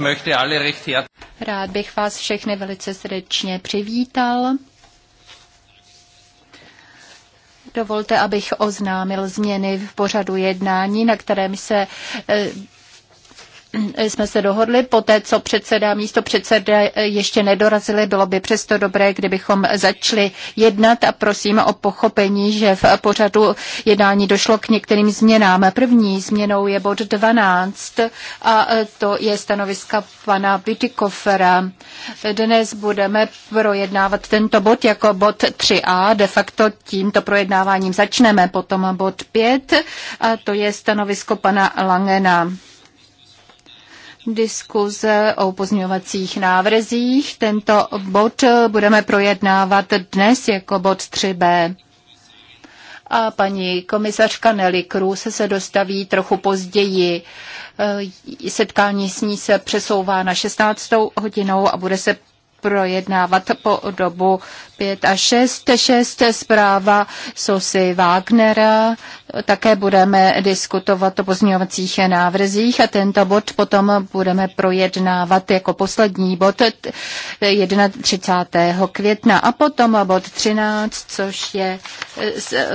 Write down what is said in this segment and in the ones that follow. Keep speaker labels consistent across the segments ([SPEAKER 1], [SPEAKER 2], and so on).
[SPEAKER 1] möchte alle recht
[SPEAKER 2] Rád bych vás všechny velice srdečně přivítal. Dovolte, abych oznámil změny v pořadu jednání, na kterém se eh, Eh, jsme se dohodli, poté co předseda místo předseda ještě nedorazili, bylo by přesto dobré, kdybychom začali jednat a prosím o pochopení, že v pořadu jednání došlo k některým změnám. První změnou je bod 12 a eh, to je stanoviska pana Bytykofera. Dnes budeme projednávat tento bod jako bod 3a, de facto tímto projednáváním začneme, potom bod 5 a to je stanovisko pana Langena diskuze o pozměňovacích návrzích. Tento bod budeme projednávat dnes jako bod 3b. A paní komisařka Nelly Cruz se dostaví trochu později. E, setkání s ní se přesouvá na 16. hodinou a bude se projednávat po dobu 5 a 6. 6 zpráva Sosy Wagnera. Také budeme diskutovat o pozměňovacích návrzích a tento bod potom budeme projednávat jako poslední bod 31. května a potom bod 13, což je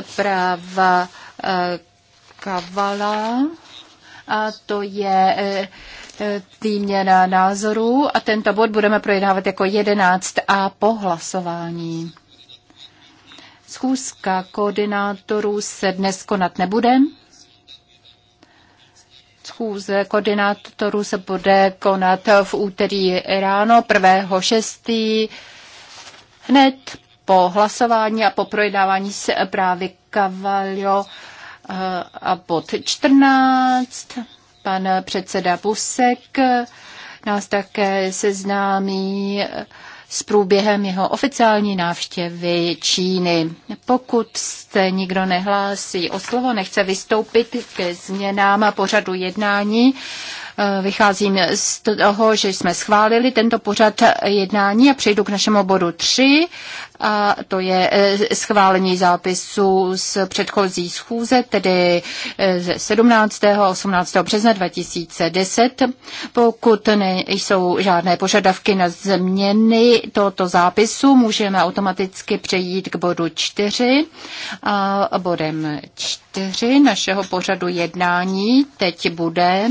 [SPEAKER 2] zpráva eh, Kavala a to je eh, výměna e, názorů a tento bod budeme projednávat jako 11 a po hlasování. Schůzka koordinátorů se dnes konat nebude. Schůze koordinátorů se bude konat v úterý ráno 1.6. hned po hlasování a po projednávání právě Cavallo e, a bod 14. Pan předseda Busek nás také seznámí s průběhem jeho oficiální návštěvy Číny. Pokud se nikdo nehlásí o slovo, nechce vystoupit ke změnám a pořadu jednání, eh, Vycházím z toho, že jsme schválili tento pořad jednání a přejdu k našemu bodu 3 a to je e, schválení zápisu z předchozí schůze, tedy e, ze 17. a 18. března 2010. Pokud nejsou žádné požadavky na změny tohoto zápisu, můžeme automaticky přejít k bodu 4 a bodem 4 našeho pořadu jednání teď bude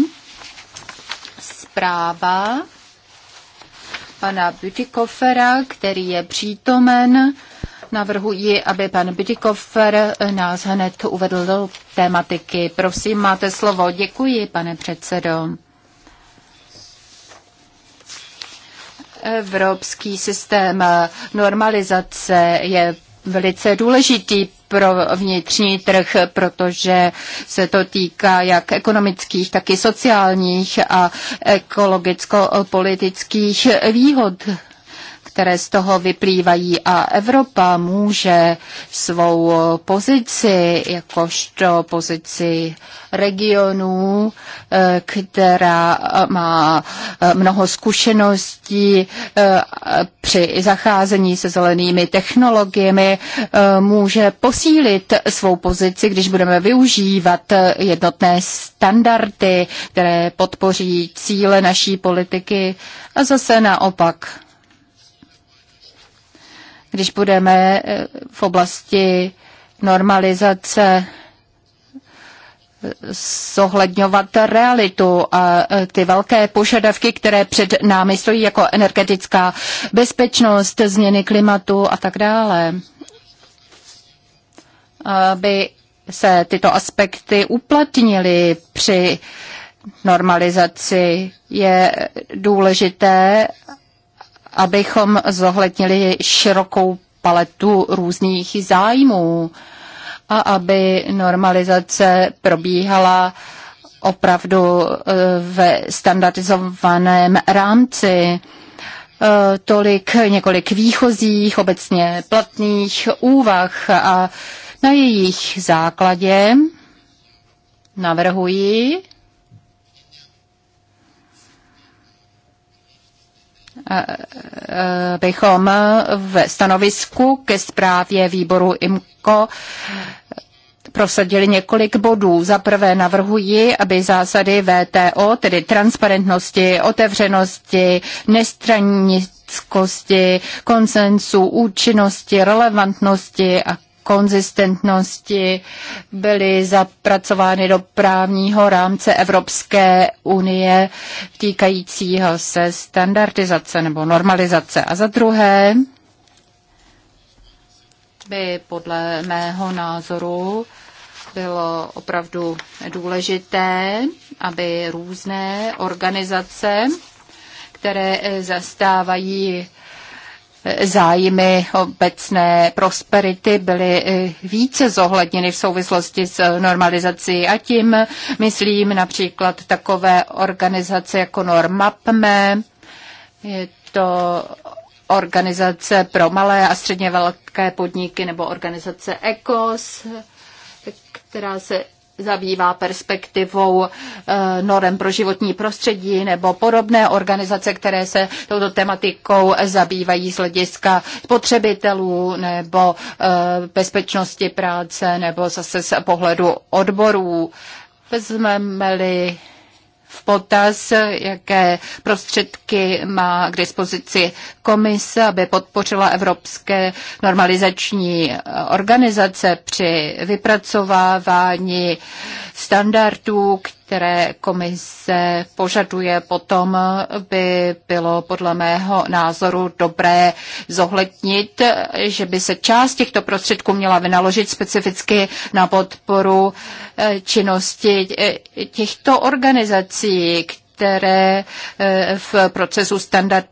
[SPEAKER 2] zpráva pana Bütikofera, který je přítomen. Navrhuji, aby pan Bütikofer nás hned uvedl do tématiky. Prosím, máte slovo. Děkuji, pane předsedo. Evropský systém normalizace je velice důležitý pro vnitřní trh, protože se to týká jak ekonomických, tak i sociálních a ekologicko-politických výhod které z toho vyplývají a Evropa může svou pozici, jakožto pozici regionů, eh, která má eh, mnoho zkušeností eh, při zacházení se zelenými technologiemi, může posílit svou pozici, když budeme využívat jednotné standardy, které podpoří cíle naší politiky a zase naopak když budeme eh, v oblasti normalizace eh, zohledňovat realitu a eh, ty velké požadavky, které před námi stojí jako energetická bezpečnost, změny klimatu a tak dále. Aby se tyto aspekty uplatnily při normalizaci, je důležité, abychom zohlednili širokou paletu různých zájmů a aby normalizace probíhala opravdu e, ve standardizovaném rámci. E, tolik několik výchozích, obecně platných úvah a na jejich základě navrhuji, bychom ve stanovisku ke zprávě výboru IMCO prosadili několik bodů. Za prvé navrhuji, aby zásady VTO, tedy transparentnosti, otevřenosti, nestranickosti, konsensu, účinnosti, relevantnosti a konzistentnosti byly zapracovány do právního rámce Evropské unie týkajícího se standardizace nebo normalizace. A za druhé by podle mého názoru bylo opravdu důležité, aby různé organizace, které zastávají zájmy obecné prosperity byly eh, více zohledněny v souvislosti s normalizací a tím myslím například takové organizace jako Normapme, je to organizace pro malé a středně velké podniky nebo organizace ECOS, která se zabývá perspektivou eh, norem pro životní prostředí nebo podobné organizace, které se touto tematikou zabývají z hlediska spotřebitelů nebo eh, bezpečnosti práce nebo zase z pohledu odborů. Vezmeme-li v potaz, jaké prostředky má k dispozici komise, aby podpořila evropské normalizační organizace při vypracovávání standardů, které které komise požaduje potom, by bylo podle mého názoru dobré zohlednit, že by se část těchto prostředků měla vynaložit specificky na podporu eh, činnosti eh, těchto organizací, které eh, v procesu standard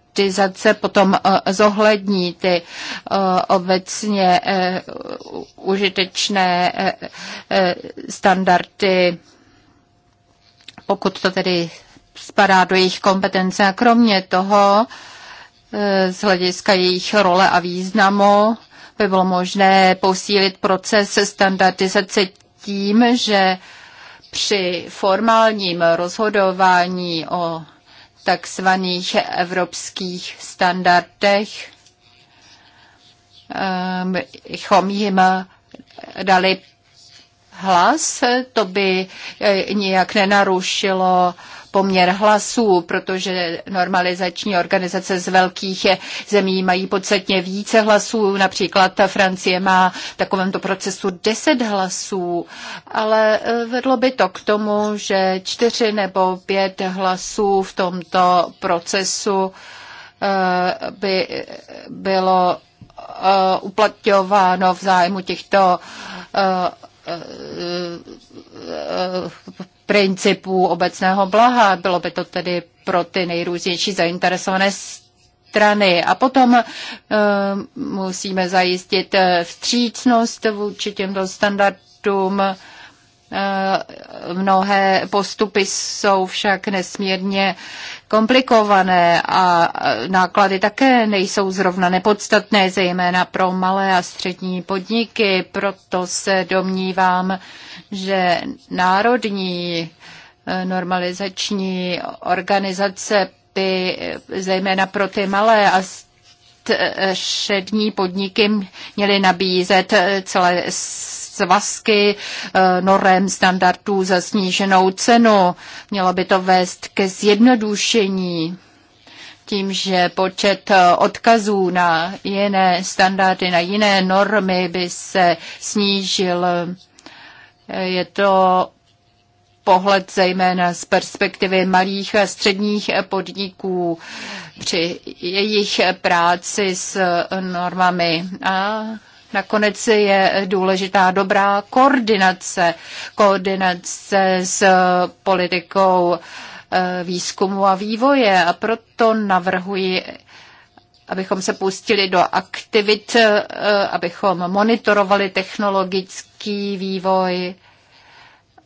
[SPEAKER 2] potom zohlední ty obecně užitečné standardy pokud to tedy spadá do jejich kompetence. A kromě toho, e, z hlediska jejich role a významu, by bylo možné posílit proces standardizace tím, že při formálním rozhodování o takzvaných evropských standardech e, bychom jim dali hlas, to by eh, nijak nenarušilo poměr hlasů, protože normalizační organizace z velkých eh, zemí mají podstatně více hlasů, například ta Francie má v takovémto procesu 10 hlasů, ale eh, vedlo by to k tomu, že čtyři nebo pět hlasů v tomto procesu by bylo uplatňováno v zájmu těchto principů obecného blaha. Bylo by to tedy pro ty nejrůznější zainteresované strany. A potom eh, musíme zajistit vstřícnost vůči těmto standardům Eh, mnohé postupy jsou však nesmírně komplikované a eh, náklady také nejsou zrovna nepodstatné, zejména pro malé a střední podniky. Proto se domnívám, že národní eh, normalizační organizace by zejména pro ty malé a střední podniky měly nabízet celé svazky eh, norem standardů za sníženou cenu. Mělo by to vést ke zjednodušení tím, že počet eh, odkazů na jiné standardy, na jiné normy by se snížil. Eh, je to pohled zejména z perspektivy malých a středních podniků při jejich práci s normami. A Nakonec je důležitá dobrá koordinace, koordinace s politikou eh, výzkumu a vývoje a proto navrhuji abychom se pustili do aktivit, eh, abychom monitorovali technologický vývoj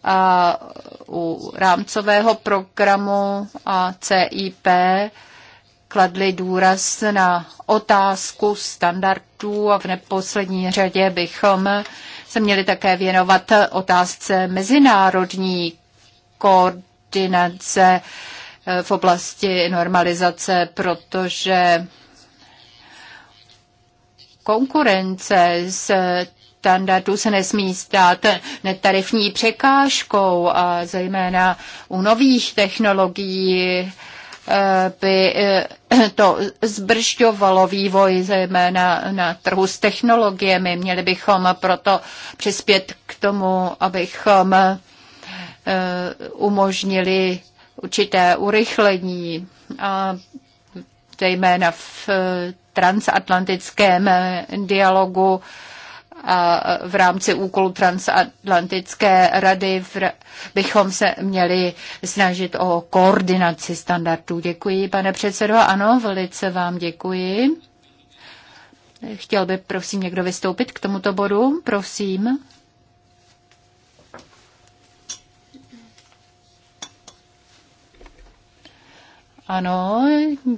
[SPEAKER 2] a u rámcového programu a CIP kladli důraz na otázku standardů a v neposlední řadě bychom se měli také věnovat otázce mezinárodní koordinace eh, v oblasti normalizace, protože konkurence s standardů se nesmí stát netarifní překážkou a zejména u nových technologií by eh, to zbržďovalo vývoj zejména na trhu s technologiemi. Měli bychom proto přispět k tomu, abychom eh, umožnili určité urychlení, a zejména v eh, transatlantickém dialogu a v rámci úkolu transatlantické rady bychom se měli snažit o koordinaci standardů. Děkuji, pane předsedo. Ano, velice vám děkuji. Chtěl by, prosím, někdo vystoupit k tomuto bodu? Prosím. Ano,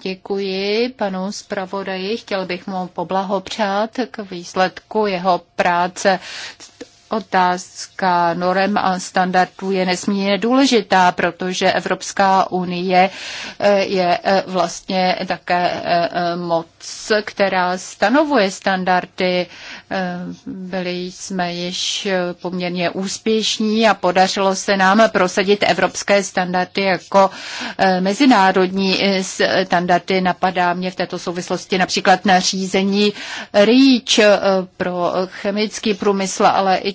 [SPEAKER 2] děkuji panu zpravodaji. Chtěl bych mu poblahopřát k výsledku jeho práce. Otázka norem a standardů je nesmírně důležitá, protože Evropská unie eh, je eh, vlastně také eh, moc, která stanovuje standardy. Byli jsme již poměrně úspěšní a podařilo se nám prosadit evropské standardy jako mezinárodní standardy. Napadá mě v této souvislosti například nařízení REACH pro chemický průmysl, ale i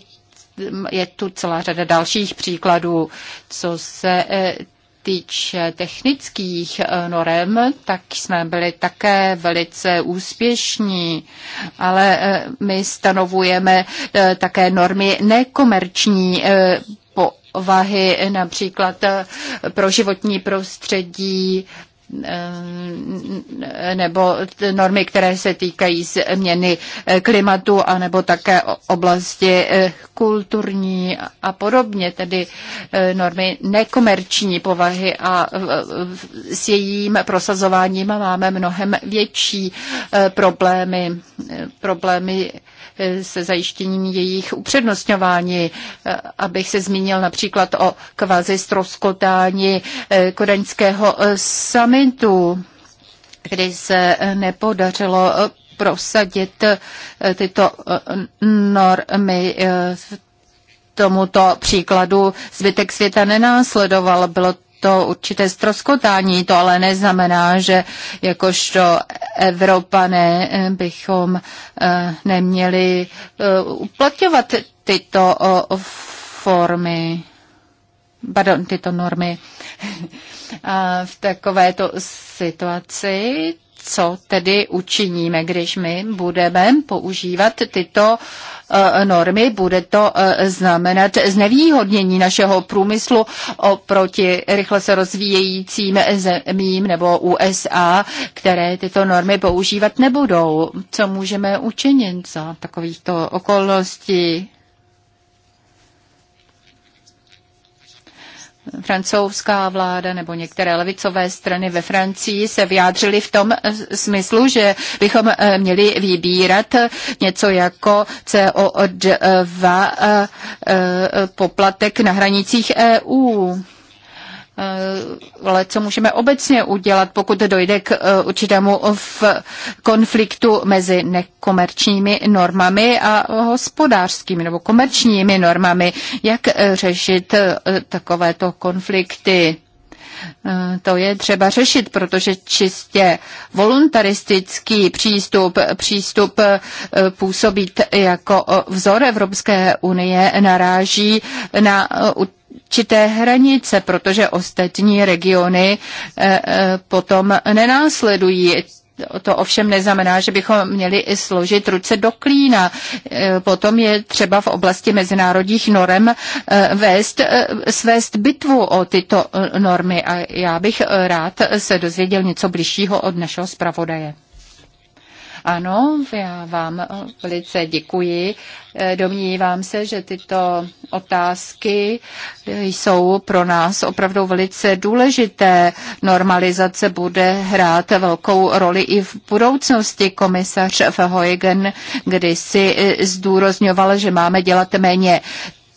[SPEAKER 2] je tu celá řada dalších příkladů. Co se e, týče technických e, norem, tak jsme byli také velice úspěšní, ale e, my stanovujeme také normy nekomerční povahy, například pro životní prostředí, Eh, nebo normy, které se týkají změny eh, klimatu, anebo také oblasti eh, kulturní a podobně, tedy normy nekomerční povahy a s jejím prosazováním máme mnohem větší problémy, problémy se zajištěním jejich upřednostňování. Abych se zmínil například o kvazi stroskotání kodaňského sami sprintů, kdy se nepodařilo prosadit tyto normy tomuto příkladu zbytek světa nenásledoval. Bylo to určité stroskotání, to ale neznamená, že jakožto Evropané bychom eh, neměli eh, uplatňovat tyto formy pardon, tyto normy. A v takovéto situaci co tedy učiníme, když my budeme používat tyto e, normy. Bude to e, znamenat znevýhodnění našeho průmyslu oproti rychle se rozvíjejícím zemím nebo USA, které tyto normy používat nebudou. Co můžeme učinit za takovýchto okolností? francouzská vláda nebo některé levicové strany ve Francii se vyjádřili v tom smyslu, že bychom eh, měli vybírat něco jako CO2 eh, eh, poplatek na hranicích EU. Eh, ale co můžeme obecně udělat, pokud dojde k eh, určitému v konfliktu mezi nekomerčními normami a hospodářskými nebo komerčními normami, jak eh, řešit takovéto konflikty? To je třeba řešit, protože čistě voluntaristický přístup, přístup působit jako vzor Evropské unie naráží na určité hranice, protože ostatní regiony eh, eh, potom nenásledují. To ovšem neznamená, že bychom měli i složit ruce do klína. Eh, potom je třeba v oblasti mezinárodních norem vést, svést bitvu o tyto normy a já bych rád se dozvěděl něco bližšího od našeho zpravodaje. Ano, já vám eh, velice děkuji. Eh, domnívám se, že tyto otázky eh, jsou pro nás opravdu velice důležité. Normalizace bude hrát velkou roli i v budoucnosti. Komisař Verheugen kdysi zdůrozňoval, že máme dělat méně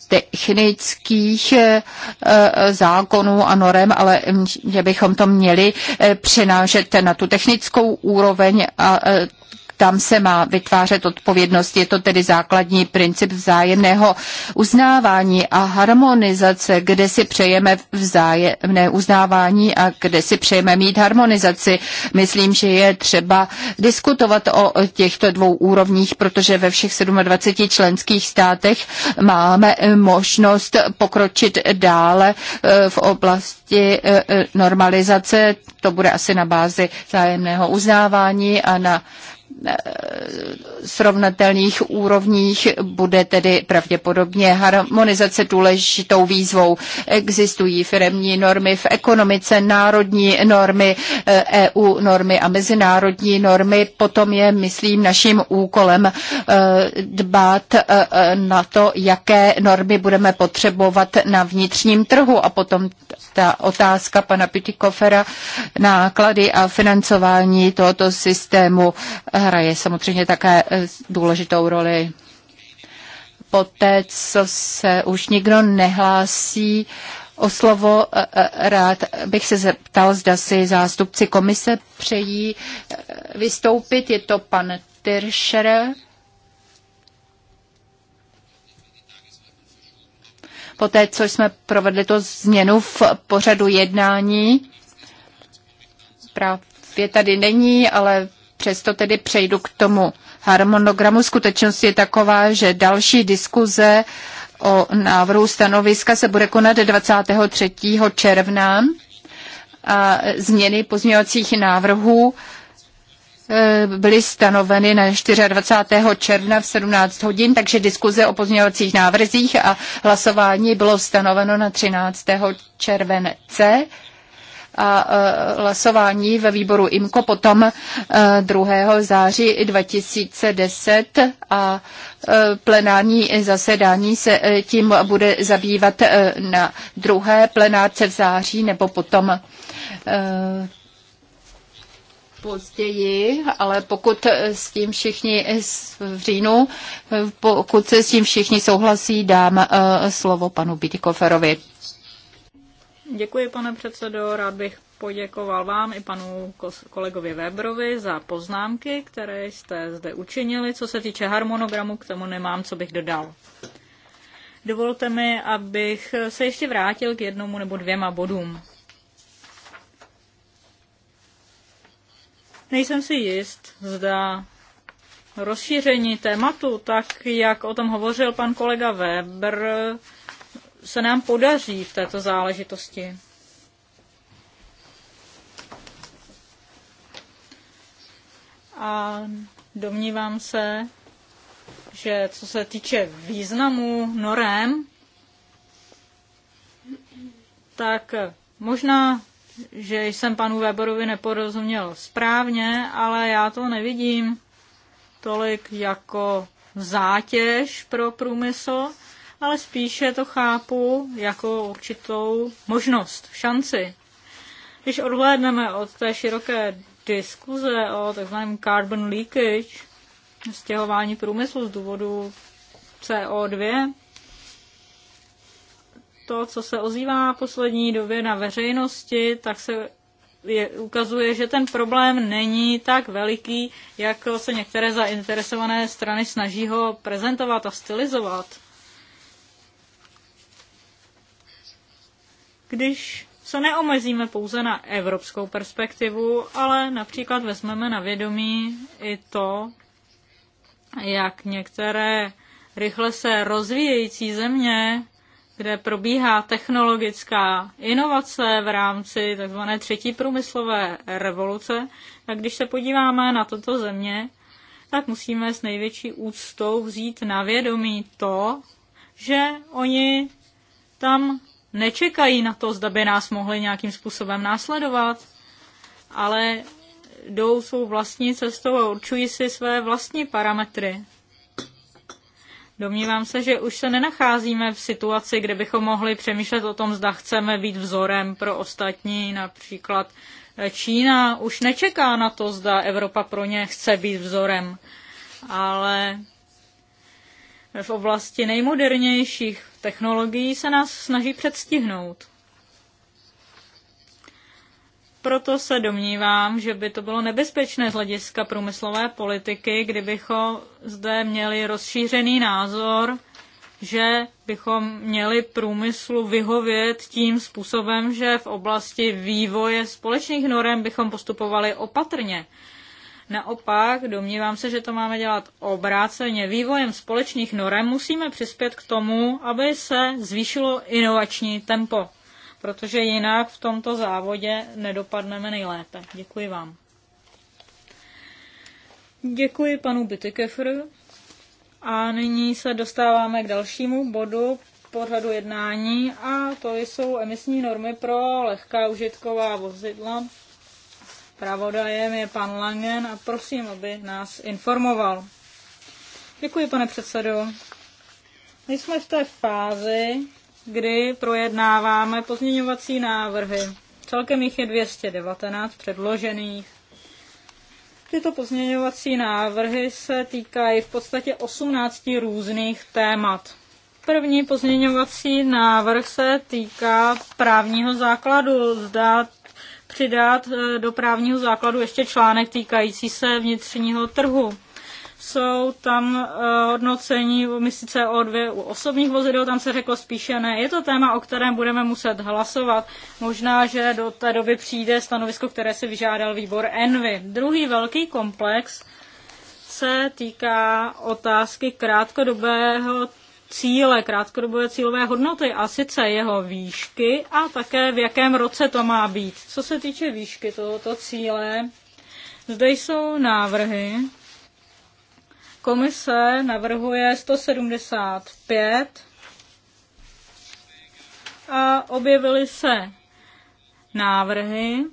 [SPEAKER 2] technických zákonů a norem, ale mm, že bychom to měli přenášet na tu technickou úroveň a tam se má vytvářet odpovědnost. Je to tedy základní princip vzájemného uznávání a harmonizace, kde si přejeme vzájemné uznávání a kde si přejeme mít harmonizaci. Myslím, že je třeba diskutovat o těchto dvou úrovních, protože ve všech 27 členských státech máme možnost pokročit dále eh, v oblasti eh, eh, normalizace. To bude asi na bázi vzájemného uznávání a na Eh, srovnatelných úrovních bude tedy pravděpodobně harmonizace důležitou výzvou. Existují firemní normy v ekonomice, národní normy, EU eh, e normy a mezinárodní normy. Potom je, myslím, naším úkolem eh, dbát na to, jaké normy budeme potřebovat na vnitřním trhu a potom ta otázka pana Pitikofera, náklady a financování tohoto systému hraje samozřejmě také eh, důležitou roli. Poté, co se už nikdo nehlásí o slovo, eh, eh, rád bych se zeptal, zda si zástupci komise přejí vystoupit. Je to pan Tyršer. Poté, co jsme provedli to změnu v pořadu jednání, právě tady není, ale Přesto tedy přejdu k tomu harmonogramu. Skutečnost je taková, že další diskuze o návrhu stanoviska se bude konat 23. června a změny pozměňovacích návrhů eh, byly stanoveny na 24. června v 17 hodin, takže diskuze o pozměňovacích návrzích a hlasování bylo stanoveno na 13. července a e, hlasování ve výboru IMKO potom 2. E, září 2010 a e, plenární zasedání se tím bude zabývat na druhé plenárce v září nebo potom později, ale pokud s tím všichni v říjnu, pokud se s tím všichni souhlasí, dám slovo panu Bitikoferovi.
[SPEAKER 1] Děkuji, pane předsedo. Rád bych poděkoval vám i panu kolegovi Weberovi za poznámky, které jste zde učinili. Co se týče harmonogramu, k tomu nemám, co bych dodal. Dovolte mi, abych se ještě vrátil k jednomu nebo dvěma bodům. Nejsem si jist, zda rozšíření tématu, tak jak o tom hovořil pan kolega Weber, se nám podaří v této záležitosti. A domnívám se, že co se týče významu norem, tak možná, že jsem panu Weberovi neporozuměl správně, ale já to nevidím tolik jako zátěž pro průmysl, ale spíše to chápu jako určitou možnost, šanci. Když odhlédneme od té široké diskuze o tzv. carbon leakage, stěhování průmyslu z důvodu CO2, to, co se ozývá v poslední době na veřejnosti, tak se je, ukazuje, že ten problém není tak veliký, jak se některé zainteresované strany snaží ho prezentovat a stylizovat. když se neomezíme pouze na evropskou perspektivu, ale například vezmeme na vědomí i to, jak některé rychle se rozvíjející země, kde probíhá technologická inovace v rámci tzv. třetí průmyslové revoluce, tak když se podíváme na toto země, tak musíme s největší úctou vzít na vědomí to, že oni tam nečekají na to, zda by nás mohli nějakým způsobem následovat, ale jdou svou vlastní cestou a určují si své vlastní parametry. Domnívám se, že už se nenacházíme v situaci, kde bychom mohli přemýšlet o tom, zda chceme být vzorem pro ostatní. Například Čína už nečeká na to, zda Evropa pro ně chce být vzorem. Ale v oblasti nejmodernějších technologií se nás snaží předstihnout. Proto se domnívám, že by to bylo nebezpečné z hlediska průmyslové politiky, kdybychom zde měli rozšířený názor, že bychom měli průmyslu vyhovět tím způsobem, že v oblasti vývoje společných norem bychom postupovali opatrně. Naopak, domnívám se, že to máme dělat obráceně. Vývojem společných norem musíme přispět k tomu, aby se zvýšilo inovační tempo, protože jinak v tomto závodě nedopadneme nejlépe. Děkuji vám. Děkuji panu Bytykefru. A nyní se dostáváme k dalšímu bodu pořadu jednání a to jsou emisní normy pro lehká užitková vozidla zpravodajem je pan Langen a prosím, aby nás informoval. Děkuji, pane předsedo. My jsme v té fázi, kdy projednáváme pozměňovací návrhy. Celkem jich je 219 předložených. Tyto pozměňovací návrhy se týkají v podstatě 18 různých témat. První pozměňovací návrh se týká právního základu. Zda přidat eh, do právního základu ještě článek týkající se vnitřního trhu. Jsou tam eh, hodnocení emisice o dvě u osobních vozidel, tam se řeklo spíše ne. Je to téma, o kterém budeme muset hlasovat. Možná, že do té doby přijde stanovisko, které si vyžádal výbor Envy. Druhý velký komplex se týká otázky krátkodobého cíle, krátkodobé cílové hodnoty a sice jeho výšky a také v jakém roce to má být. Co se týče výšky tohoto cíle, zde jsou návrhy. Komise navrhuje 175 a objevily se návrhy,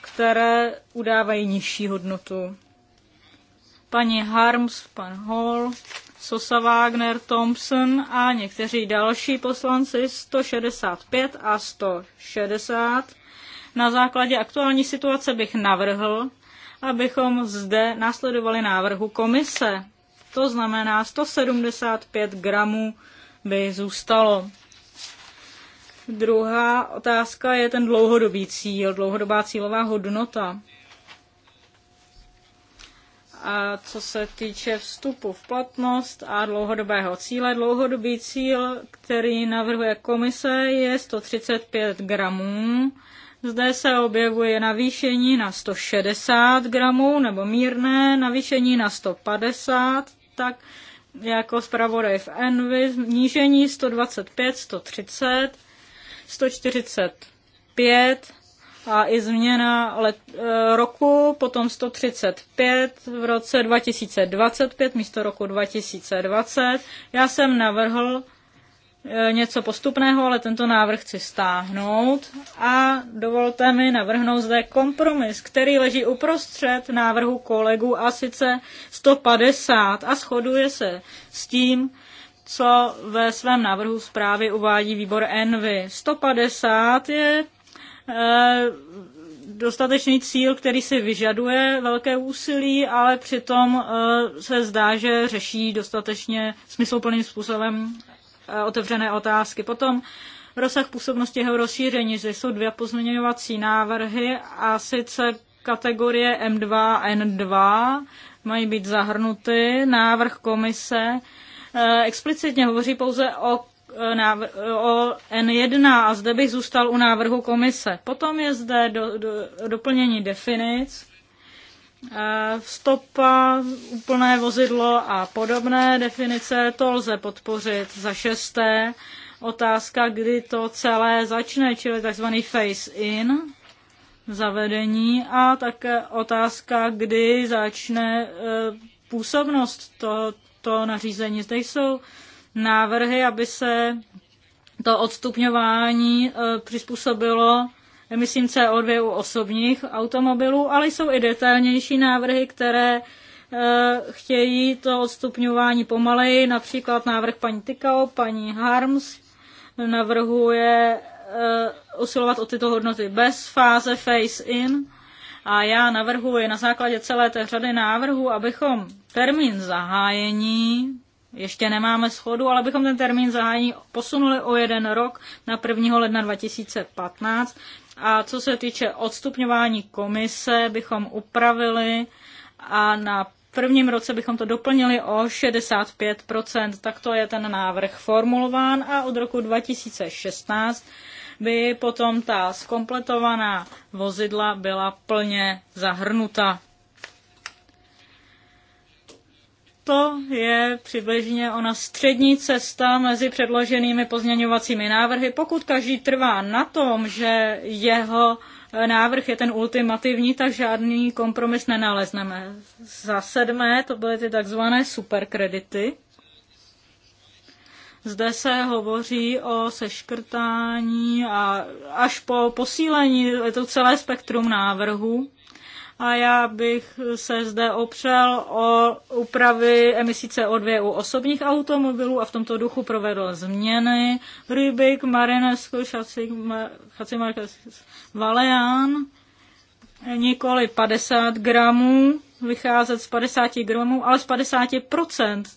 [SPEAKER 1] které udávají nižší hodnotu. Paní Harms, pan Hall, Sosa Wagner, Thompson a někteří další poslanci 165 a 160. Na základě aktuální situace bych navrhl, abychom zde následovali návrhu komise. To znamená 175 gramů by zůstalo. Druhá otázka je ten dlouhodobý cíl, dlouhodobá cílová hodnota a co se týče vstupu v platnost a dlouhodobého cíle, dlouhodobý cíl, který navrhuje komise, je 135 gramů. Zde se objevuje navýšení na 160 gramů nebo mírné navýšení na 150, tak jako zpravodaj v Envy, nížení 125, 130, 145 a i změna let, e, roku, potom 135 v roce 2025 místo roku 2020. Já jsem navrhl e, něco postupného, ale tento návrh chci stáhnout a dovolte mi navrhnout zde kompromis, který leží uprostřed návrhu kolegů a sice 150 a shoduje se s tím, co ve svém návrhu zprávy uvádí výbor Envy. 150 je Eh, dostatečný cíl, který si vyžaduje velké úsilí, ale přitom eh, se zdá, že řeší dostatečně smysluplným způsobem eh, otevřené otázky. Potom rozsah působnosti jeho rozšíření, že jsou dvě pozměňovací návrhy a sice kategorie M2 a N2 mají být zahrnuty. Návrh komise explicitně hovoří pouze o Eh, eh, o N1 a zde bych zůstal u návrhu komise. Potom je zde do, do, doplnění definic, eh, stopa, úplné vozidlo a podobné definice, to lze podpořit za šesté. Otázka, kdy to celé začne, čili takzvaný face-in, zavedení a také otázka, kdy začne působnost to nařízení. Zde jsou návrhy, aby se to odstupňování e, přizpůsobilo emisím CO2 u osobních automobilů, ale jsou i detailnější návrhy, které e, chtějí to odstupňování pomaleji, například návrh paní Tykao, paní Harms navrhuje e, usilovat o tyto hodnoty bez fáze face-in a já navrhuji na základě celé té řady návrhů, abychom termín zahájení ještě nemáme schodu, ale bychom ten termín zahájení posunuli o jeden rok na 1. ledna 2015. A co se týče odstupňování komise, bychom upravili a na prvním roce bychom to doplnili o 65%. Takto je ten návrh formulován a od roku 2016 by potom ta skompletovaná vozidla byla plně zahrnuta. to je přibližně ona střední cesta mezi předloženými pozměňovacími návrhy. Pokud každý trvá na tom, že jeho návrh je ten ultimativní, tak žádný kompromis nenalezneme. Za sedmé to byly ty takzvané superkredity. Zde se hovoří o seškrtání a až po posílení, je to celé spektrum návrhů a já bych se zde opřel o úpravy emisí CO2 u osobních automobilů a v tomto duchu provedl změny Rybik, Marinesco, Chacimarkas, Valeán, nikoli 50 gramů vycházet z 50 gramů, ale z 50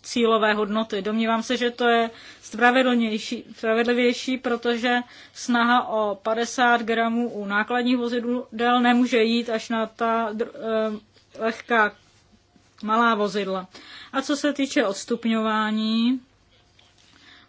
[SPEAKER 1] cílové hodnoty. Domnívám se, že to je spravedlnější, spravedlivější, protože snaha o 50 gramů u nákladních vozidel nemůže jít až na ta eh, lehká malá vozidla. A co se týče odstupňování,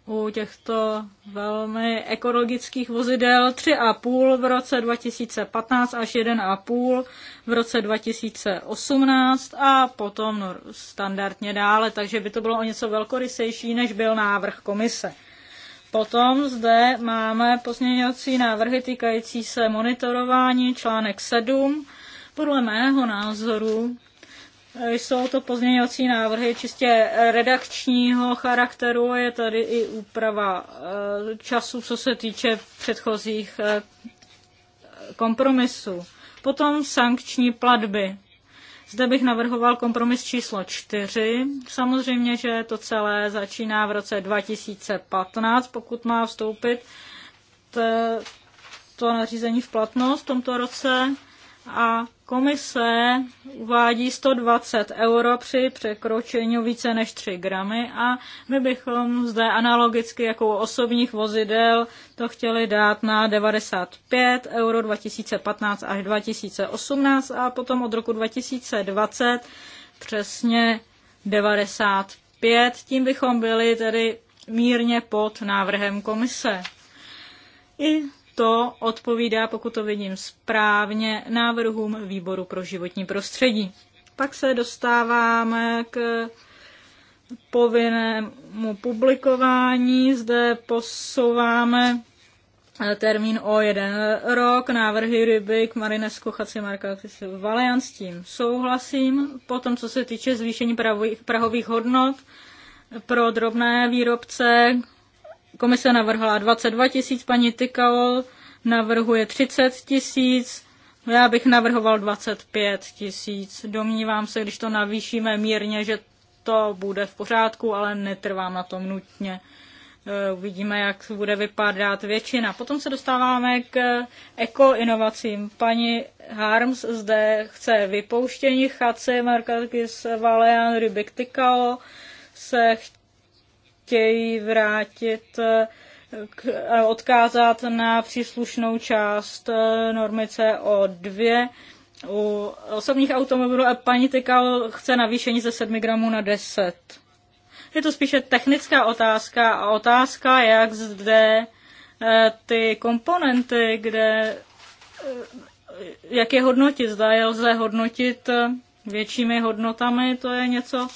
[SPEAKER 1] u těchto velmi ekologických vozidel 3,5 v roce 2015 až 1,5 v roce 2018 a potom no, standardně dále, takže by to bylo o něco velkorysejší, než byl návrh komise. Potom zde máme pozměňovací návrhy týkající se monitorování, článek 7. Podle mého názoru Eh, jsou to pozměňovací návrhy čistě redakčního charakteru, je tady i úprava eh, času, co se týče předchozích eh, kompromisů. Potom sankční platby. Zde bych navrhoval kompromis číslo 4. Samozřejmě, že to celé začíná v roce 2015, pokud má vstoupit to nařízení v platnost v tomto roce a Komise uvádí 120 euro při překročení více než 3 gramy a my bychom zde analogicky jako u osobních vozidel to chtěli dát na 95 euro 2015 až 2018 a potom od roku 2020 přesně 95. Tím bychom byli tedy mírně pod návrhem komise. I to odpovídá, pokud to vidím správně, návrhům výboru pro životní prostředí. Pak se dostáváme k povinnému publikování. Zde posouváme eh, termín o jeden rok, návrhy Rybik, Marinesko, Chaci, Marka, Valian, s tím souhlasím. Potom, co se týče zvýšení prahových hodnot pro drobné výrobce, komise navrhla 22 tisíc, paní Tykal navrhuje 30 tisíc, já bych navrhoval 25 tisíc. Domnívám se, když to navýšíme mírně, že to bude v pořádku, ale netrvám na tom nutně. E, uvidíme, jak bude vypadat většina. Potom se dostáváme k ekoinovacím. Paní Harms zde chce vypouštění Chace, Markakis, Valean, Rybik, se ch- chtějí vrátit k, odkázat na příslušnou část eh, normy CO2. U osobních automobilů a paní Tykal chce navýšení ze 7 gramů na 10. Je to spíše technická otázka a otázka, jak zde eh, ty komponenty, kde, eh, jak je hodnotit, zda je lze hodnotit většími hodnotami, to je něco,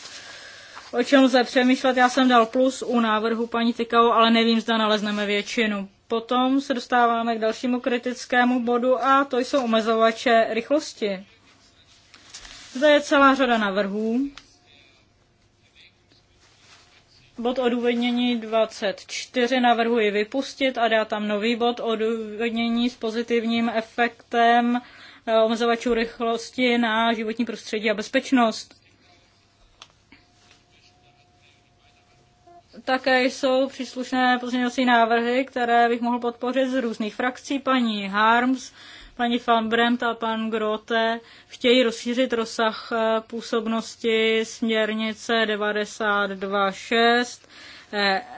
[SPEAKER 1] o čem lze přemýšlet. Já jsem dal plus u návrhu paní Tykao, ale nevím, zda nalezneme většinu. Potom se dostáváme k dalšímu kritickému bodu a to jsou omezovače rychlosti. Zde je celá řada návrhů. Bod odůvodnění 24 navrhuji vypustit a dát tam nový bod odůvodnění s pozitivním efektem eh, omezovačů rychlosti na životní prostředí a bezpečnost. Také jsou příslušné pozměňovací návrhy, které bych mohl podpořit z různých frakcí. Paní Harms, paní Van Brent a pan Grote chtějí rozšířit rozsah eh, působnosti směrnice 92.6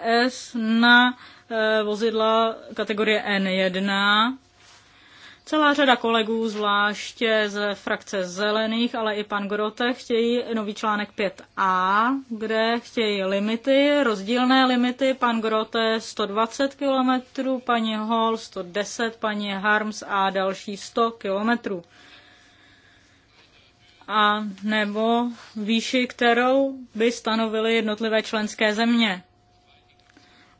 [SPEAKER 1] ES eh, na eh, vozidla kategorie N1 Celá řada kolegů, zvláště z frakce zelených, ale i pan Grote, chtějí nový článek 5a, kde chtějí limity, rozdílné limity. Pan Grote 120 km, paní Hall 110, paní Harms a další 100 km. A nebo výši, kterou by stanovily jednotlivé členské země.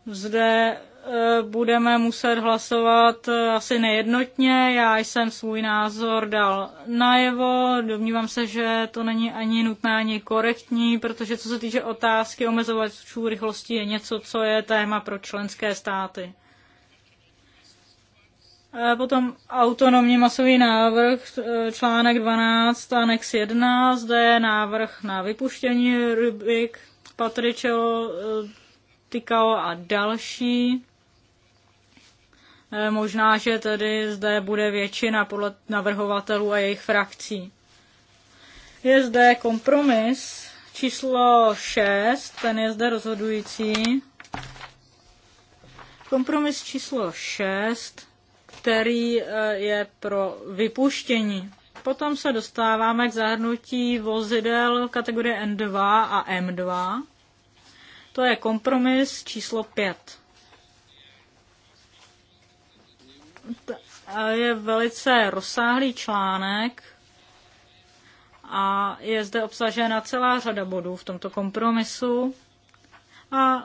[SPEAKER 1] Zde Eh, budeme muset hlasovat eh, asi nejednotně. Já jsem svůj názor dal najevo. Domnívám se, že to není ani nutné, ani korektní, protože co se týče otázky omezovačů rychlosti je něco, co je téma pro členské státy. Eh, potom autonomní masový návrh, článek 12, anex 1, zde je návrh na vypuštění rybik, patričelo, Tykao a další. Eh, možná, že tedy zde bude většina podle navrhovatelů a jejich frakcí. Je zde kompromis číslo 6, ten je zde rozhodující. Kompromis číslo 6, který eh, je pro vypuštění. Potom se dostáváme k zahrnutí vozidel kategorie N2 a M2. To je kompromis číslo 5. je velice rozsáhlý článek a je zde obsažena celá řada bodů v tomto kompromisu a e,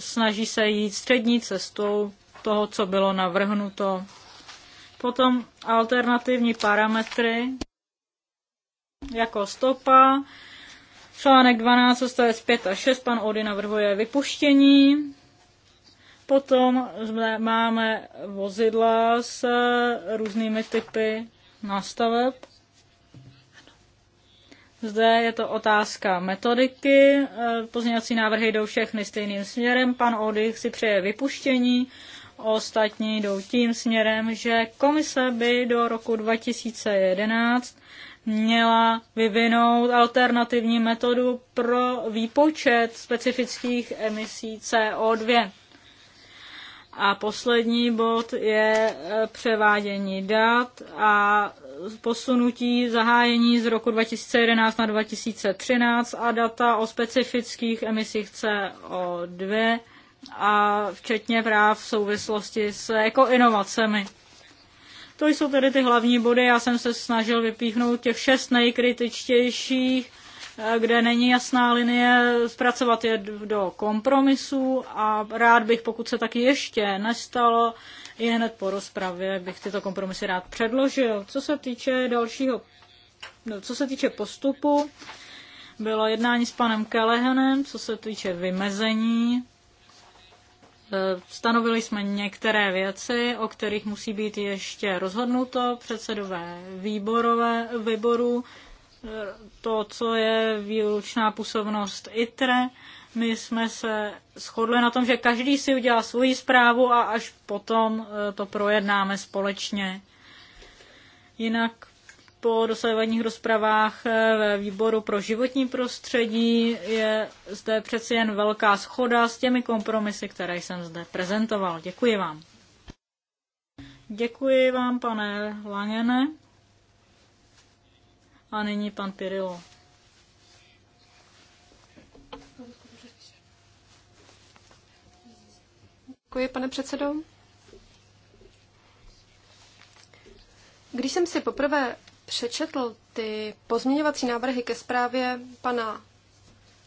[SPEAKER 1] snaží se jít střední cestou toho, co bylo navrhnuto. Potom alternativní parametry jako stopa, článek 12, 5 a 6, pan Ody navrhuje vypuštění, Potom máme vozidla s eh, různými typy nastaveb. Zde je to otázka metodiky. Eh, pozměňovací návrhy jdou všechny stejným směrem. Pan Odych si přeje vypuštění, ostatní jdou tím směrem, že komise by do roku 2011 měla vyvinout alternativní metodu pro výpočet specifických emisí CO2. A poslední bod je e, převádění dat a posunutí zahájení z roku 2011 na 2013 a data o specifických emisích CO2 a včetně práv v souvislosti s ekoinovacemi. To jsou tedy ty hlavní body. Já jsem se snažil vypíchnout těch šest nejkritičtějších kde není jasná linie, zpracovat je do kompromisu a rád bych, pokud se tak ještě nestalo, i hned po rozpravě bych tyto kompromisy rád předložil. Co se týče dalšího, no, co se týče postupu, bylo jednání s panem Kelehenem, co se týče vymezení. E, stanovili jsme některé věci, o kterých musí být ještě rozhodnuto předsedové výborové, výboru to, co je výlučná působnost ITRE. My jsme se shodli na tom, že každý si udělá svoji zprávu a až potom e, to projednáme společně. Jinak po dosavadních rozpravách e, ve výboru pro životní prostředí je zde přeci jen velká schoda s těmi kompromisy, které jsem zde prezentoval. Děkuji vám. Děkuji vám, pane Langene. A nyní pan Pirilo.
[SPEAKER 3] Děkuji, pane předsedo. Když jsem si poprvé přečetl ty pozměňovací návrhy ke zprávě pana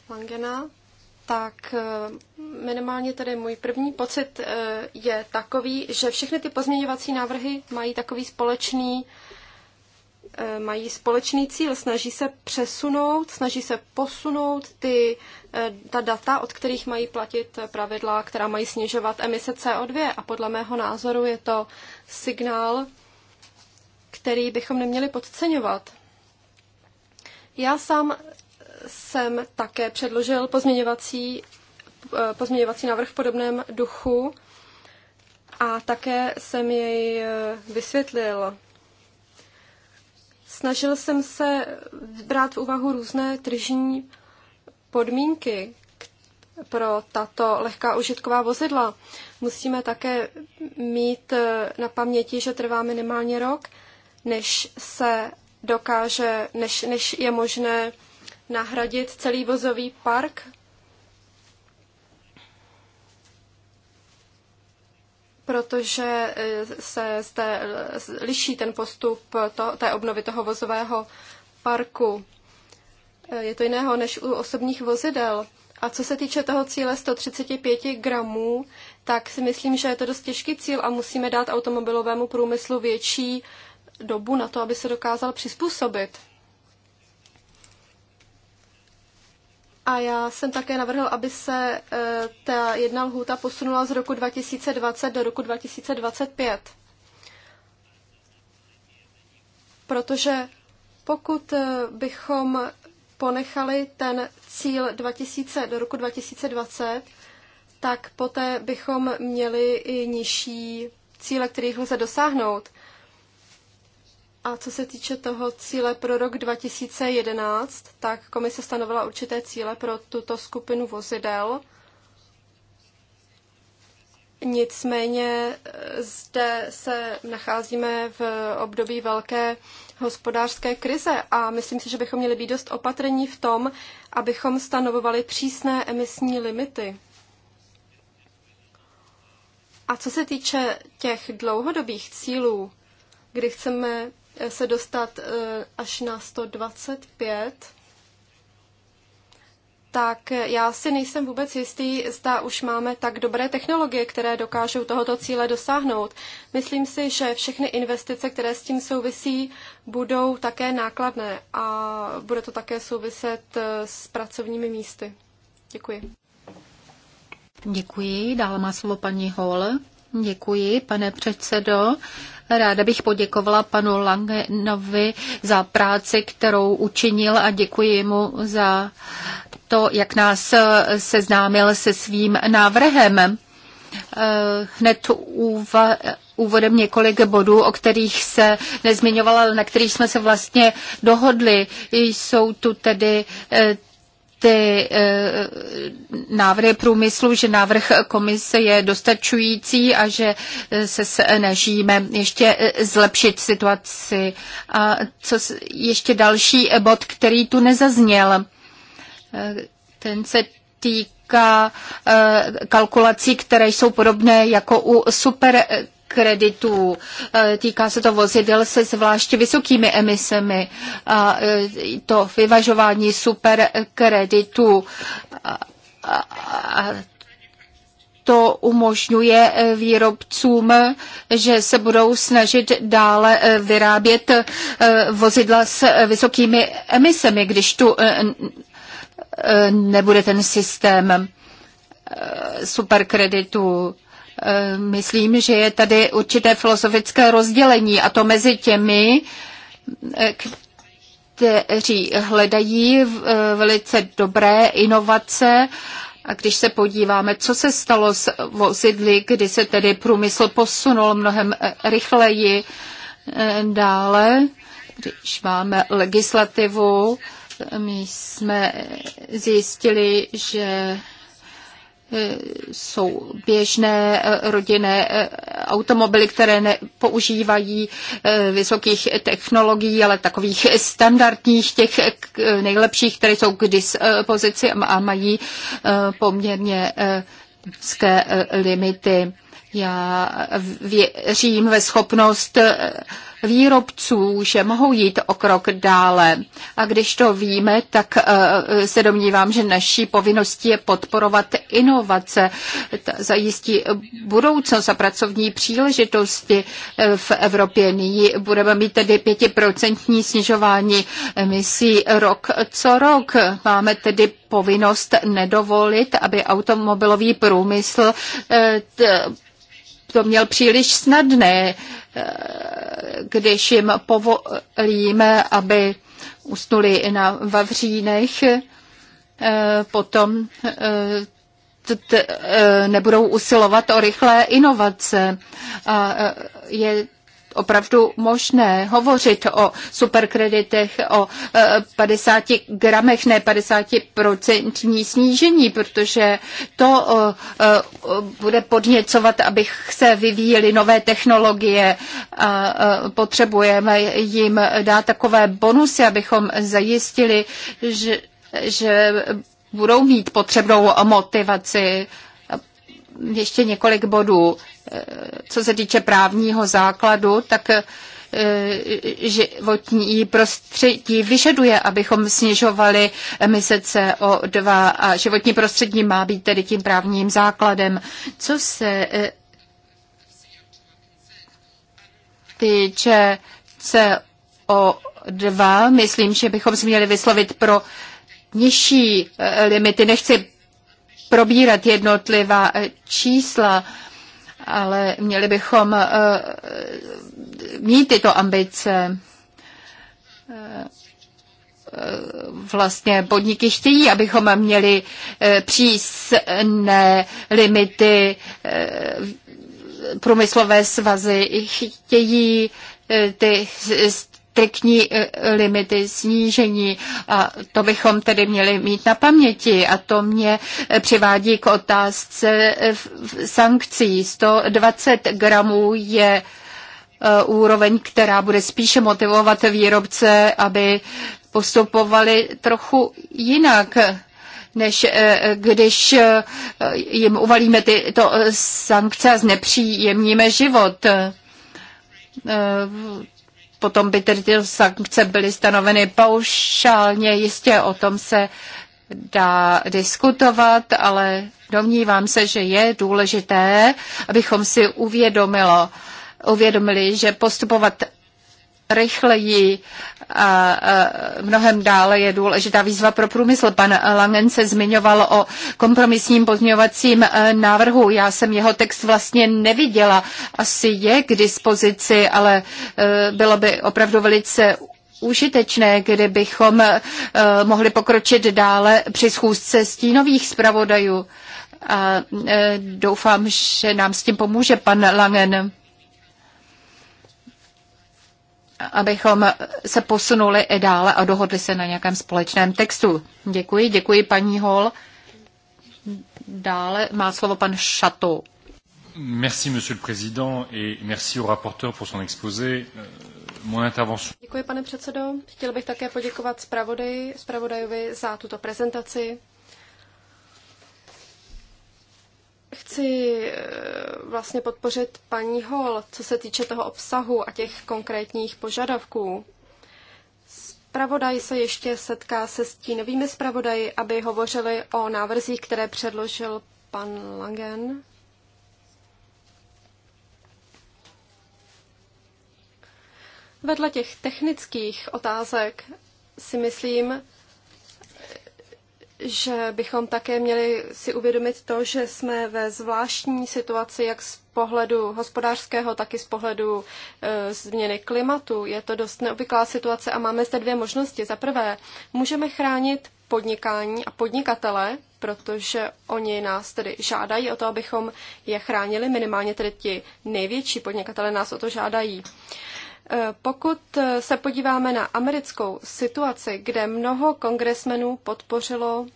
[SPEAKER 3] Langena, tak eh, minimálně tedy můj první pocit eh, je takový, že všechny ty pozměňovací návrhy mají takový společný Eh, mají společný cíl, snaží se přesunout, snaží se posunout ty, eh, ta data, od kterých mají platit pravidla, která mají snižovat emise CO2. A podle mého názoru je to signál, který bychom neměli podceňovat. Já sám jsem také předložil pozměňovací, eh, pozměňovací návrh v podobném duchu a také jsem jej vysvětlil Snažil jsem se brát v úvahu různé tržní podmínky pro tato lehká užitková vozidla. Musíme také mít eh, na paměti, že trvá minimálně rok, než se dokáže, než, než je možné nahradit celý vozový park protože eh, se zde eh, liší ten postup to, té obnovy toho vozového parku. Eh, je to jiného než u osobních vozidel. A co se týče toho cíle 135 gramů, tak si myslím, že je to dost těžký cíl a musíme dát automobilovému průmyslu větší dobu na to, aby se dokázal přizpůsobit. A já jsem také navrhl, aby se e, ta jedna lhůta posunula z roku 2020 do roku 2025. Protože pokud e, bychom ponechali ten cíl 2000 do roku 2020, tak poté bychom měli i nižší cíle, kterých lze dosáhnout. A co se týče toho cíle pro rok 2011, tak komise stanovila určité cíle pro tuto skupinu vozidel. Nicméně eh, zde se nacházíme v období velké hospodářské krize a myslím si, že bychom měli být dost opatrní v tom, abychom stanovovali přísné emisní limity. A co se týče těch dlouhodobých cílů, kdy chceme se dostat e, až na 125, tak já si nejsem vůbec jistý, zda už máme tak dobré technologie, které dokážou tohoto cíle dosáhnout. Myslím si, že všechny investice, které s tím souvisí, budou také nákladné a bude to také souviset e, s pracovními místy. Děkuji.
[SPEAKER 2] Děkuji. Dále má slovo paní Hall. Děkuji, pane předsedo. Ráda bych poděkovala panu Langenovi za práci, kterou učinil a děkuji mu za to, jak nás seznámil se svým návrhem. Eh, hned úva, úvodem několik bodů, o kterých se nezmiňovala, ale na kterých jsme se vlastně dohodli. Jsou tu tedy eh, ty eh, návrhy průmyslu, že návrh komise je dostačující a že eh, se snažíme ještě eh, zlepšit situaci. A co ještě další bod, který tu nezazněl, ten se týká kalkulací, které jsou podobné jako u super kreditů. E, týká se to vozidel se zvlášť vysokými emisemi a e, to vyvažování superkreditů. to umožňuje e, výrobcům, že se budou snažit dále vyrábět vozidla s vysokými emisemi, když tu nebude ten systém superkreditů. Eh, myslím, že je tady určité filozofické rozdělení a to mezi těmi, eh, kteří hledají eh, velice dobré inovace a když se podíváme, co se stalo s vozidly, kdy se tedy průmysl posunul mnohem rychleji dále, když máme legislativu, my jsme zjistili, že E, jsou běžné e, rodinné e, automobily, které nepoužívají vysokých technologií, ale takových standardních, těch nejlepších, které jsou k dispozici a mají poměrně nízké limity. Já věřím ve schopnost výrobců, že mohou jít o krok dále. A když to víme, tak eh, se domnívám, že naší povinností je podporovat inovace, zajistí budoucnost a pracovní příležitosti eh, v Evropě. Nyní budeme mít tedy pětiprocentní snižování emisí rok co rok. Máme tedy povinnost nedovolit, aby automobilový průmysl eh, to měl příliš snadné, eh, když jim povolíme, aby usnuli na Vavřínech, eh, potom eh, nebudou usilovat o rychlé inovace. A je opravdu možné hovořit o superkreditech, o 50 e, gramech, ne 50% snížení, protože to e, e, bude podněcovat, abych se vyvíjely nové technologie a potřebujeme jim dát takové bonusy, abychom zajistili, že, že budou mít potřebnou motivaci. Ještě několik bodů. Eh, co se týče právního základu, tak eh, životní prostředí vyžaduje, abychom snižovali emise CO2 a životní prostředí má být tedy tím právním základem. Co se eh, týče CO2, myslím, že bychom si měli vyslovit pro nižší limity. Nechci probírat jednotlivá čísla, ale měli bychom eh, mít tyto ambice. Eh, eh, vlastně podniky chtějí, abychom měli přísné limity, průmyslové svazy chtějí ty striktní eh, limity snížení. A to bychom tedy měli mít na paměti. A to mě eh, přivádí k otázce eh, sankcí. 120 gramů je úroveň, která bude spíše motivovat výrobce, aby postupovali trochu jinak než když jim uvalíme tyto sankce a znepříjemníme život potom by tedy ty sankce byly stanoveny paušálně, jistě o tom se dá diskutovat, ale domnívám se, že je důležité, abychom si uvědomilo, uvědomili, že postupovat rychleji a mnohem dále je důležitá výzva pro průmysl. Pan Langen se zmiňoval o kompromisním pozměňovacím e, návrhu. Já jsem jeho text vlastně neviděla. Asi je k dispozici, ale e, bylo by opravdu velice užitečné, kdybychom e, mohli pokročit dále při schůzce stínových zpravodajů. A doufám, že nám s tím pomůže pan Langen abychom se posunuli i dále a dohodli se na nějakém společném textu. Děkuji, děkuji paní Hol. Dále má slovo pan Chateau.
[SPEAKER 1] Merci, monsieur le président, et merci au rapporteur pour son exposé. Euh, mon intervention.
[SPEAKER 3] Děkuji, pane předsedo. Chtěl bych také poděkovat zpravodaji, zpravodajovi za tuto prezentaci. chci eh, vlastně podpořit paní Hol, co se týče toho obsahu a těch konkrétních požadavků. Spravodaj se ještě setká se stínovými zpravodaji, aby hovořili o návrzích, které předložil pan Langen. Vedle těch technických otázek si myslím, že bychom také měli si uvědomit to, že jsme ve zvláštní situaci jak z pohledu hospodářského, tak i z pohledu e, změny klimatu. Je to dost neobvyklá situace a máme zde dvě možnosti. Za prvé, můžeme chránit podnikání a podnikatele, protože oni nás tedy žádají o to, abychom je chránili, minimálně tedy ti největší podnikatele nás o to žádají. E, Eh, pokud eh, se podíváme na americkou situaci, kde mnoho kongresmenů podpořilo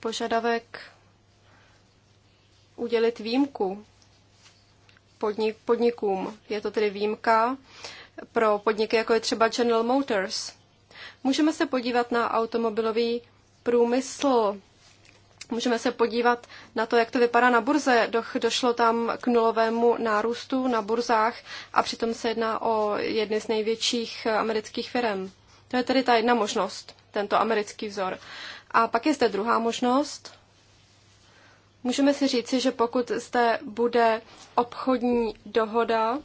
[SPEAKER 3] požadavek udělit výjimku podnik, podnikům. Je to tedy výjimka pro podniky, jako je třeba General Motors. Můžeme se podívat na automobilový průmysl Můžeme se podívat na to, jak to vypadá na burze. došlo tam k nulovému nárůstu na burzách a přitom se jedná o jedny z největších amerických firm. To je tedy ta jedna možnost, tento americký vzor. A pak je zde druhá možnost. Můžeme si říci, že pokud zde bude obchodní dohoda,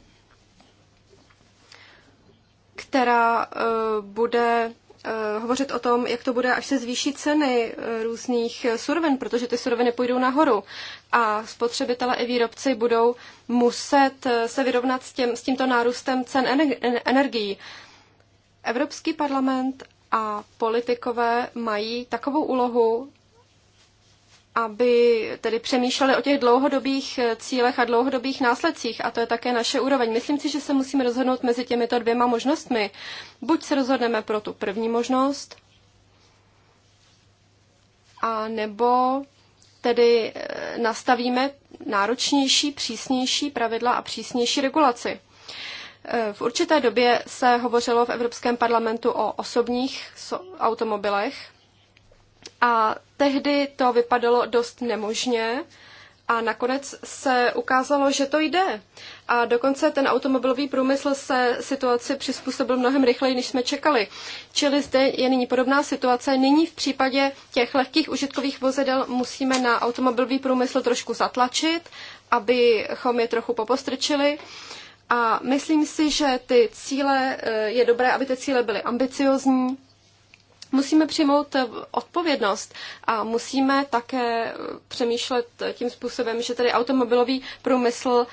[SPEAKER 3] která uh, bude Eh, hovořit o tom, jak to bude, až se zvýší ceny eh, různých eh, surovin, protože ty suroviny půjdou nahoru a spotřebitele i výrobci budou muset se vyrovnat s, těm, s tímto nárůstem cen energií. Evropský parlament a politikové mají takovou úlohu, aby tedy přemýšleli o těch dlouhodobých eh, cílech a dlouhodobých následcích, a to je také naše úroveň. Myslím si, že se musíme rozhodnout mezi těmito dvěma možnostmi. Buď se rozhodneme pro tu první možnost, a nebo tedy eh, nastavíme náročnější, přísnější pravidla a přísnější regulaci. Eh, v určité době se hovořilo v Evropském parlamentu o osobních automobilech, a tehdy to vypadalo dost nemožně a nakonec se ukázalo, že to jde. A dokonce ten automobilový průmysl se situaci přizpůsobil mnohem rychleji, než jsme čekali. Čili zde je nyní podobná situace. Nyní v případě těch lehkých užitkových vozidel musíme na automobilový průmysl trošku zatlačit, abychom je trochu popostrčili. A myslím si, že ty cíle, eh, je dobré, aby ty cíle byly ambiciozní, Musíme přijmout eh, odpovědnost a musíme také eh, přemýšlet eh, tím způsobem, že tedy automobilový průmysl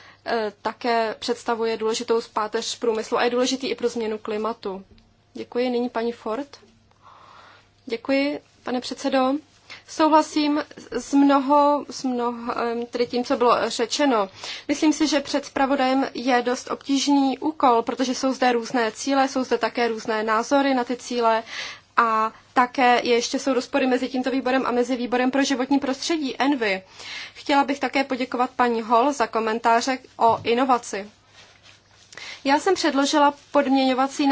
[SPEAKER 3] také představuje důležitou zpáteř průmyslu a je důležitý i pro změnu klimatu. Děkuji. Nyní paní Ford. Děkuji, pane předsedo. Souhlasím s mnoho, s mnoho, tedy tím, co bylo řečeno. Myslím si, že před spravodajem je dost obtížný úkol, protože jsou zde různé cíle, jsou zde také různé názory na ty cíle a také ještě jsou rozpory mezi tímto výborem a mezi výborem pro životní prostředí, Envy. Chtěla bych také poděkovat paní Hol za komentáře o inovaci. Já jsem předložila podměňovací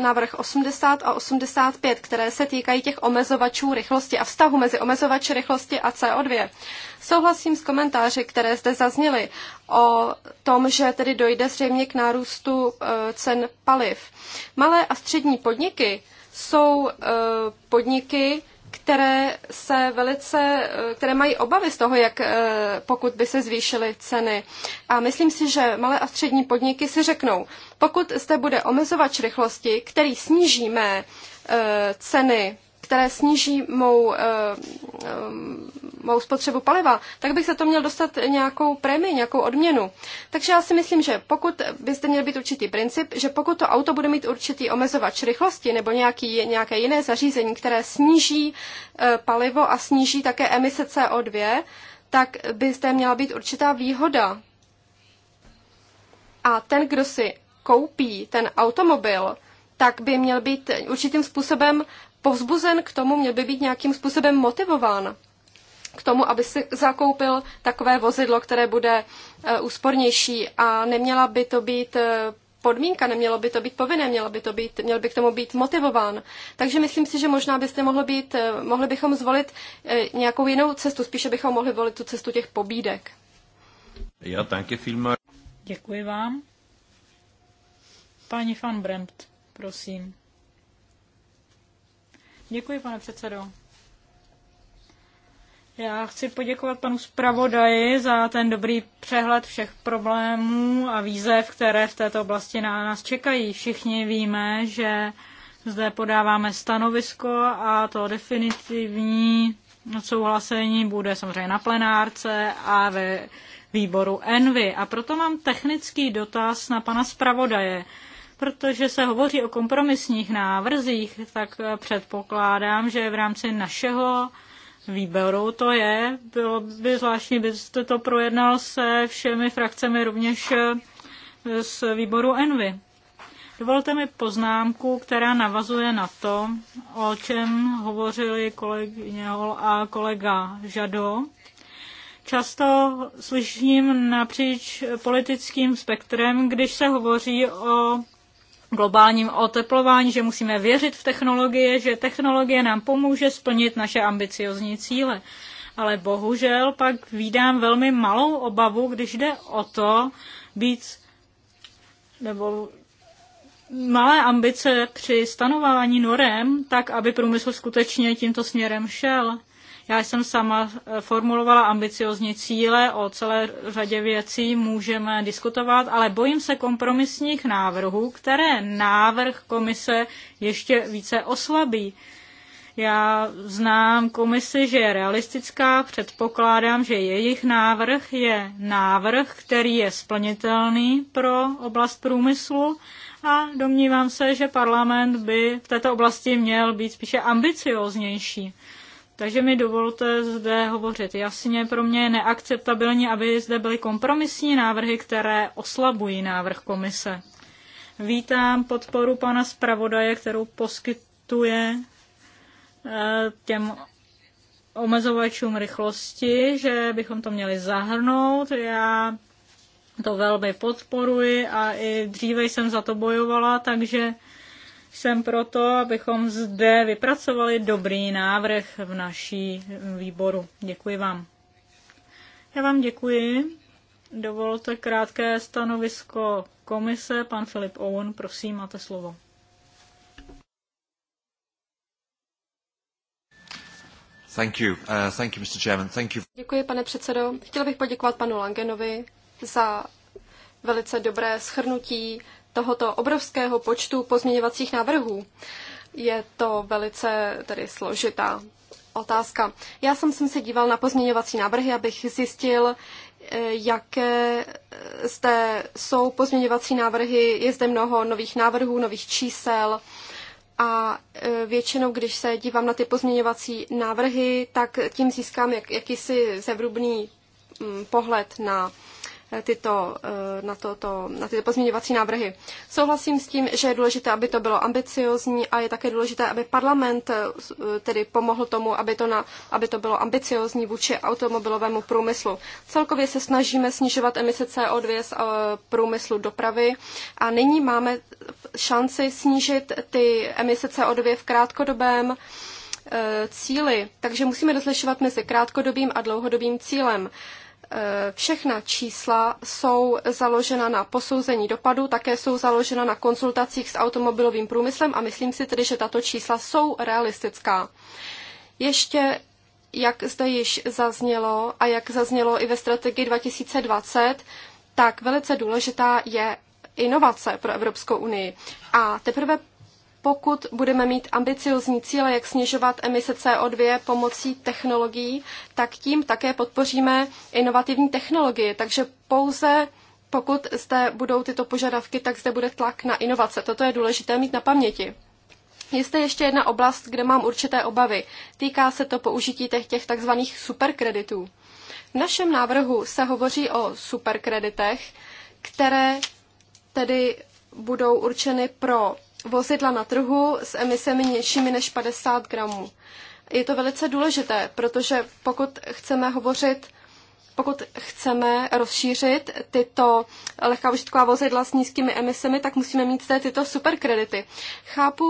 [SPEAKER 3] návrh 80 a 85, které se týkají těch omezovačů rychlosti a vztahu mezi omezovači rychlosti a CO2. Souhlasím s komentáři, které zde zazněly o tom, že tedy dojde zřejmě k nárůstu e, cen paliv. Malé a střední podniky jsou eh, podniky, které se velice, eh, které mají obavy z toho, jak eh, pokud by se zvýšily ceny. A myslím si, že malé a střední podniky si řeknou, pokud zde bude omezovač rychlosti, který snížíme ceny které sníží mou, eh, eh, mou spotřebu paliva, tak bych za to měl dostat nějakou prémii, nějakou odměnu. Takže já si myslím, že pokud byste měl být určitý princip, že pokud to auto bude mít určitý omezovač rychlosti nebo nějaký, nějaké jiné zařízení, které sníží eh, palivo a sníží také emise CO2, tak byste měla být určitá výhoda. A ten, kdo si koupí ten automobil, tak by měl být určitým způsobem povzbuzen k tomu, měl by být nějakým způsobem motivován k tomu, aby si zakoupil takové vozidlo, které bude e, úspornější a neměla by to být e, podmínka, nemělo by to být povinné, mělo by to být, měl by k tomu být motivován. Takže myslím si, že možná byste mohli být, e, mohli bychom zvolit nějakou jinou cestu, spíše bychom mohli volit tu cestu těch pobídek. Já taky filma. Děkuji
[SPEAKER 1] vám. Pani van Brempt, prosím. Děkuji, pane předsedo. Já chci poděkovat panu zpravodaji za ten dobrý přehled všech problémů a výzev, které v této oblasti na nás čekají. Všichni víme, že zde podáváme stanovisko a to definitivní souhlasení bude samozřejmě na plenárce a ve výboru Envy. A proto mám technický dotaz na pana zpravodaje. Protože se hovoří o kompromisních návrzích, tak předpokládám, že v rámci našeho výboru to je. Bylo by zvláštní, byste to projednal se všemi frakcemi, rovněž eh, z výboru Envy. Dovolte mi poznámku, která navazuje na to, o čem hovořili kolegyně Hol a kolega Žado. Často slyším napříč politickým spektrem, když se hovoří o globálním oteplování, že musíme věřit v technologie, že technologie nám pomůže splnit naše ambiciozní cíle. Ale bohužel pak vídám velmi malou obavu, když jde o to být nebo malé ambice při stanovování norem, tak aby průmysl skutečně tímto směrem šel. Já jsem sama eh, formulovala ambiciozní cíle, o celé řadě věcí můžeme diskutovat, ale bojím se kompromisních návrhů, které návrh komise ještě více oslabí. Já znám komisi, že je realistická, předpokládám, že jejich návrh je návrh, který je splnitelný pro oblast průmyslu a domnívám se, že parlament by v této oblasti měl být spíše ambicioznější. Takže mi dovolte zde hovořit jasně. Pro mě je neakceptabilní, aby zde byly kompromisní návrhy, které oslabují návrh komise. Vítám podporu pana zpravodaje, kterou poskytuje eh, těm omezovačům rychlosti, že bychom to měli zahrnout. Já to velmi podporuji a i dříve jsem za to bojovala, takže jsem proto, abychom zde vypracovali dobrý návrh v naší výboru. Děkuji vám. Já vám děkuji. Dovolte krátké stanovisko komise. Pan Filip Owen, prosím, máte slovo. Thank you. Uh, thank you, Mr. Chairman. Thank
[SPEAKER 3] you. Děkuji, pane předsedo. Chtěla bych poděkovat panu Langenovi za velice dobré schrnutí tohoto obrovského počtu pozměňovacích návrhů. Je to velice tedy složitá otázka. Já jsem, jsem se díval na pozměňovací návrhy, abych zjistil, eh, jaké zde jsou pozměňovací návrhy. Je zde mnoho nových návrhů, nových čísel a eh, většinou, když se dívám na ty pozměňovací návrhy, tak tím získám jak, jakýsi zevrubný mm, pohled na tyto, eh, na, na tyto pozměňovací návrhy. Souhlasím s tím, že je důležité, aby to bylo ambiciozní a je také důležité, aby parlament eh, eh, tedy pomohl tomu, aby to, na, aby to bylo ambiciozní vůči automobilovému průmyslu. Celkově se snažíme snižovat emise CO2 z průmyslu dopravy a nyní máme šanci snížit ty emise CO2 v krátkodobém cíli, takže musíme rozlišovat mezi krátkodobým a dlouhodobým cílem. Eh, všechna čísla jsou založena na posouzení dopadu, také jsou založena na konzultacích s automobilovým průmyslem a myslím si tedy, že tato čísla jsou realistická. Ještě jak zde již zaznělo a jak zaznělo i ve strategii 2020, tak velice důležitá je inovace pro Evropskou unii. A teprve pokud budeme mít ambiciozní cíle, jak snižovat emise CO2 pomocí technologií, tak tím také podpoříme inovativní technologie. Takže pouze pokud zde budou tyto požadavky, tak zde bude tlak na inovace. Toto je důležité mít na paměti. Je zde ještě jedna oblast, kde mám určité obavy. Týká se to použití těch, takzvaných superkreditů. V našem návrhu se hovoří o superkreditech, které tedy budou určeny pro vozidla na trhu s emisemi nižšími než 50 gramů. Je to velice důležité, protože pokud chceme hovořit pokud chceme rozšířit tyto lehká užitková vozidla s nízkými emisemi, tak musíme mít zde tyto superkredity. Chápu,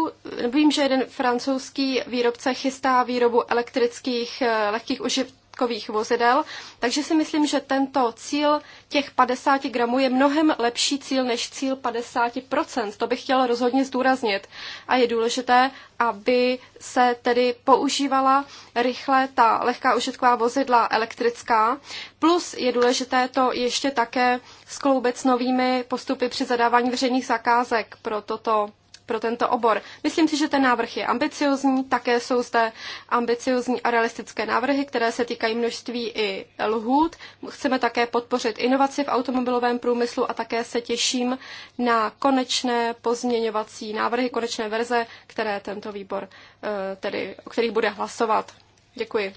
[SPEAKER 3] vím, že jeden francouzský výrobce chystá výrobu elektrických eh, lehkých uži- užitkových vozidel, takže si myslím, že tento cíl těch 50 gramů je mnohem lepší cíl než cíl 50%. To bych chtěla rozhodně zdůraznit. A je důležité, aby se tedy používala rychle ta lehká užitková vozidla elektrická. Plus je důležité to ještě také skloubit s novými postupy při zadávání veřejných zakázek pro toto pro tento obor. Myslím si, že ten návrh je ambiciozní, také jsou zde ambiciozní a realistické návrhy, které se týkají množství i lhůt. Chceme také podpořit inovaci v automobilovém průmyslu a také se těším na konečné pozměňovací návrhy, konečné verze, které tento výbor, eh, tedy, o kterých bude hlasovat. Děkuji.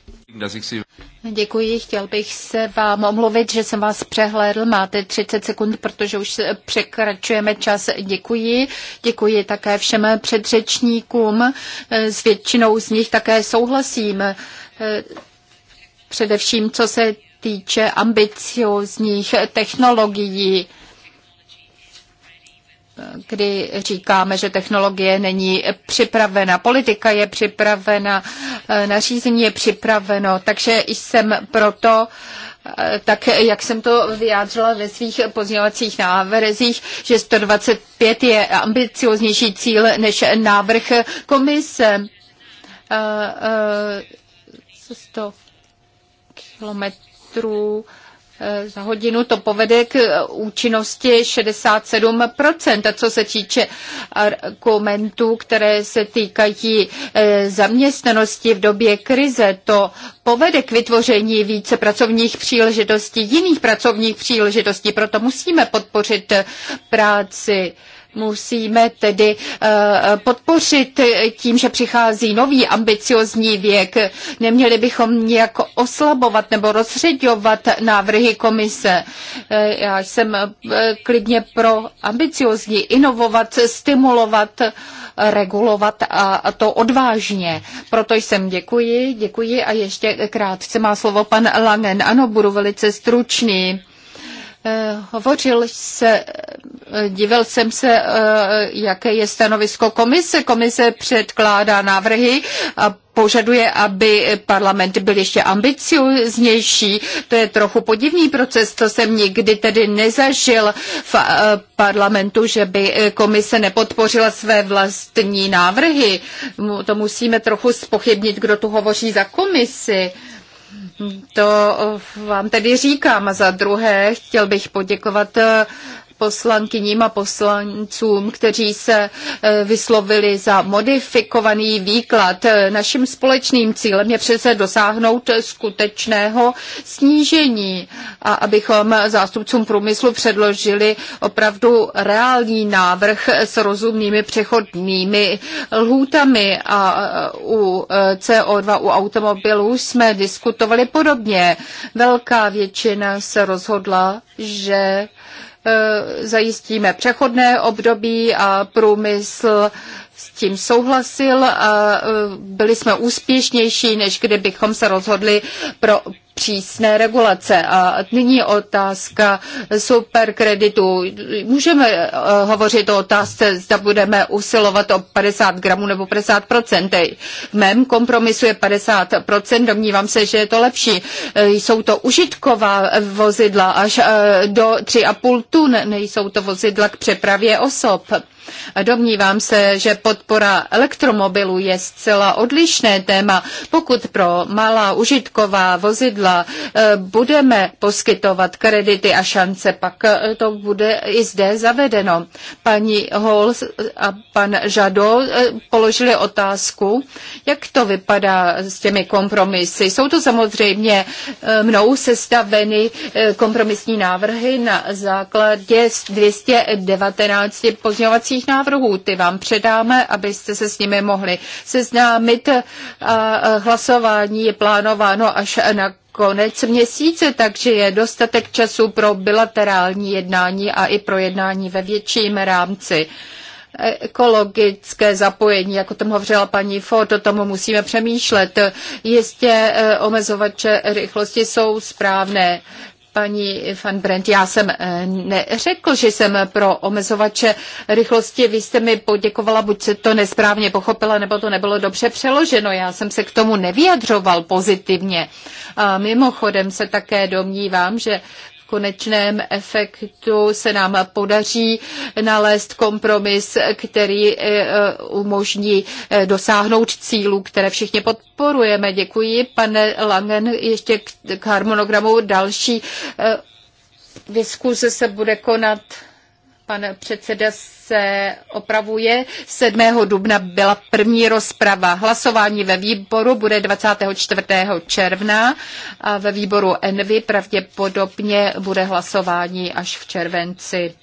[SPEAKER 2] Děkuji, chtěl bych se vám omluvit, že jsem vás přehlédl. Máte 30 sekund, protože už překračujeme čas. Děkuji. Děkuji také všem předřečníkům. S většinou z nich také souhlasím. Především, co se týče ambiciozních technologií kdy říkáme, že technologie není připravena, politika je připravena, eh, nařízení je připraveno, takže jsem proto, eh, tak jak jsem to vyjádřila ve svých pozměňovacích návrzích, že 125 je ambicioznější cíl než návrh komise. 100 eh, kilometrů Eh, za hodinu to povede k eh, účinnosti 67%. A co se týče argumentů, které se týkají eh, zaměstnanosti v době krize, to povede k vytvoření více pracovních příležitostí, jiných pracovních příležitostí. Proto musíme podpořit práci musíme tedy eh, podpořit tím, že přichází nový ambiciozní věk. Neměli bychom nějak oslabovat nebo rozředovat návrhy komise. Eh, já jsem eh, klidně pro ambiciozní, inovovat, stimulovat, regulovat a to odvážně. Proto jsem děkuji, děkuji a ještě krátce má slovo pan Langen. Ano, budu velice stručný Eh, hovořil se, eh, divil jsem se, eh, jaké je stanovisko komise. Komise předkládá návrhy a požaduje, aby parlament byl ještě ambicioznější. To je trochu podivný proces, to jsem nikdy tedy nezažil v parlamentu, že by komise nepodpořila své vlastní návrhy. To musíme trochu spochybnit, kdo tu hovoří za komisi. To eh, vám tedy říkám. A za druhé chtěl bych poděkovat eh, poslankyním a poslancům, kteří se e, vyslovili za modifikovaný výklad. E, naším společným cílem je přece dosáhnout skutečného snížení a abychom zástupcům průmyslu předložili opravdu reálný návrh s rozumnými přechodnými lhůtami a e, u CO2 u automobilů jsme diskutovali podobně. Velká většina se rozhodla, že Eh, zajistíme přechodné období a průmysl s tím souhlasil a eh, byli jsme úspěšnější, než kdybychom se rozhodli pro přísné regulace. A nyní otázka superkreditu. Můžeme eh, hovořit o otázce, zda budeme usilovat o 50 gramů nebo 50 V mém kompromisu je 50 domnívám se, že je to lepší. Eh, jsou to užitková vozidla až eh, do 3,5 tun, nejsou to vozidla k přepravě osob. Domnívám se, že podpora elektromobilů je zcela odlišné téma. Pokud pro malá užitková vozidla eh, budeme poskytovat kredity a šance, pak eh, to bude i zde zavedeno. Paní Holz a pan Žado eh, položili otázku, jak to vypadá s těmi kompromisy. Jsou to samozřejmě mnou sestaveny kompromisní návrhy na základě 219 pozměňovacích pozměňovacích návrhů. Ty vám předáme, abyste se s nimi mohli seznámit. A hlasování je plánováno až na konec měsíce, takže je dostatek času pro bilaterální jednání a i pro jednání ve větším rámci ekologické zapojení, jako tom hovořila paní Ford, o tomu musíme přemýšlet. Jistě eh, omezovače rychlosti jsou správné. Paní van Brent, já jsem eh, neřekl, že jsem pro omezovače rychlosti. Vy jste mi poděkovala, buď se to nesprávně pochopila, nebo to nebylo dobře přeloženo. Já jsem se k tomu nevyjadřoval pozitivně. A mimochodem se také domnívám, že konečném efektu se nám podaří nalézt kompromis, který eh, umožní eh, dosáhnout cílů, které všichni podporujeme. Děkuji, pane Langen, ještě k harmonogramu další eh, diskuse se bude konat Pan předseda se opravuje. 7. dubna byla první rozprava. Hlasování ve výboru bude 24. června a ve výboru Envy pravděpodobně bude hlasování až v červenci.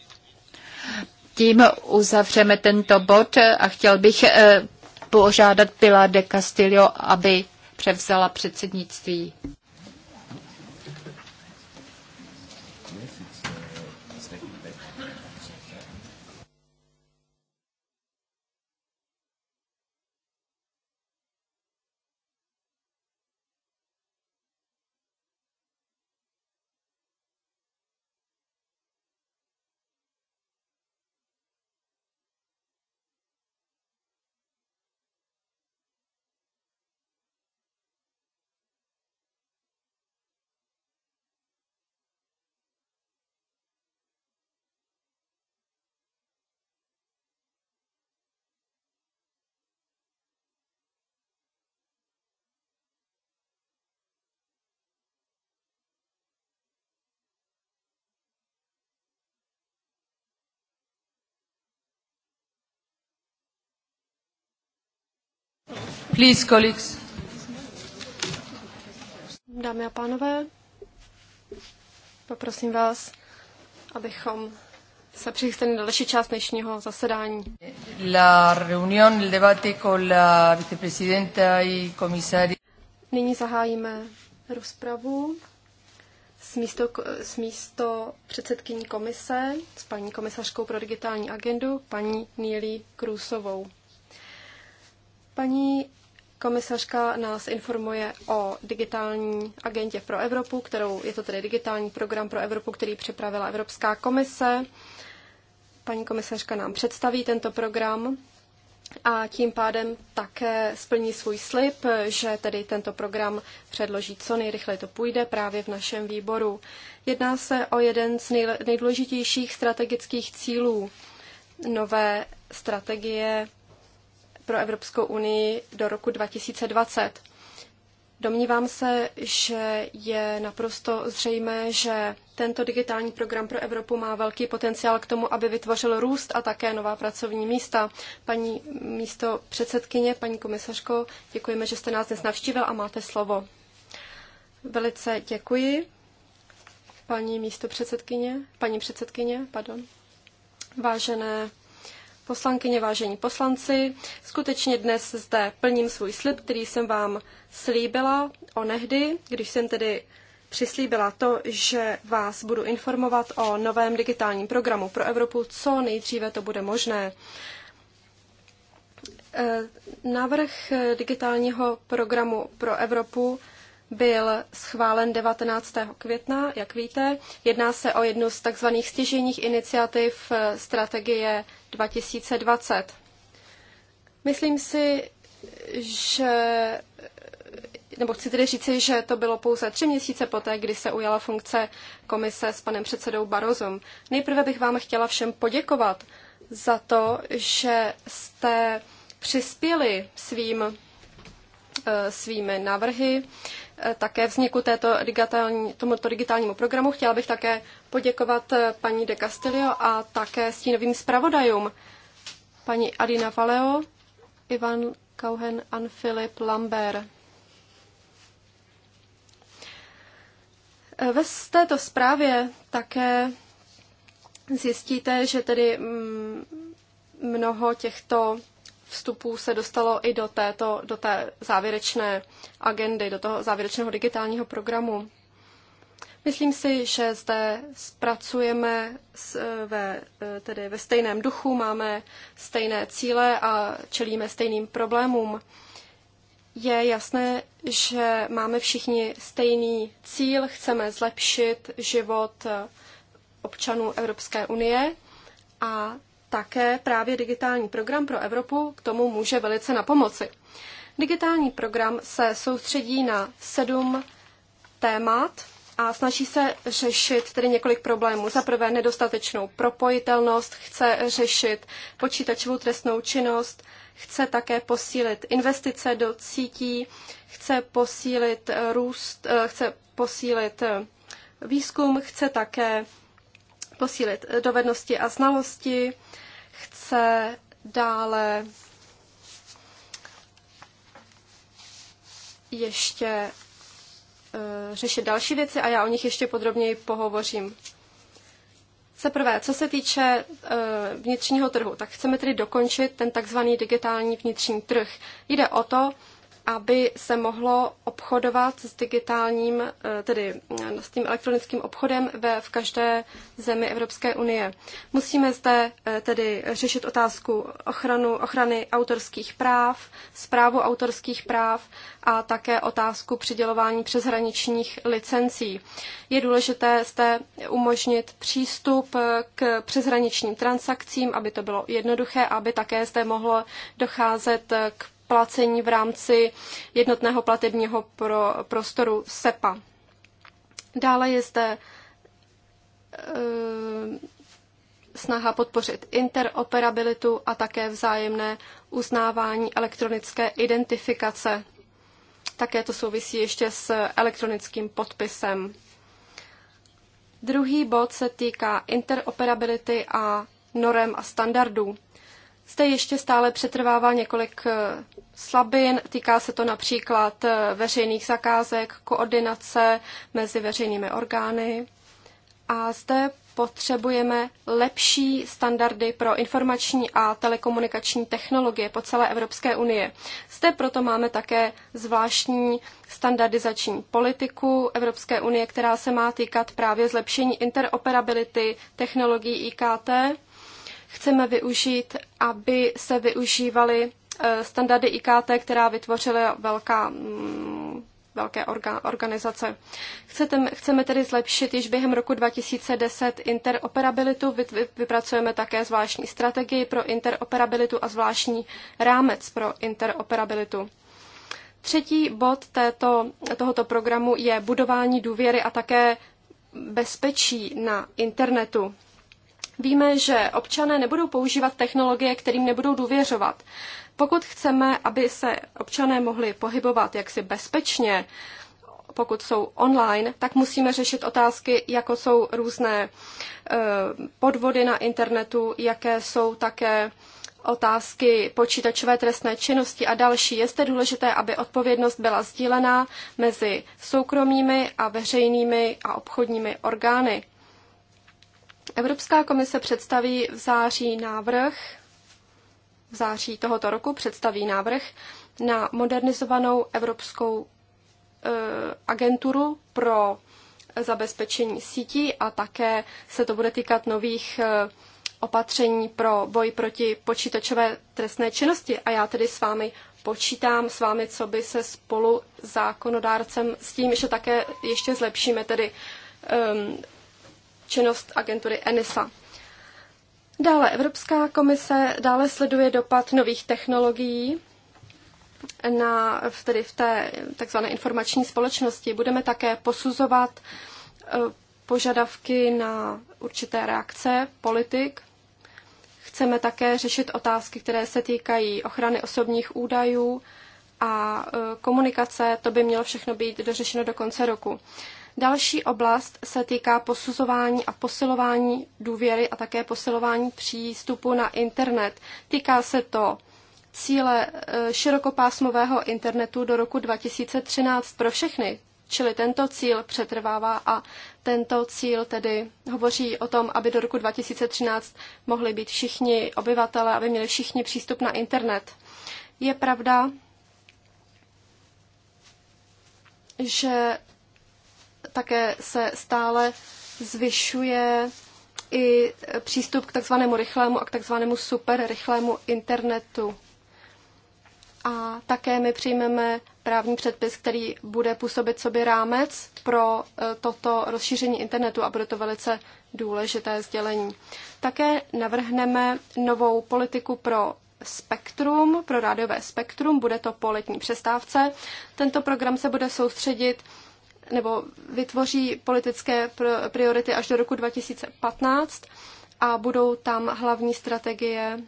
[SPEAKER 2] Tím uzavřeme tento bod a chtěl bych eh, požádat Pilar de Castillo, aby převzala předsednictví. Please, colleagues.
[SPEAKER 3] Dámy a pánové, poprosím vás, abychom se přihlásili na další část dnešního zasedání. La reunión, el debate con la vicepresidenta y comisaria. Nyní zahájíme rozpravu s místo, s místo předsedkyní komise, s paní komisařkou pro digitální agendu, paní Nílí Krůsovou. Paní komisařka nás informuje o digitální agentě pro Evropu, kterou je to tedy digitální program pro Evropu, který připravila Evropská komise. Paní komisařka nám představí tento program a tím pádem také splní svůj slib, že tedy tento program předloží co nejrychleji to půjde právě v našem výboru. Jedná se o jeden z nejdůležitějších strategických cílů nové strategie pro Evropskou unii do roku 2020. Domnívám se, že je naprosto zřejmé, že tento digitální program pro Evropu má velký potenciál k tomu, aby vytvořil růst a také nová pracovní místa. Paní místo předsedkyně, paní komisařko, děkujeme, že jste nás dnes navštívil a máte slovo. Velice děkuji, paní místo předsedkyně, paní předsedkyně, pardon. Vážené poslankyně, vážení poslanci, skutečně dnes zde plním svůj slib, který jsem vám slíbila onehdy, když jsem tedy přislíbila to, že vás budu informovat o novém digitálním programu pro Evropu, co nejdříve to bude možné. Eh, návrh eh, digitálního programu pro Evropu byl schválen 19. května, jak víte. Jedná se o jednu z tzv. stěžejních iniciativ eh, strategie 2020. Myslím si, že eh, nebo chci tedy říci, že to bylo pouze tři měsíce poté, kdy se ujala funkce komise s panem předsedou Barozum. Nejprve bych vám chtěla všem poděkovat za to, že jste přispěli svým, eh, svými návrhy také vzniku této digitální, tomuto digitálnímu programu. Chtěla bych také poděkovat eh, paní de Castillo a také stínovým zpravodajům, paní Adina Valeo, Ivan Kauhen a Filip Lambert. Eh, ve této zprávě také zjistíte, že tedy mm, mnoho těchto vstupů se dostalo i do, této, do té závěrečné agendy, do toho závěrečného digitálního programu. Myslím si, že zde zpracujeme e, ve, e, tedy ve stejném duchu, máme stejné cíle a čelíme stejným problémům. Je jasné, že máme všichni stejný cíl, chceme zlepšit život občanů Evropské unie a také právě digitální program pro Evropu k tomu může velice napomoci. Digitální program se soustředí na sedm témat a snaží se řešit tedy několik problémů. Za prvé nedostatečnou propojitelnost, chce řešit počítačovou trestnou činnost, chce také posílit investice do sítí, chce posílit růst, eh, chce posílit eh, výzkum, chce také posílit dovednosti a znalosti, chce dále ještě eh, řešit další věci a já o nich ještě podrobněji pohovořím. Co prvé, co se týče eh, vnitřního trhu, tak chceme tedy dokončit ten takzvaný digitální vnitřní trh. Jde o to, aby se mohlo obchodovat s digitálním, eh, tedy eh, s tím elektronickým obchodem ve, v každé zemi Evropské unie. Musíme zde eh, tedy řešit otázku ochranu, ochrany autorských práv, zprávu autorských práv a také otázku přidělování přeshraničních licencí. Je důležité zde umožnit přístup k přeshraničním transakcím, aby to bylo jednoduché, aby také zde mohlo docházet k placení v rámci jednotného platebního pro, prostoru SEPA. Dále je zde e, snaha podpořit interoperabilitu a také vzájemné uznávání elektronické identifikace. Také to souvisí ještě s elektronickým podpisem. Druhý bod se týká interoperability a norem a standardů. Zde ještě stále přetrvává několik eh, slabin. Týká se to například eh, veřejných zakázek, koordinace mezi veřejnými orgány. A zde potřebujeme lepší standardy pro informační a telekomunikační technologie po celé Evropské unie. Zde proto máme také zvláštní standardizační politiku Evropské unie, která se má týkat právě zlepšení interoperability technologií IKT chceme využít, aby se využívaly eh, standardy IKT, která vytvořila velká, mm, velké organizace. Chcete, chceme tedy zlepšit již během roku 2010 interoperabilitu, vypracujeme také zvláštní strategii pro interoperabilitu a zvláštní rámec pro interoperabilitu. Třetí bod této, tohoto programu je budování důvěry a také bezpečí na internetu. Víme, že občané nebudou používat technologie, kterým nebudou důvěřovat. Pokud chceme, aby se občané mohli pohybovat jaksi bezpečně, pokud jsou online, tak musíme řešit otázky, jako jsou různé e, podvody na internetu, jaké jsou také otázky počítačové trestné činnosti a další. Je zde důležité, aby odpovědnost byla sdílená mezi soukromými a veřejnými a obchodními orgány. Evropská komise představí v září návrh, v září tohoto roku představí návrh na modernizovanou Evropskou e, agenturu pro zabezpečení sítí a také se to bude týkat nových e, opatření pro boj proti počítačové trestné činnosti. A já tedy s vámi počítám, s vámi, co by se spolu zákonodárcem s tím, že také ještě zlepšíme tedy um, činnost agentury ENISA. Dále Evropská komise dále sleduje dopad nových technologií na, tedy v té takzvané informační společnosti. Budeme také posuzovat eh, požadavky na určité reakce politik. Chceme také řešit otázky, které se týkají ochrany osobních údajů a eh, komunikace. To by mělo všechno být dořešeno do konce roku. Další oblast se týká posuzování a posilování důvěry a také posilování přístupu na internet. Týká se to cíle eh, širokopásmového internetu do roku 2013 pro všechny, čili tento cíl přetrvává a tento cíl tedy hovoří o tom, aby do roku 2013 mohli být všichni obyvatele, aby měli všichni přístup na internet. Je pravda, že také se stále zvyšuje i přístup k takzvanému rychlému a k takzvanému rychlému internetu. A také my přijmeme právní předpis, který bude působit sobě rámec pro e, toto rozšíření internetu a bude to velice důležité sdělení. Také navrhneme novou politiku pro spektrum, pro rádiové spektrum, bude to po letní přestávce. Tento program se bude soustředit nebo vytvoří politické priority až do roku 2015 a budou tam hlavní strategie.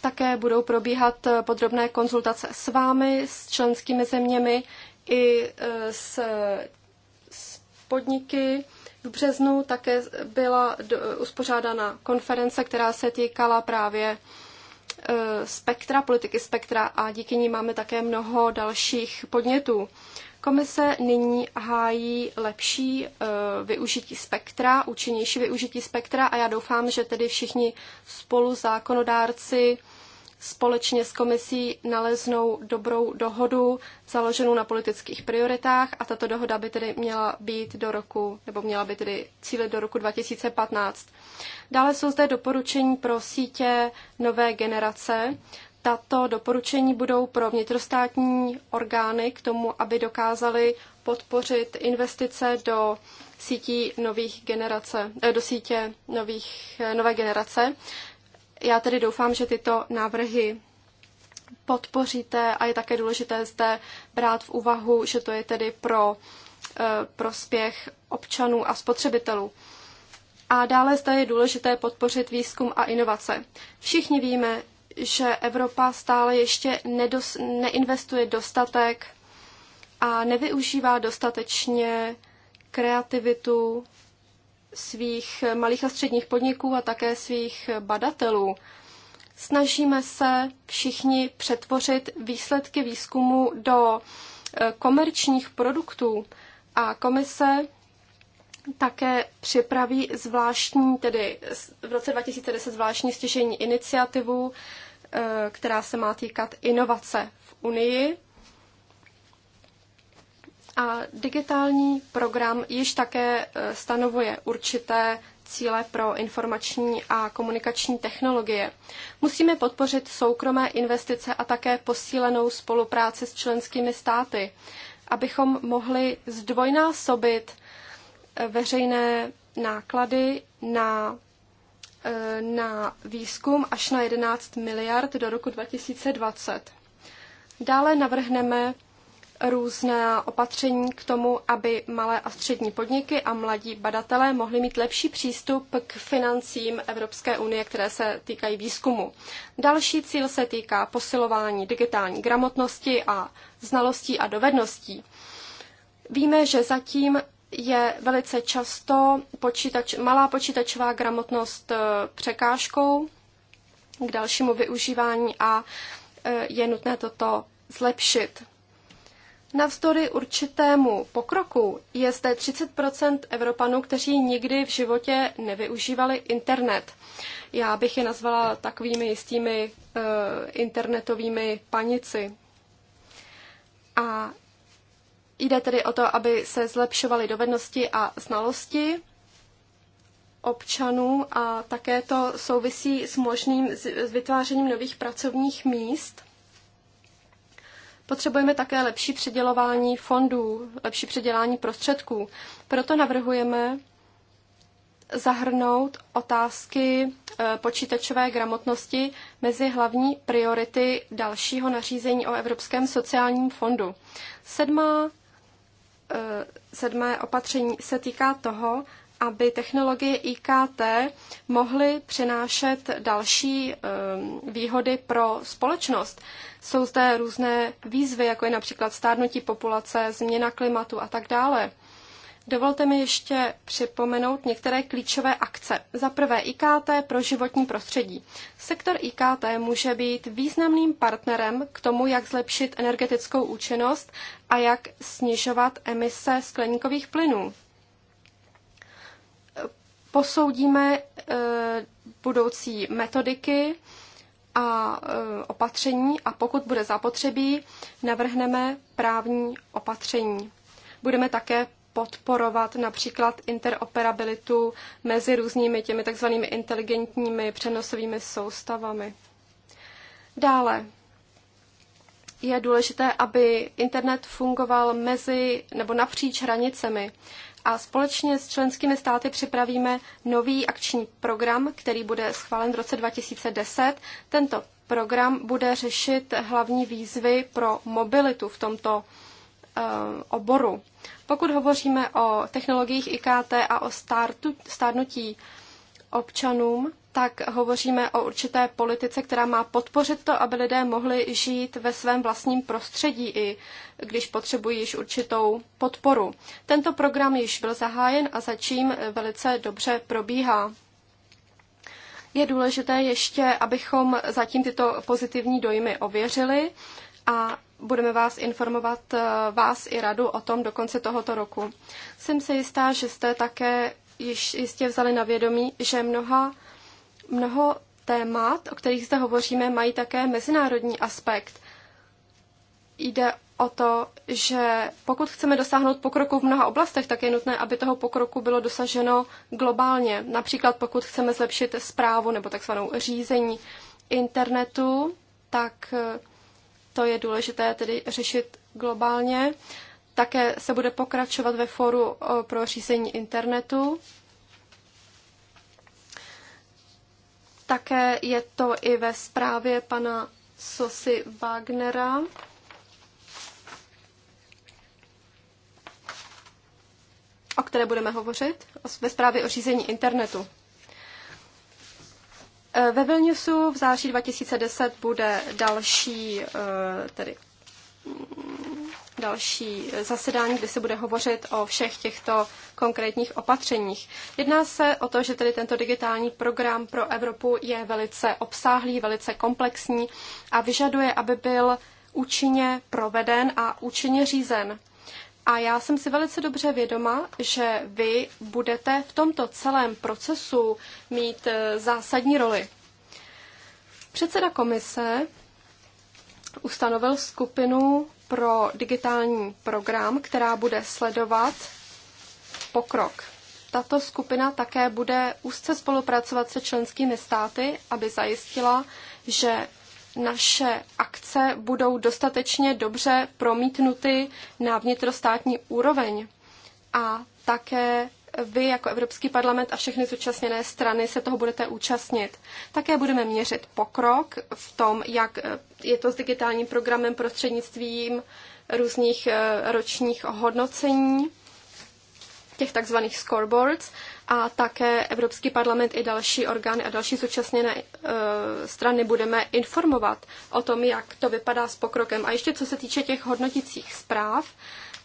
[SPEAKER 3] Také budou probíhat podrobné konzultace s vámi, s členskými zeměmi i e, s, s podniky. V březnu také byla uspořádána konference, která se týkala právě Eh, spektra, politiky spektra a díky ní máme také mnoho dalších podnětů. Komise nyní hájí lepší eh, využití spektra, účinnější využití spektra a já doufám, že tedy všichni spolu zákonodárci společně s komisí naleznou dobrou dohodu založenou na politických prioritách a tato dohoda by tedy měla být do roku, nebo měla by tedy cílit do roku 2015. Dále jsou zde doporučení pro sítě nové generace. Tato doporučení budou pro vnitrostátní orgány k tomu, aby dokázali podpořit investice do sítí nových generace, eh, do sítě nových, eh, nové generace. Já tedy doufám, že tyto návrhy podpoříte a je také důležité zde brát v úvahu, že to je tedy pro eh, prospěch občanů a spotřebitelů. A dále zde je důležité podpořit výzkum a inovace. Všichni víme, že Evropa stále ještě nedos, neinvestuje dostatek a nevyužívá dostatečně kreativitu svých malých a středních podniků a také svých badatelů. Snažíme se všichni přetvořit výsledky výzkumu do eh, komerčních produktů a komise také připraví zvláštní, tedy v roce 2010 zvláštní stěžení iniciativu, eh, která se má týkat inovace v Unii. A digitální program již také e, stanovuje určité cíle pro informační a komunikační technologie. Musíme podpořit soukromé investice a také posílenou spolupráci s členskými státy, abychom mohli zdvojnásobit e, veřejné náklady na, e, na výzkum až na 11 miliard do roku 2020. Dále navrhneme různá opatření k tomu, aby malé a střední podniky a mladí badatelé mohli mít lepší přístup k financím Evropské unie, které se týkají výzkumu. Další cíl se týká posilování digitální gramotnosti a znalostí a dovedností. Víme, že zatím je velice často počítač, malá počítačová gramotnost eh, překážkou k dalšímu využívání a eh, je nutné toto zlepšit. Navzdory určitému pokroku je zde 30 Evropanů, kteří nikdy v životě nevyužívali internet. Já bych je nazvala takovými jistými uh, internetovými panici. A jde tedy o to, aby se zlepšovaly dovednosti a znalosti občanů a také to souvisí s možným s vytvářením nových pracovních míst Potřebujeme také lepší předělování fondů, lepší předělání prostředků. Proto navrhujeme zahrnout otázky e, počítačové gramotnosti mezi hlavní priority dalšího nařízení o Evropském sociálním fondu. Sedmá, e, sedmé opatření se týká toho, aby technologie IKT mohly přinášet další ehm, výhody pro společnost. Jsou zde různé výzvy, jako je například stárnutí populace, změna klimatu a tak dále. Dovolte mi ještě připomenout některé klíčové akce. Za prvé IKT pro životní prostředí. Sektor IKT může být významným partnerem k tomu, jak zlepšit energetickou účinnost a jak snižovat emise skleníkových plynů posoudíme eh, budoucí metodiky a eh, opatření a pokud bude zapotřebí, navrhneme právní opatření. Budeme také podporovat například interoperabilitu mezi různými těmi takzvanými inteligentními přenosovými soustavami. Dále je důležité, aby internet fungoval mezi nebo napříč hranicemi a společně s členskými státy připravíme nový akční program, který bude schválen v roce 2010. Tento program bude řešit hlavní výzvy pro mobilitu v tomto eh, oboru. Pokud hovoříme o technologiích IKT a o startu, stárnutí občanům, tak hovoříme o určité politice, která má podpořit to, aby lidé mohli žít ve svém vlastním prostředí, i když potřebují již určitou podporu. Tento program již byl zahájen a začím velice dobře probíhá. Je důležité ještě, abychom zatím tyto pozitivní dojmy ověřili a budeme vás informovat, eh, vás i radu o tom do konce tohoto roku. Jsem si jistá, že jste také již jistě vzali na vědomí, že mnoha Mnoho témat, o kterých zde hovoříme, mají také mezinárodní aspekt. Jde o to, že pokud chceme dosáhnout pokroku v mnoha oblastech, tak je nutné, aby toho pokroku bylo dosaženo globálně. Například pokud chceme zlepšit zprávu nebo takzvanou řízení internetu, tak eh, to je důležité tedy řešit globálně. Také se bude pokračovat ve foru eh, pro řízení internetu Také je to i ve zprávě pana Sosy Wagnera. o které budeme hovořit, ve zprávě o řízení internetu. E, ve Vilniusu v září 2010 bude další e, tedy mm, další zasedání, kde se bude hovořit o všech těchto konkrétních opatřeních. Jedná se o to, že tedy tento digitální program pro Evropu je velice obsáhlý, velice komplexní a vyžaduje, aby byl účinně proveden a účinně řízen. A já jsem si velice dobře vědoma, že vy budete v tomto celém procesu mít eh, zásadní roli. Předseda komise ustanovil skupinu pro digitální program, která bude sledovat pokrok. Tato skupina také bude úzce spolupracovat se členskými státy, aby zajistila, že naše akce budou dostatečně dobře promítnuty na vnitrostátní úroveň a také vy jako Evropský parlament a všechny zúčastněné strany se toho budete účastnit. Také budeme měřit pokrok v tom, jak eh, je to s digitálním programem prostřednictvím různých eh, ročních hodnocení, těch takzvaných scoreboards, a také Evropský parlament i další orgány a další zúčastněné e, strany budeme informovat o tom, jak to vypadá s pokrokem. A ještě co se týče těch hodnotících zpráv,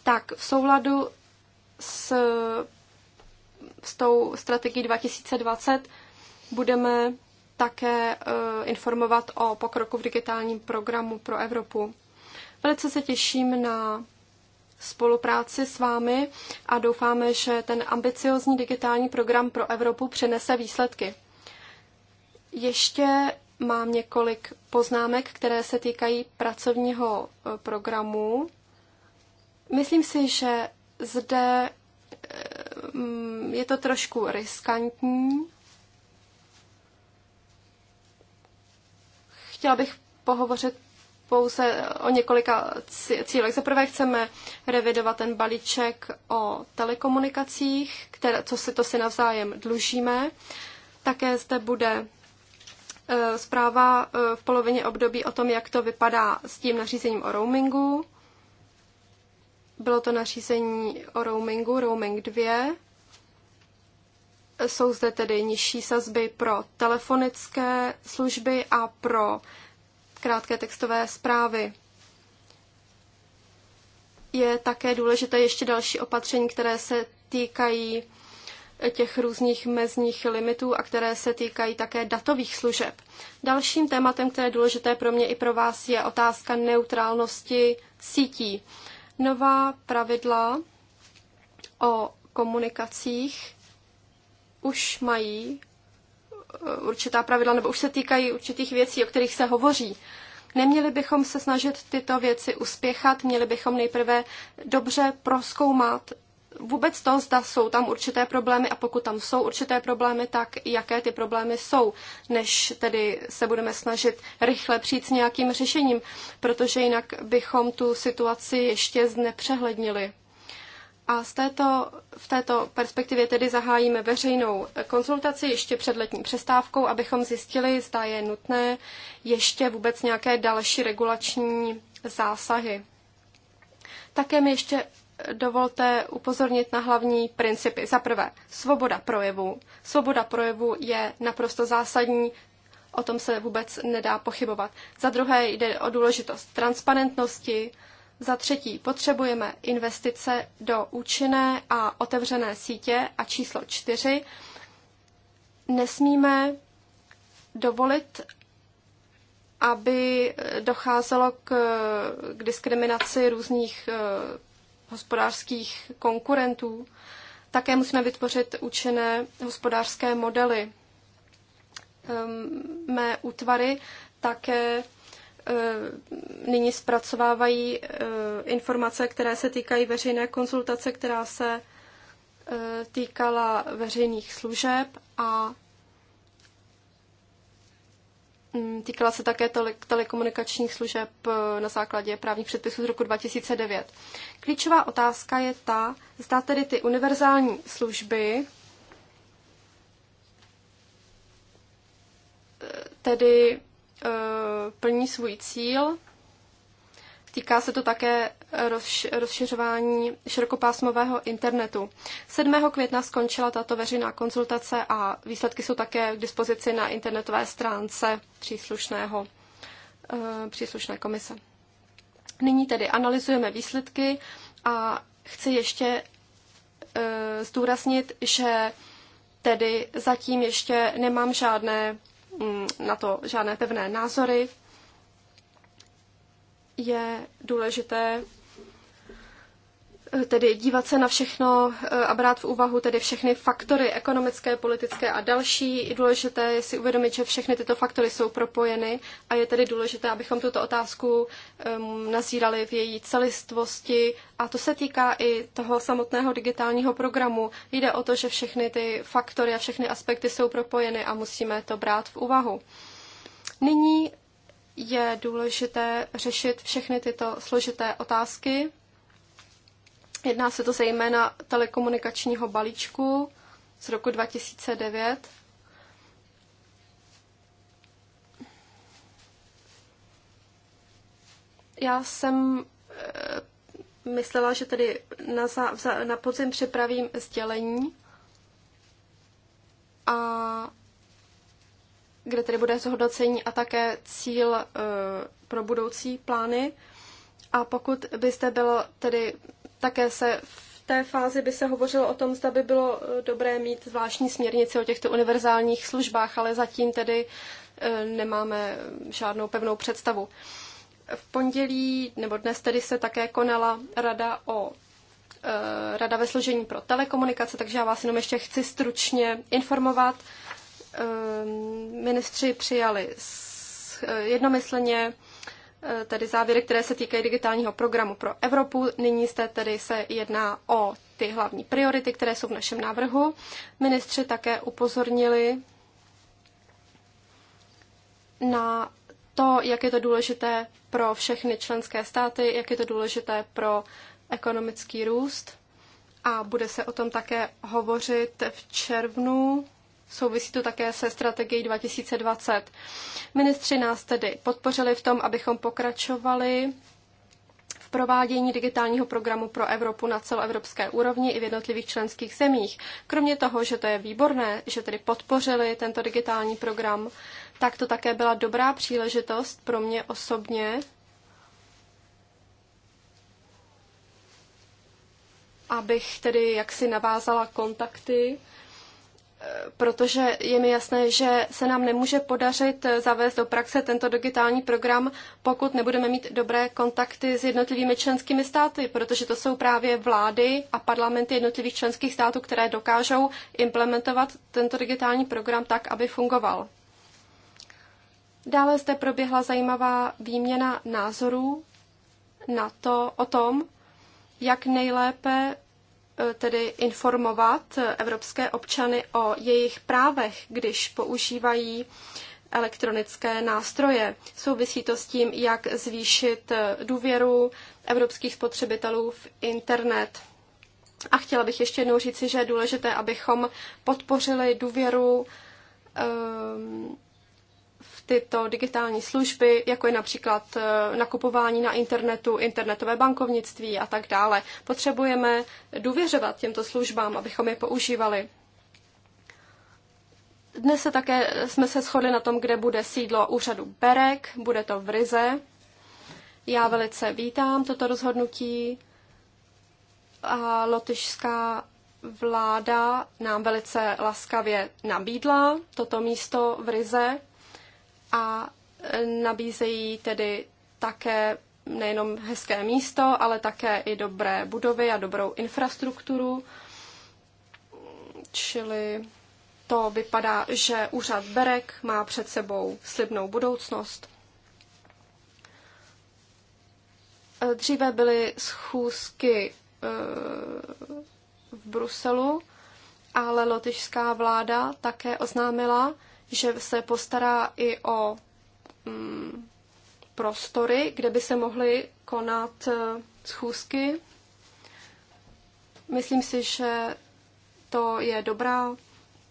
[SPEAKER 3] tak v souladu s s tou strategií 2020 budeme také e, informovat o pokroku v digitálním programu pro Evropu. Velice se těším na spolupráci s vámi a doufáme, že ten ambiciozní digitální program pro Evropu přinese výsledky. Ještě mám několik poznámek, které se týkají pracovního e, programu. Myslím si, že zde Mm, je to trošku riskantní. Chtěla bych pohovořit pouze o několika cílech. Zaprvé prvé chceme revidovat ten balíček o telekomunikacích, které, co si to si navzájem dlužíme. Také zde bude e, zpráva e, v polovině období o tom, jak to vypadá s tím nařízením o roamingu. Bylo to nařízení o roamingu, roaming 2. Jsou zde tedy nižší sazby pro telefonické služby a pro krátké textové zprávy. Je také důležité ještě další opatření, které se týkají těch různých mezních limitů a které se týkají také datových služeb. Dalším tématem, které je důležité pro mě i pro vás, je otázka neutrálnosti sítí. Nová pravidla o komunikacích už mají eh, určitá pravidla, nebo už se týkají určitých věcí, o kterých se hovoří. Neměli bychom se snažit tyto věci uspěchat, měli bychom nejprve dobře proskoumat vůbec to, zda jsou tam určité problémy a pokud tam jsou určité problémy, tak jaké ty problémy jsou, než tedy se budeme snažit rychle přijít s nějakým řešením, protože jinak bychom tu situaci ještě znepřehlednili. A z této, v této perspektivě tedy zahájíme veřejnou konzultaci ještě před letní přestávkou, abychom zjistili, zda je nutné ještě vůbec nějaké další regulační zásahy. Také mi ještě dovolte upozornit na hlavní principy. Za prvé, svoboda projevu. Svoboda projevu je naprosto zásadní, o tom se vůbec nedá pochybovat. Za druhé jde o důležitost transparentnosti. Za třetí, potřebujeme investice do účinné a otevřené sítě. A číslo čtyři, nesmíme dovolit, aby docházelo k, k diskriminaci různých eh, hospodářských konkurentů. Také musíme vytvořit účinné hospodářské modely. Ehm, mé útvary také ehm, nyní zpracovávají ehm, informace, které se týkají veřejné konzultace, která se týkala veřejných služeb a Mm, týkala se také telekomunikačních služeb eh, na základě právních předpisů z roku 2009. Klíčová otázka je ta, zda tedy ty univerzální služby, eh, tedy eh, plní svůj cíl, Týká se to také rozšiřování širokopásmového internetu. 7. května skončila tato veřejná konzultace a výsledky jsou také k dispozici na internetové stránce příslušného, eh, příslušné komise. Nyní tedy analyzujeme výsledky a chci ještě eh, zdůraznit, že tedy zatím ještě nemám žádné mm, na to žádné pevné názory, je důležité eh, tedy dívat se na všechno eh, a brát v úvahu tedy všechny faktory ekonomické, politické a další. Důležité je si uvědomit, že všechny tyto faktory jsou propojeny a je tedy důležité, abychom tuto otázku um, nazírali v její celistvosti. A to se týká i toho samotného digitálního programu. Jde o to, že všechny ty faktory a všechny aspekty jsou propojeny a musíme to brát v úvahu. Nyní je důležité řešit všechny tyto složité otázky. Jedná se to zejména telekomunikačního balíčku z roku 2009. Já jsem eh, myslela, že tedy na, za, na podzim připravím sdělení a kde tedy bude zhodnocení a také cíl e, pro budoucí plány. A pokud byste bylo tedy také se v té fázi by se hovořilo o tom, zda by bylo eh, dobré mít zvláštní směrnici o těchto univerzálních službách, ale zatím tedy e, nemáme žádnou pevnou představu. V pondělí nebo dnes tedy se také konala rada o rada ve složení pro telekomunikace, takže já vás jenom ještě chci stručně informovat. Ehm, ministři přijali eh, jednomyslně eh, tedy závěry, které se týkají digitálního programu pro Evropu. Nyní zde tedy se jedná o ty hlavní priority, které jsou v našem návrhu. Ministři také upozornili na to, jak je to důležité pro všechny členské státy, jak je to důležité pro ekonomický růst. A bude se o tom také hovořit v červnu Souvisí to také se strategií 2020. Ministři nás tedy podpořili v tom, abychom pokračovali v provádění digitálního programu pro Evropu na celoevropské úrovni i v jednotlivých členských zemích. Kromě toho, že to je výborné, že tedy podpořili tento digitální program, tak to také byla dobrá příležitost pro mě osobně abych tedy jaksi navázala kontakty protože je mi jasné, že se nám nemůže podařit zavést do praxe tento digitální program, pokud nebudeme mít dobré kontakty s jednotlivými členskými státy, protože to jsou právě vlády a parlamenty jednotlivých členských států, které dokážou implementovat tento digitální program tak, aby fungoval. Dále zde proběhla zajímavá výměna názorů na to, o tom, jak nejlépe Eh, tedy informovat evropské občany o jejich právech, když používají elektronické nástroje. Souvisí to s tím, jak zvýšit eh, důvěru evropských spotřebitelů v internet. A chtěla bych ještě jednou říci, že je důležité, abychom podpořili důvěru um, tyto digitální služby, jako je například eh, nakupování na internetu, internetové bankovnictví a tak dále. Potřebujeme důvěřovat těmto službám, abychom je používali. Dnes se také jsme se shodli na tom, kde bude sídlo úřadu Berek, bude to v Rize. Já velice vítám toto rozhodnutí a lotyšská vláda nám velice laskavě nabídla toto místo v Rize a nabízejí tedy také nejenom hezké místo, ale také i dobré budovy a dobrou infrastrukturu. Čili to vypadá, že úřad Berek má před sebou slibnou budoucnost. Dříve byly schůzky e, v Bruselu, ale lotyšská vláda také oznámila, že se postará i o mm, prostory, kde by se mohly konat e, schůzky. Myslím si, že to je dobrá,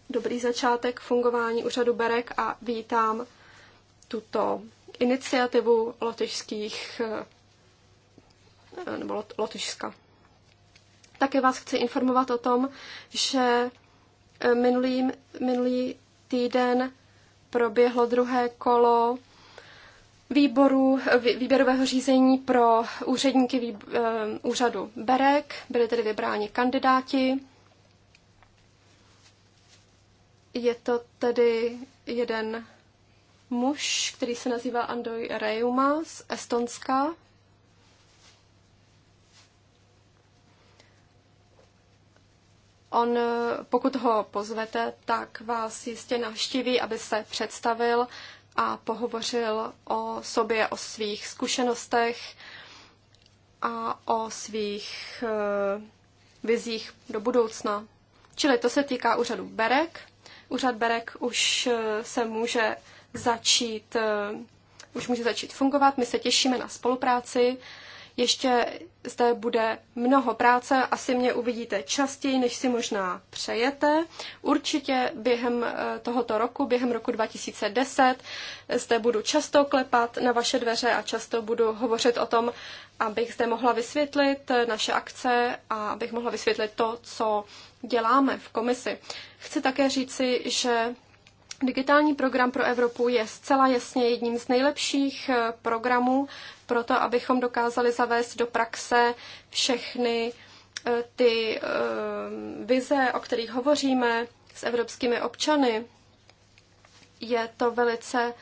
[SPEAKER 3] dobrý začátek fungování úřadu Berek a vítám tuto iniciativu lotyšských e, nebo Lotyšska. Také vás chci informovat o tom, že e, minulý, minulý týden proběhlo druhé kolo výboru, výběrového řízení pro úředníky výb, eh, úřadu Berek. Byli tedy vybráni kandidáti. Je to tedy jeden muž, který se nazývá Andoj Reuma z Estonska. On, eh, pokud ho pozvete, tak vás jistě navštíví, aby se představil a pohovořil o sobě, o svých zkušenostech a o svých eh, vizích do budoucna. Čili to se týká úřadu Berek. Úřad Berek už eh, se může začít, už může začít fungovat. My se těšíme na spolupráci ještě zde bude mnoho práce, asi mě uvidíte častěji, než si možná přejete. Určitě během eh, tohoto roku, během roku 2010, zde budu často klepat na vaše dveře a často budu hovořit o tom, abych zde mohla vysvětlit eh, naše akce a abych mohla vysvětlit to, co děláme v komisi. Chci také říci, že Digitální program pro Evropu je zcela jasně jedním z nejlepších eh, programů, proto, abychom dokázali zavést do praxe všechny e, ty e, vize, o kterých hovoříme s evropskými občany. Je to velice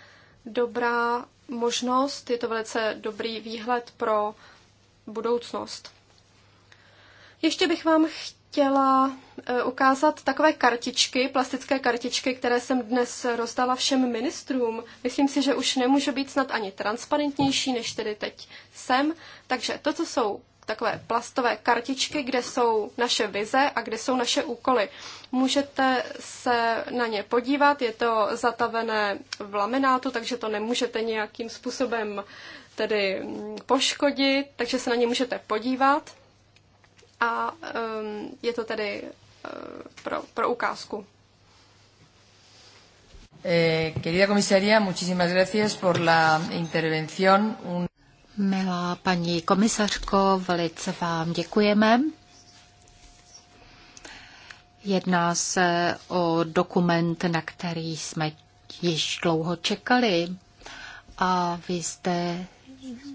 [SPEAKER 3] dobrá možnost, je to velice dobrý výhled pro budoucnost. Ještě bych vám chtěla chtěla eh, ukázat takové kartičky, plastické kartičky, které jsem dnes rozdala všem ministrům. Myslím si, že už nemůžu být snad ani transparentnější, než tedy teď jsem. Takže to, co jsou takové plastové kartičky, kde jsou naše vize a kde jsou naše úkoly. Můžete se na ně podívat, je to zatavené v laminátu, takže to nemůžete nějakým způsobem tedy poškodit, takže se na ně můžete podívat a um, je to tedy uh, pro, pro ukázku.
[SPEAKER 2] Eh, querida comisaria, muchísimas gracias por la intervención. Un... Milá paní komisařko, velice vám děkujeme. Jedná se o dokument, na který jsme již dlouho čekali a vy jste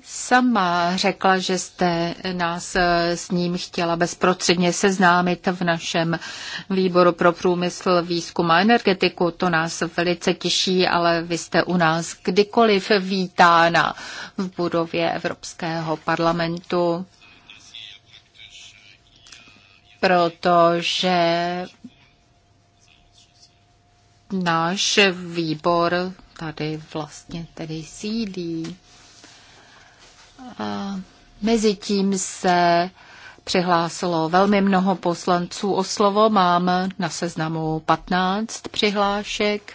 [SPEAKER 2] sama řekla, že jste nás eh, s ním chtěla bezprostředně seznámit v našem výboru pro průmysl, výzkum a energetiku. To nás velice těší, ale vy jste u nás kdykoliv vítána v budově Evropského parlamentu, protože náš výbor tady vlastně tedy sídlí. A mezi tím se přihlásilo velmi mnoho poslanců o slovo. Mám na seznamu 15 přihlášek.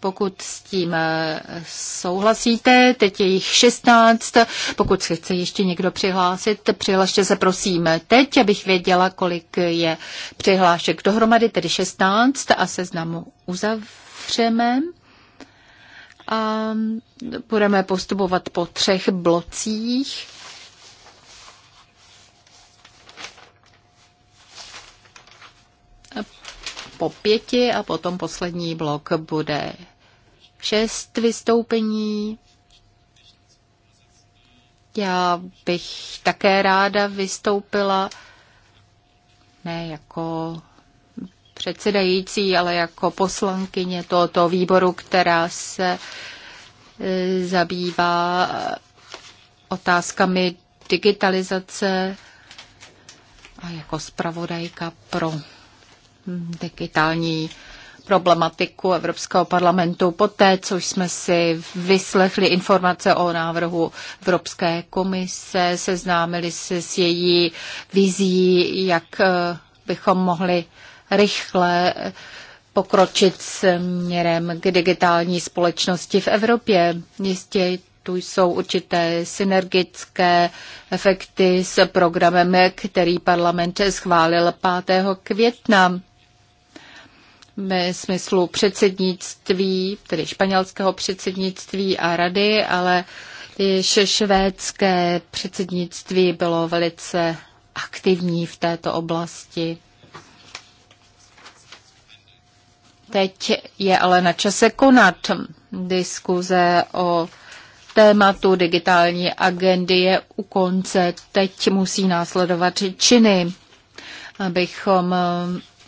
[SPEAKER 2] Pokud s tím eh, souhlasíte, teď je jich 16. Pokud se chce ještě někdo přihlásit, přihlašte se prosím teď, abych věděla, kolik je přihlášek dohromady, tedy 16 a seznamu uzavřeme a budeme postupovat po třech blocích. Po pěti a potom poslední blok bude šest vystoupení. Já bych také ráda vystoupila ne jako předsedající, ale jako poslankyně tohoto výboru, která se e, zabývá otázkami digitalizace a jako zpravodajka pro digitální problematiku Evropského parlamentu. Poté, co jsme si vyslechli informace o návrhu Evropské komise, seznámili se s její vizí, jak e, bychom mohli rychle pokročit směrem k digitální společnosti v Evropě. Jistě tu jsou určité synergické efekty s programem, který parlament schválil 5. května ve smyslu předsednictví, tedy španělského předsednictví a rady, ale již švédské předsednictví bylo velice aktivní v této oblasti. Teď je ale na čase konat diskuze o tématu digitální agendy je u konce. Teď musí následovat činy, abychom eh,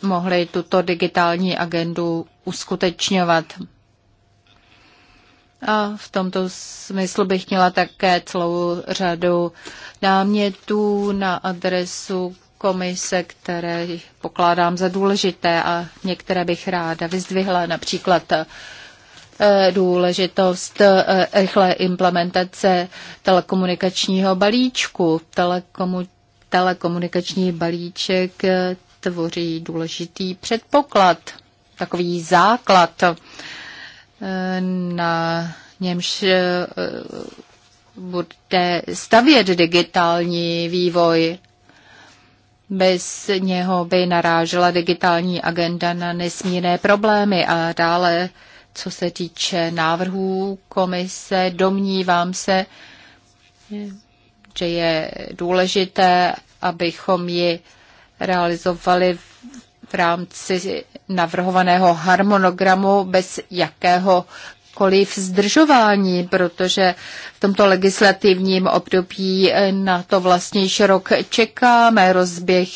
[SPEAKER 2] mohli tuto digitální agendu uskutečňovat. A v tomto smyslu bych měla také celou řadu námětů na adresu komise, které pokládám za důležité a některé bych ráda vyzdvihla, například eh, důležitost eh, rychlé implementace telekomunikačního balíčku. Telekomu, telekomunikační balíček eh, tvoří důležitý předpoklad, takový základ, na němž bude stavět digitální vývoj bez něho by narážela digitální agenda na nesmírné problémy a dále, co se týče návrhů komise, domnívám se, že je důležité, abychom ji realizovali v rámci navrhovaného harmonogramu bez jakého jakékoliv zdržování, protože v tomto legislativním období na to vlastně již rok čekáme. Rozběh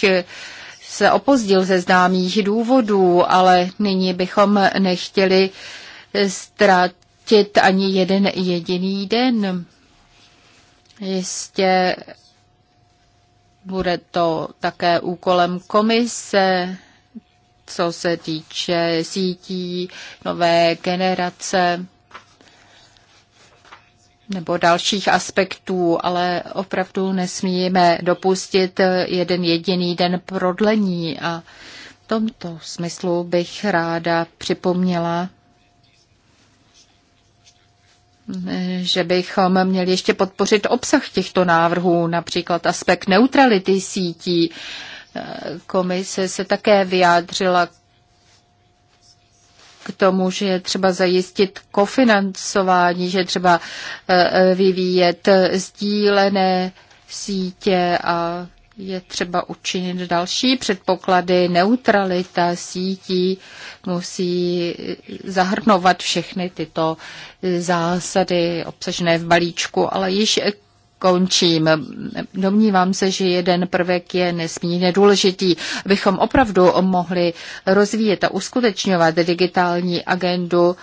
[SPEAKER 2] se opozdil ze známých důvodů, ale nyní bychom nechtěli ztratit ani jeden jediný den. Jistě bude to také úkolem komise, co se týče sítí nové generace nebo dalších aspektů, ale opravdu nesmíme dopustit jeden jediný den prodlení a v tomto smyslu bych ráda připomněla, že bychom měli ještě podpořit obsah těchto návrhů, například aspekt neutrality sítí. Komise se také vyjádřila k tomu, že je třeba zajistit kofinancování, že je třeba e, e, vyvíjet sdílené sítě a je třeba učinit další předpoklady. Neutralita sítí musí zahrnovat všechny tyto zásady obsažené v balíčku, ale již končím. Domnívám se, že jeden prvek je nesmírně důležitý, Bychom opravdu mohli rozvíjet a uskutečňovat digitální agendu.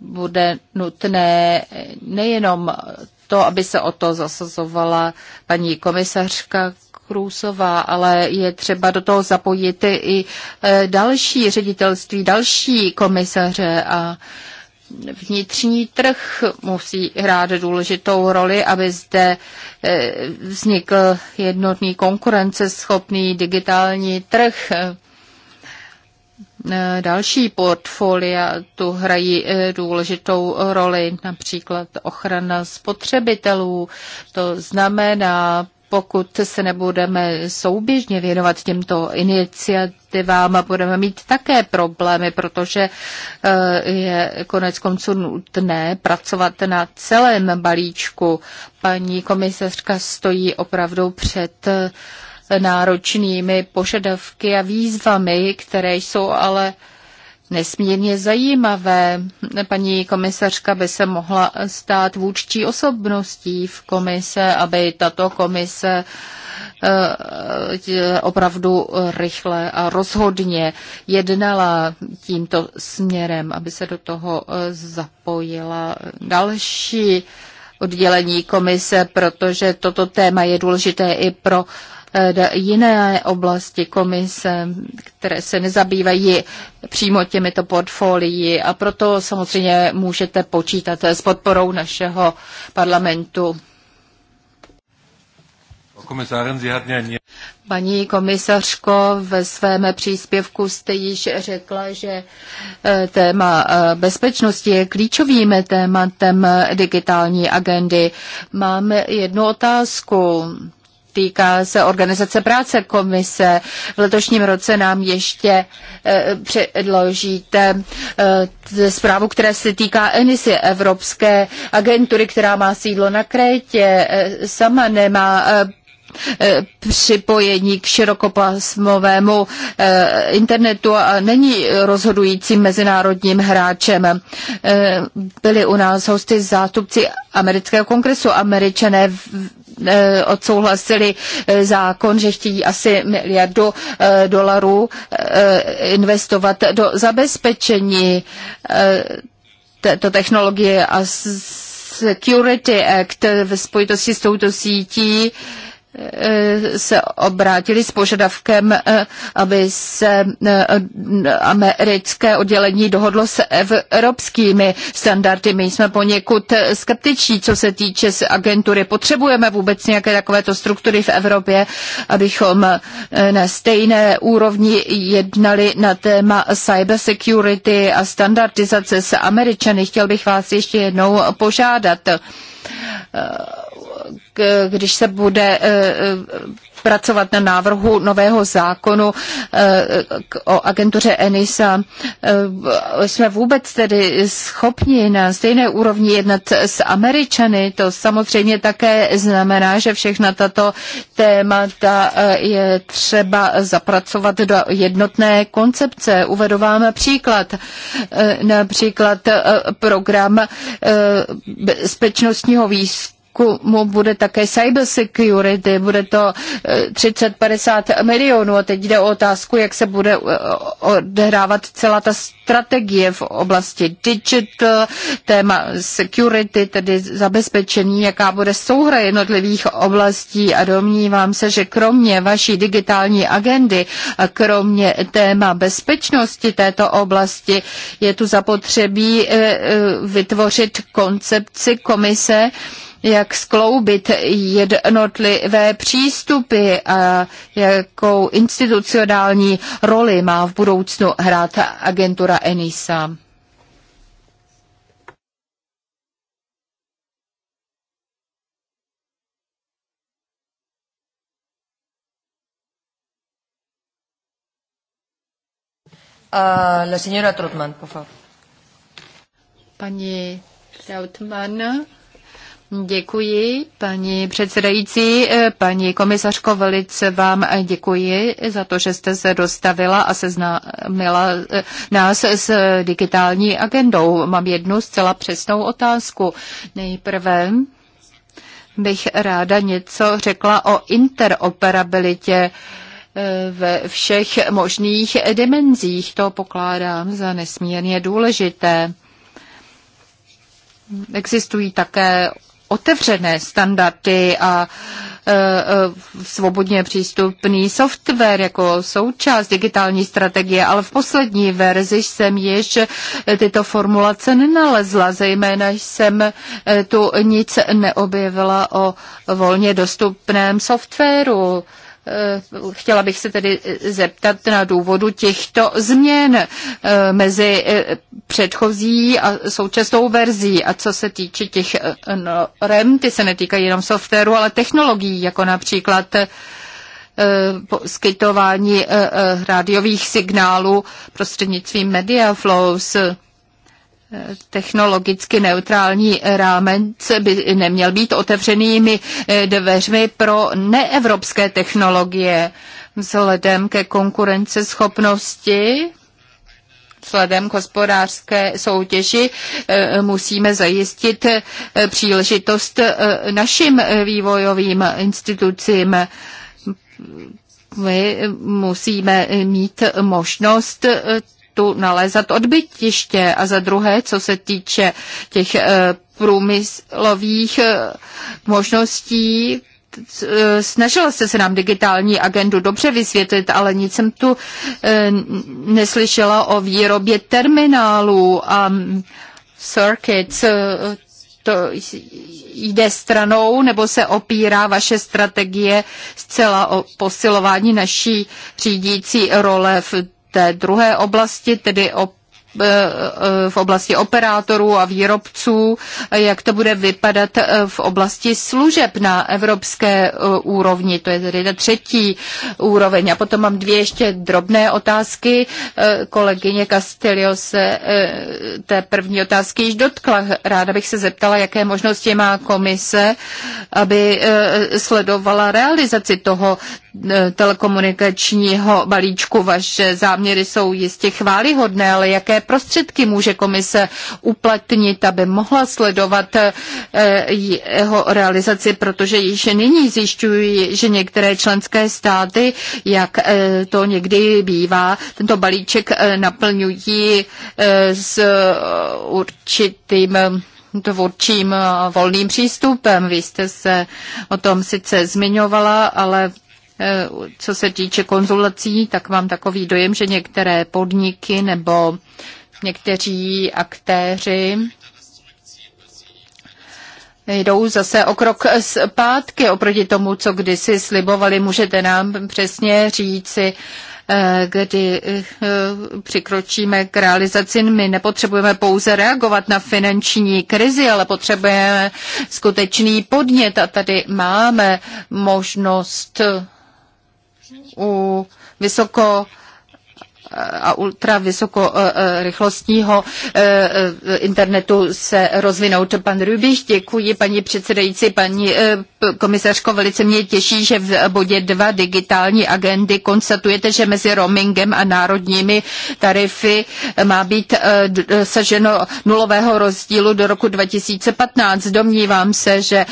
[SPEAKER 2] Bude nutné nejenom to, aby se o to zasazovala paní komisařka Krůsová, ale je třeba do toho zapojit i další ředitelství, další komisaře a vnitřní trh musí hrát důležitou roli, aby zde eh, vznikl jednotný konkurenceschopný digitální trh. Eh, další portfolia tu hrají eh, důležitou roli, například ochrana spotřebitelů. To znamená pokud se nebudeme souběžně věnovat těmto iniciativám, budeme mít také problémy, protože eh, je konec konců nutné pracovat na celém balíčku. Paní komisařka stojí opravdu před eh, náročnými požadavky a výzvami, které jsou ale nesmírně zajímavé. Paní komisařka by se mohla stát vůdčí osobností v komise, aby tato komise eh, opravdu rychle a rozhodně jednala tímto směrem, aby se do toho eh, zapojila další oddělení komise, protože toto téma je důležité i pro Eh, jiné oblasti komise, které se nezabývají přímo těmito portfolií a proto samozřejmě můžete počítat s podporou našeho parlamentu. Paní komisařko, ve svém příspěvku jste již řekla, že eh, téma eh, bezpečnosti je klíčovým tématem digitální agendy. Mám jednu otázku týká se organizace práce komise. V letošním roce nám ještě eh, předložíte eh, zprávu, která se týká ENISY, Evropské agentury, která má sídlo na Krétě. Eh, sama nemá připojení k širokopasmovému internetu a není rozhodujícím mezinárodním hráčem. Byli u nás hosty zástupci amerického kongresu. Američané Eh, odsouhlasili eh, zákon, že chtějí asi miliardu eh, dolarů investovat do zabezpečení této technologie a Security Act ve spojitosti s touto sítí Eh, se obrátili s požadavkem, eh, aby se eh, americké oddělení dohodlo s evropskými standardy. My jsme poněkud skeptiční, co se týče agentury. Potřebujeme vůbec nějaké takovéto struktury v Evropě, abychom na stejné úrovni jednali na téma cyber security a standardizace s Američany. Chtěl bych vás ještě jednou požádat když se bude eh, eh, pracovat na návrhu nového zákonu eh, o agentuře ENISA. Jsme vůbec tedy schopni na stejné úrovni jednat s Američany. To samozřejmě také znamená, že všechna tato témata je třeba zapracovat do jednotné koncepce. Uvedu vám příklad. Například program bezpečnostního výzkumu mu bude také cyber security, bude to 30-50 eh, milionů a teď jde o otázku, jak se bude eh, odehrávat celá ta strategie v oblasti digital, téma security, tedy zabezpečení, jaká bude souhra jednotlivých oblastí a domnívám se, že kromě vaší digitální agendy a kromě téma bezpečnosti této oblasti je tu zapotřebí eh, vytvořit koncepci komise, jak skloubit jednotlivé přístupy a jakou institucionální roli má v budoucnu hrát agentura ENISA. Uh, la señora Trotman, por favor. Pani Trotman. Děkuji, paní předsedající, eh, paní komisařko, velice vám eh, děkuji za to, že jste se dostavila a seznámila eh, nás s digitální agendou. Mám jednu zcela přesnou otázku. Nejprve bych ráda něco řekla o interoperabilitě ve všech možných dimenzích. To pokládám za nesmírně důležité. Existují také otevřené standardy a e, e, svobodně přístupný software jako součást digitální strategie, ale v poslední verzi jsem již tyto formulace nenalezla, zejména jsem e, tu nic neobjevila o volně dostupném softwaru. Eh, chtěla bych se tedy eh, zeptat na důvodu těchto změn eh, mezi předchozí a současnou verzí. A co se týče těch norem, ty se netýkají jenom softwaru, ale technologií, jako například poskytování rádiových signálů prostřednictvím Media Flows, technologicky neutrální rámec by neměl být otevřenými eh, dveřmi pro neevropské technologie vzhledem ke konkurenceschopnosti vzhledem k hospodářské soutěži eh, musíme zajistit eh, příležitost našim vývojovým institucím. My musíme mít možnost tu nalézat odbytiště a za druhé, co se týče těch eh, průmyslových eh, možností, eh, snažila jste se nám digitální agendu dobře vysvětlit, ale nic jsem tu neslyšela o výrobě terminálů a mm, circuits. To jde stranou nebo se opírá vaše strategie zcela o posilování naší řídící role v té druhé oblasti, tedy o Eh, eh, v oblasti operátorů a výrobců, jak to bude vypadat eh, v oblasti služeb na evropské úrovni, to je tedy ta třetí úroveň. A potom mám dvě ještě drobné otázky. Kolegyně Castillo se té první otázky již dotkla. Ráda bych se zeptala, jaké možnosti má komise, aby sledovala realizaci toho telekomunikačního balíčku. Vaše záměry jsou jistě chválihodné, ale jaké prostředky může komise uplatnit, aby mohla sledovat eh, jeho realizaci, protože již nyní zjišťují, že některé členské státy, jak eh, to někdy bývá, tento balíček eh, naplňují s určitým tvůrčím volným přístupem. Vy jste se o tom sice zmiňovala, ale Eh, co se týče konzulací, tak mám takový dojem, že některé podniky nebo někteří aktéři jdou zase o krok zpátky oproti tomu, co kdysi slibovali. Můžete nám přesně říci, eh, kdy eh, přikročíme k realizaci. My nepotřebujeme pouze reagovat na finanční krizi, ale potřebujeme skutečný podnět a tady máme možnost u vysoko a ultravysokorychlostního eh, eh, eh, internetu se rozvinout. Pan Rubiš, děkuji paní předsedající, paní komisařko, velice mě těší, že v bodě 2 digitální agendy konstatujete, že mezi roamingem a národními tarify má být saženo nulového rozdílu do roku 2015. Domnívám se, že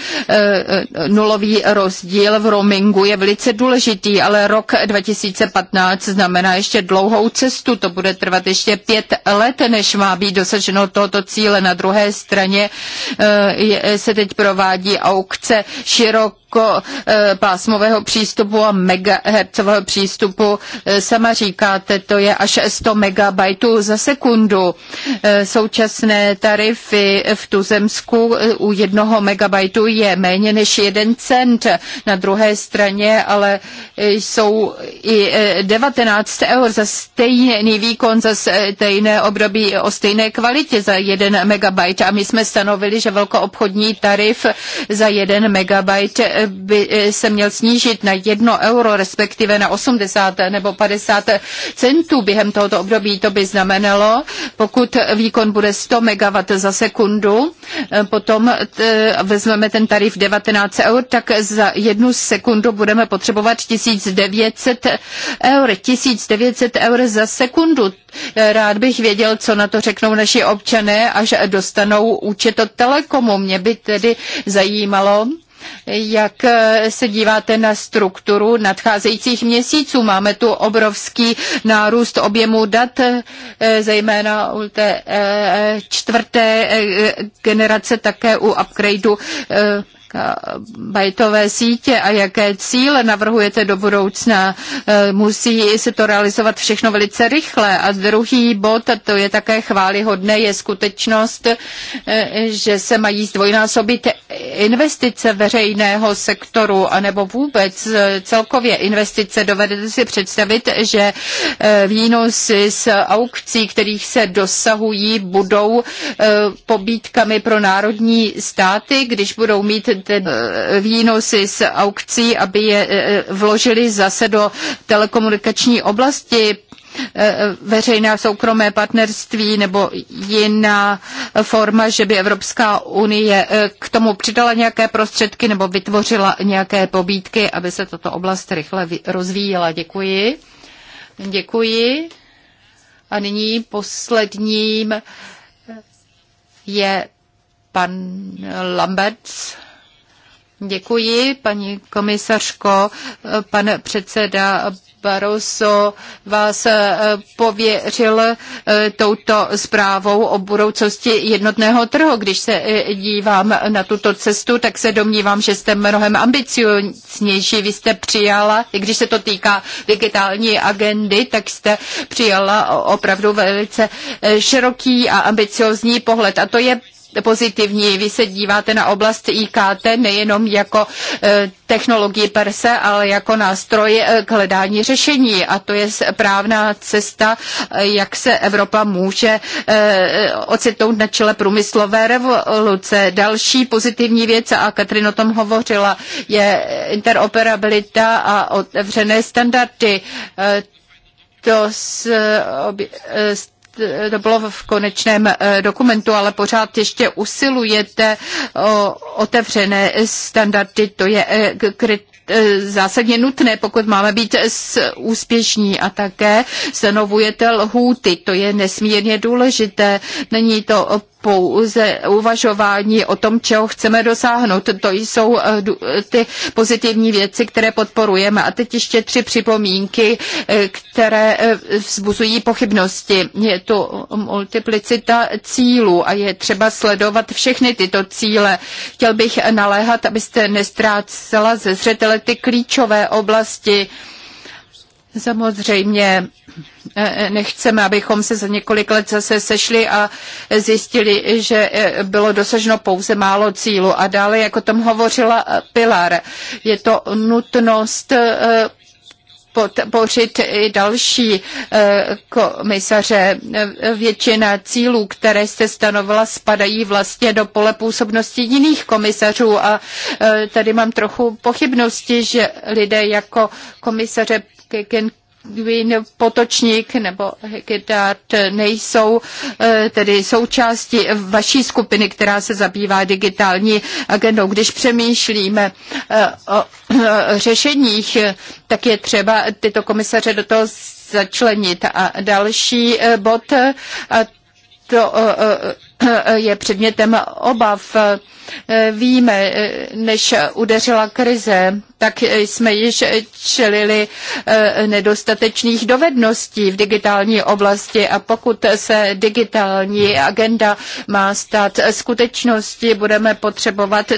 [SPEAKER 2] nulový rozdíl v roamingu je velice důležitý, ale rok 2015 znamená ještě dlouhou cestu. To bude trvat ještě pět let, než má být dosaženo tohoto cíle. Na druhé straně eh, se teď provádí aukce širok jako e, pásmového přístupu a megahertzového přístupu. E, sama říkáte, to je až 100 megabajtů za sekundu. E, současné tarify v Tuzemsku u jednoho megabajtu je méně než jeden cent. Na druhé straně ale jsou i 19 eur za stejný výkon, za stejné období o stejné kvalitě za jeden megabajt. A my jsme stanovili, že velkoobchodní tarif za jeden megabajt by eh, se měl snížit na 1 euro, respektive na 80 nebo 50 centů během tohoto období. To by znamenalo, pokud výkon bude 100 MW za sekundu, eh, potom vezmeme ten tarif 19 eur, tak za jednu sekundu budeme potřebovat 1900 eur. 1900 eur za sekundu. Eh, rád bych věděl, co na to řeknou naši občané, až dostanou účet od Telekomu. Mě by tedy zajímalo, jak eh, se díváte na strukturu nadcházejících měsíců? Máme tu obrovský nárůst objemu dat, eh, zejména u té eh, čtvrté generace, také u upgradeu bajtové sítě a jaké cíle navrhujete do budoucna. E, musí se to realizovat všechno velice rychle. A druhý bod, a to je také chválihodné, je skutečnost, e, že se mají zdvojnásobit investice veřejného sektoru, anebo vůbec e, celkově investice. Dovedete si představit, že výnosy z aukcí, kterých se dosahují, budou pobítkami pro národní státy, když budou mít Eh, výnosy z aukcí, aby je eh, eh, vložili zase do telekomunikační oblasti veřejné a soukromé partnerství nebo jiná forma, že by Evropská unie k tomu přidala nějaké prostředky nebo vytvořila nějaké pobídky, aby se tato oblast rychle rozvíjela. Děkuji. Děkuji. A nyní posledním je pan Lambert. Děkuji, paní komisařko. Pan předseda Barroso vás eh, pověřil eh, touto zprávou o budoucnosti jednotného trhu. Když se eh, dívám na tuto cestu, tak se domnívám, že jste mnohem ambicioznější. Vy jste přijala, i když se to týká digitální agendy, tak jste přijala opravdu velice široký a ambiciozní pohled. A to je pozitivní. Vy se díváte na oblast IKT nejenom jako e, technologii per se, ale jako nástroj e, k hledání řešení. A to je správná cesta, e, jak se Evropa může ocitnout na čele průmyslové revoluce. Další pozitivní věc, a Katrin o tom hovořila, je interoperabilita a otevřené standardy to s, obě, s Eh, to bylo v konečném eh, dokumentu, ale pořád ještě usilujete o otevřené standardy. To je eh, kritické zásadně nutné, pokud máme být úspěšní a také stanovujete lhůty. To je nesmírně důležité. Není to pouze uvažování o tom, čeho chceme dosáhnout. To jsou eh, ty pozitivní věci, které podporujeme. A teď ještě tři připomínky, eh, které eh, vzbuzují pochybnosti. Je to multiplicita cílů a je třeba sledovat všechny tyto cíle. Chtěl bych naléhat, abyste nestrácela ze zřetele ty klíčové oblasti, Samozřejmě eh, eh, nechceme, abychom se za několik let zase sešli a zjistili, že eh, bylo dosaženo pouze málo cílu. A dále, jako tom hovořila Pilar, je to nutnost podpořit i další komisaře. Většina cílů, které jste stanovila, spadají vlastně do pole působnosti jiných komisařů a tady mám trochu pochybnosti, že lidé jako komisaře Gegen Potočník nebo Hegedart nejsou eh, tedy součástí vaší skupiny, která se zabývá digitální agendou. Když přemýšlíme eh, o eh, řešeních, tak je třeba tyto komisaře do toho začlenit. A další bod, a to je předmětem obav. Víme, než udeřila krize, tak jsme již čelili eh, nedostatečných dovedností v digitální oblasti a pokud se digitální agenda má stát skutečností, budeme potřebovat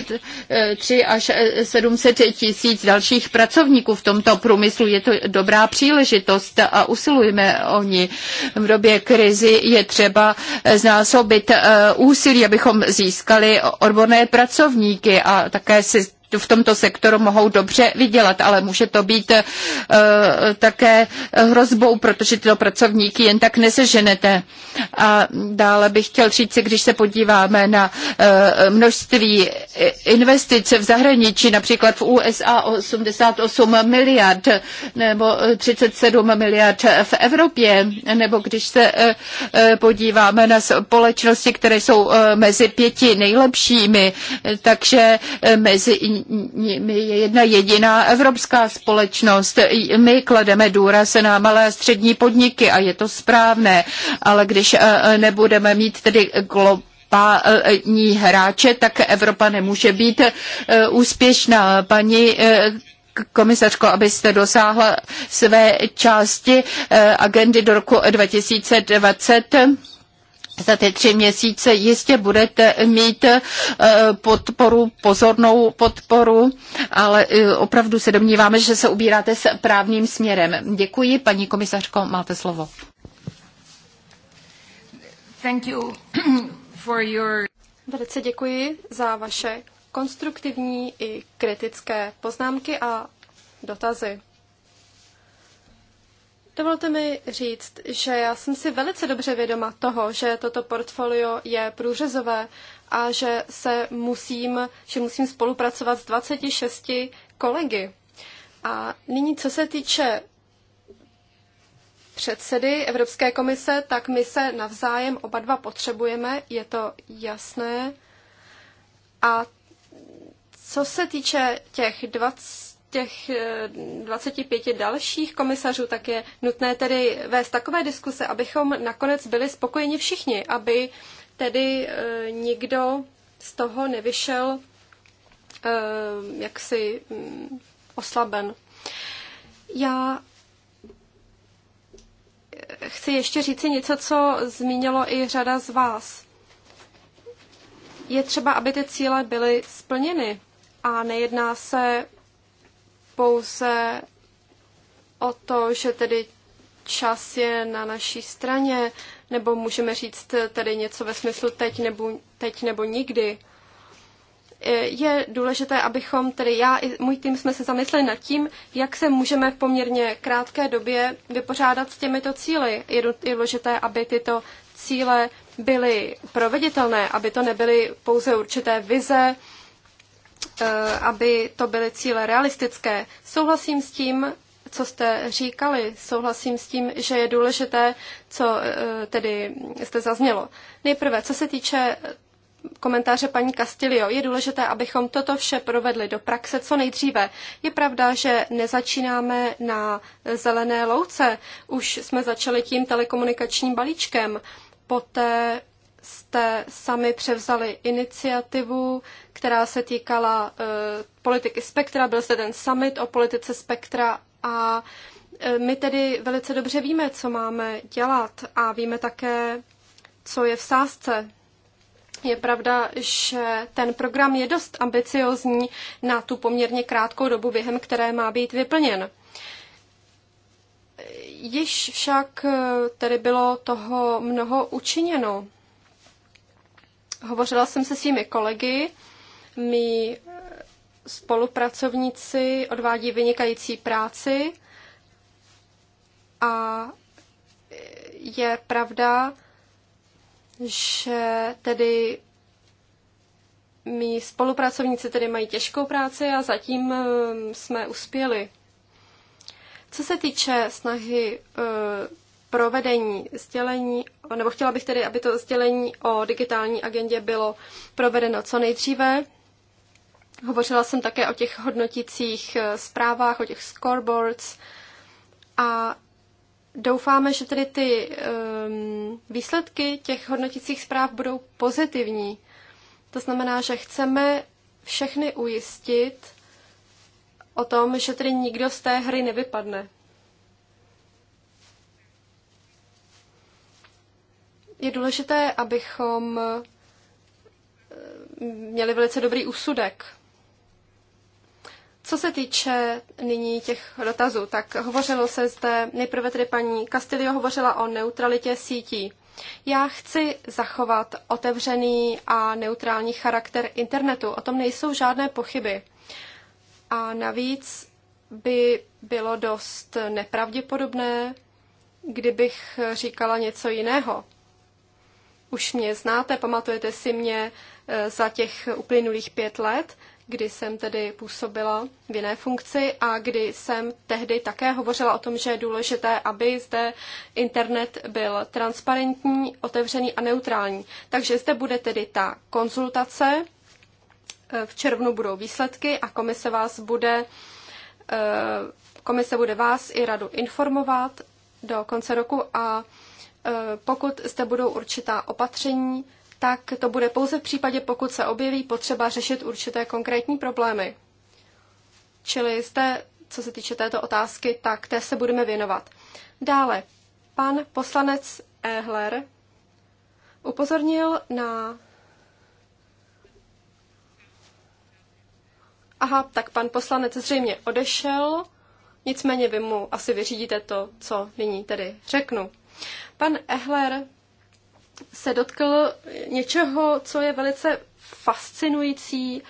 [SPEAKER 2] 3 eh, až 700 eh, tisíc dalších pracovníků v tomto průmyslu. Je to dobrá příležitost a usilujeme o ní. V době krizi je třeba znásobit úsilí, abychom získali odborné pracovníky a také si v tomto sektoru mohou dobře vydělat, ale může to být eh, také hrozbou, protože tyto pracovníky jen tak neseženete. A dále bych chtěl říct, když se podíváme na eh, množství investic v zahraničí, například v USA 88 miliard nebo 37 miliard v Evropě, nebo když se eh, podíváme na společnosti, které jsou mezi pěti nejlepšími, takže mezi my je jedna jediná evropská společnost. My klademe důraz na malé a střední podniky a je to správné, ale když eh, nebudeme mít tedy globální globální hráče, tak Evropa nemůže být eh, úspěšná. Paní eh, komisařko, abyste dosáhla své části agendy do roku 2020, za ty tři měsíce jistě budete mít eh, podporu, pozornou podporu, ale eh, opravdu se domníváme, že se ubíráte s právním směrem. Děkuji, paní komisařko, máte slovo.
[SPEAKER 3] Thank you for your... Velice děkuji za vaše konstruktivní i kritické poznámky a dotazy. Dovolte mi říct, že já jsem si velice dobře vědoma toho, že toto portfolio je průřezové a že se musím, že musím spolupracovat s 26 kolegy. A nyní, co se týče předsedy Evropské komise, tak my se navzájem oba dva potřebujeme, je to jasné. A co se týče těch 20, těch 25 eh, dalších komisařů, tak je nutné tedy vést takové diskuse, abychom nakonec byli spokojeni všichni, aby tedy eh, nikdo z toho nevyšel eh, jaksi mm, oslaben. Já chci ještě říci něco, co zmínilo i řada z vás. Je třeba, aby ty cíle byly splněny a nejedná se pouze o to, že tedy čas je na naší straně, nebo můžeme říct tedy něco ve smyslu teď nebo, teď nebo nikdy. E, je důležité, abychom, tedy já i můj tým jsme se zamysleli nad tím, jak se můžeme v poměrně krátké době vypořádat s těmito cíly. Je důležité, aby tyto cíle byly proveditelné, aby to nebyly pouze určité vize, Eh, aby to byly cíle realistické. Souhlasím s tím, co jste říkali, souhlasím s tím, že je důležité, co eh, tedy jste zaznělo. Nejprve, co se týče komentáře paní Castillo, je důležité, abychom toto vše provedli do praxe co nejdříve. Je pravda, že nezačínáme na zelené louce, už jsme začali tím telekomunikačním balíčkem, poté jste sami převzali iniciativu, která se týkala uh, politiky spektra. Byl jste ten summit o politice spektra a eh, my tedy velice dobře víme, co máme dělat a víme také, co je v sázce. Je pravda, že ten program je dost ambiciozní na tu poměrně krátkou dobu, během které má být vyplněn. Již však eh, tedy bylo toho mnoho učiněno. Hovořila jsem se svými kolegy, mý eh, spolupracovníci odvádí vynikající práci a eh, je pravda, že tedy mý spolupracovníci tedy mají těžkou práci a zatím eh, jsme uspěli. Co se týče snahy provedení sdělení, nebo chtěla bych tedy, aby to sdělení o digitální agendě bylo provedeno co nejdříve. Hovořila jsem také o těch hodnotících eh, zprávách, o těch scoreboards a doufáme, že tedy ty um, výsledky těch hodnotících zpráv budou pozitivní. To znamená, že chceme všechny ujistit o tom, že tedy nikdo z té hry nevypadne. je důležité, abychom eh, měli velice dobrý úsudek. Co se týče nyní těch dotazů, tak hovořilo se zde, nejprve tedy paní Castillo hovořila o neutralitě sítí. Já chci zachovat otevřený a neutrální charakter internetu, o tom nejsou žádné pochyby. A navíc by bylo dost nepravděpodobné, kdybych říkala něco jiného. Už mě znáte, pamatujete si mě eh, za těch uplynulých pět let, kdy jsem tedy působila v jiné funkci a kdy jsem tehdy také hovořila o tom, že je důležité, aby zde internet byl transparentní, otevřený a neutrální. Takže zde bude tedy ta konzultace, eh, v červnu budou výsledky a komise vás bude, eh, komise bude vás i radu informovat do konce roku a Eh, pokud zde budou určitá opatření, tak to bude pouze v případě, pokud se objeví potřeba řešit určité konkrétní problémy. Čili zde, co se týče této otázky, tak té se budeme věnovat. Dále, pan poslanec Ehler upozornil na aha, tak pan poslanec zřejmě odešel, nicméně vy mu asi vyřídíte to, co nyní tedy řeknu. Pan Ehler se dotkl něčeho, co je velice fascinující.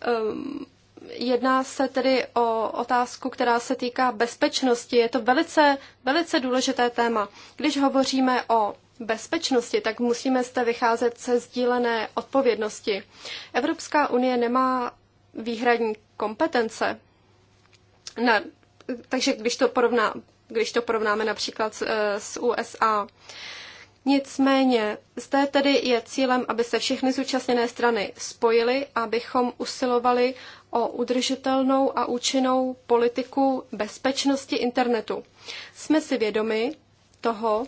[SPEAKER 3] Ehm, jedná se tedy o otázku, která se týká bezpečnosti. Je to velice, velice důležité téma. Když hovoříme o bezpečnosti, tak musíme zde vycházet ze sdílené odpovědnosti. Evropská unie nemá výhradní kompetence. Na, takže když to porovná, když to porovnáme například s, eh, s USA. Nicméně zde tedy je cílem, aby se všechny zúčastněné strany spojily, abychom usilovali o udržitelnou a účinnou politiku bezpečnosti internetu. Jsme si vědomi toho,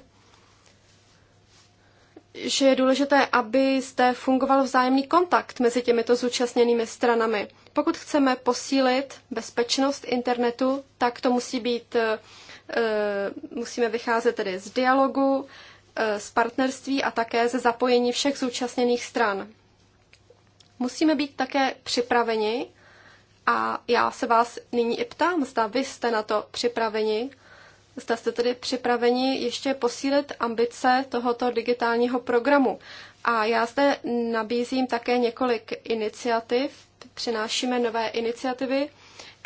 [SPEAKER 3] že je důležité, aby zde fungoval vzájemný kontakt mezi těmito zúčastněnými stranami. Pokud chceme posílit bezpečnost internetu, tak to musí být eh, Eh, musíme vycházet tedy z dialogu, eh, z partnerství a také ze zapojení všech zúčastněných stran. Musíme být také připraveni a já se vás nyní i ptám, zda vy jste na to připraveni, Zda jste tedy připraveni ještě posílit ambice tohoto digitálního programu. A já zde nabízím také několik iniciativ. Přinášíme nové iniciativy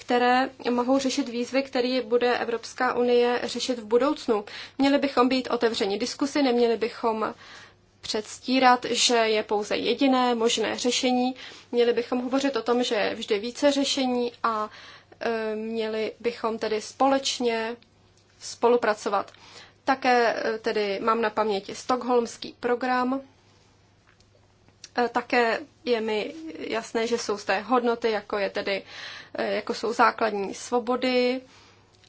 [SPEAKER 3] které mohou řešit výzvy, které bude Evropská unie řešit v budoucnu. Měli bychom být otevřeni diskusy, neměli bychom předstírat, že je pouze jediné možné řešení. Měli bychom hovořit o tom, že je vždy více řešení a e, měli bychom tedy společně spolupracovat. Také e, tedy mám na paměti Stockholmský program, Eh, také je mi jasné, že jsou té hodnoty, jako, je tedy, eh, jako jsou základní svobody.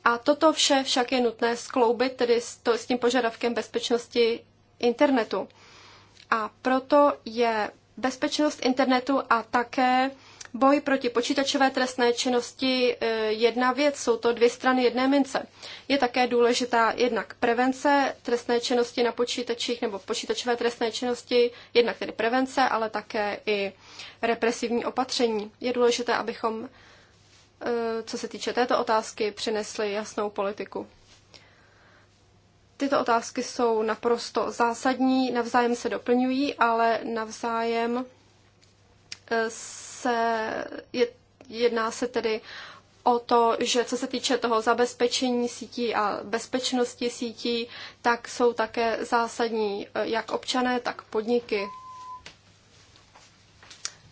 [SPEAKER 3] A toto vše však je nutné skloubit tedy s, to, s tím požadavkem bezpečnosti internetu. A proto je bezpečnost internetu a také Boj proti počítačové trestné činnosti eh, jedna věc, jsou to dvě strany jedné mince. Je také důležitá jednak prevence trestné činnosti na počítačích nebo počítačové trestné činnosti, jednak tedy prevence, ale také i represivní opatření. Je důležité, abychom, eh, co se týče této otázky, přinesli jasnou politiku. Tyto otázky jsou naprosto zásadní, navzájem se doplňují, ale navzájem eh, se, je, jedná se tedy o to, že co se týče toho zabezpečení sítí a bezpečnosti sítí, tak jsou také zásadní eh, jak občané, tak podniky.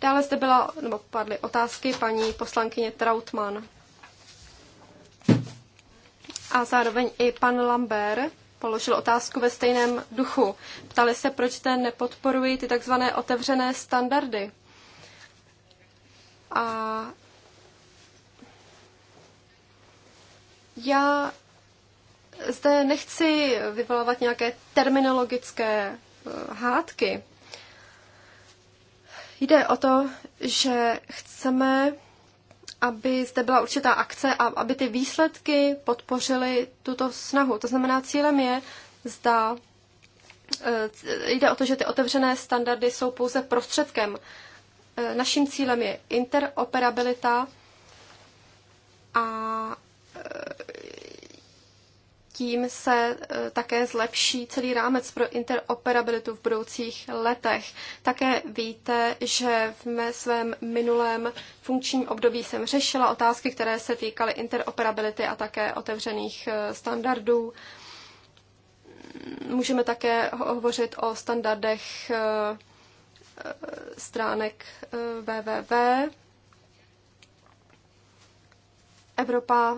[SPEAKER 3] Dále zde byla, nebo padly otázky paní poslankyně Trautmann. A zároveň i pan Lambert položil otázku ve stejném duchu. Ptali se, proč ten nepodporují ty takzvané otevřené standardy. A já zde nechci vyvolávat nějaké terminologické eh, hádky. Jde o to, že chceme, aby zde byla určitá akce a aby ty výsledky podpořily tuto snahu. To znamená, cílem je, zda eh, jde o to, že ty otevřené standardy jsou pouze prostředkem Eh, naším cílem je interoperabilita a eh, tím se eh, také zlepší celý rámec pro interoperabilitu v budoucích letech. Také víte, že v mé svém minulém funkčním období jsem řešila otázky, které se týkaly interoperability a také otevřených standardů. Můžeme také hovořit o standardech stránek eh, www. Evropa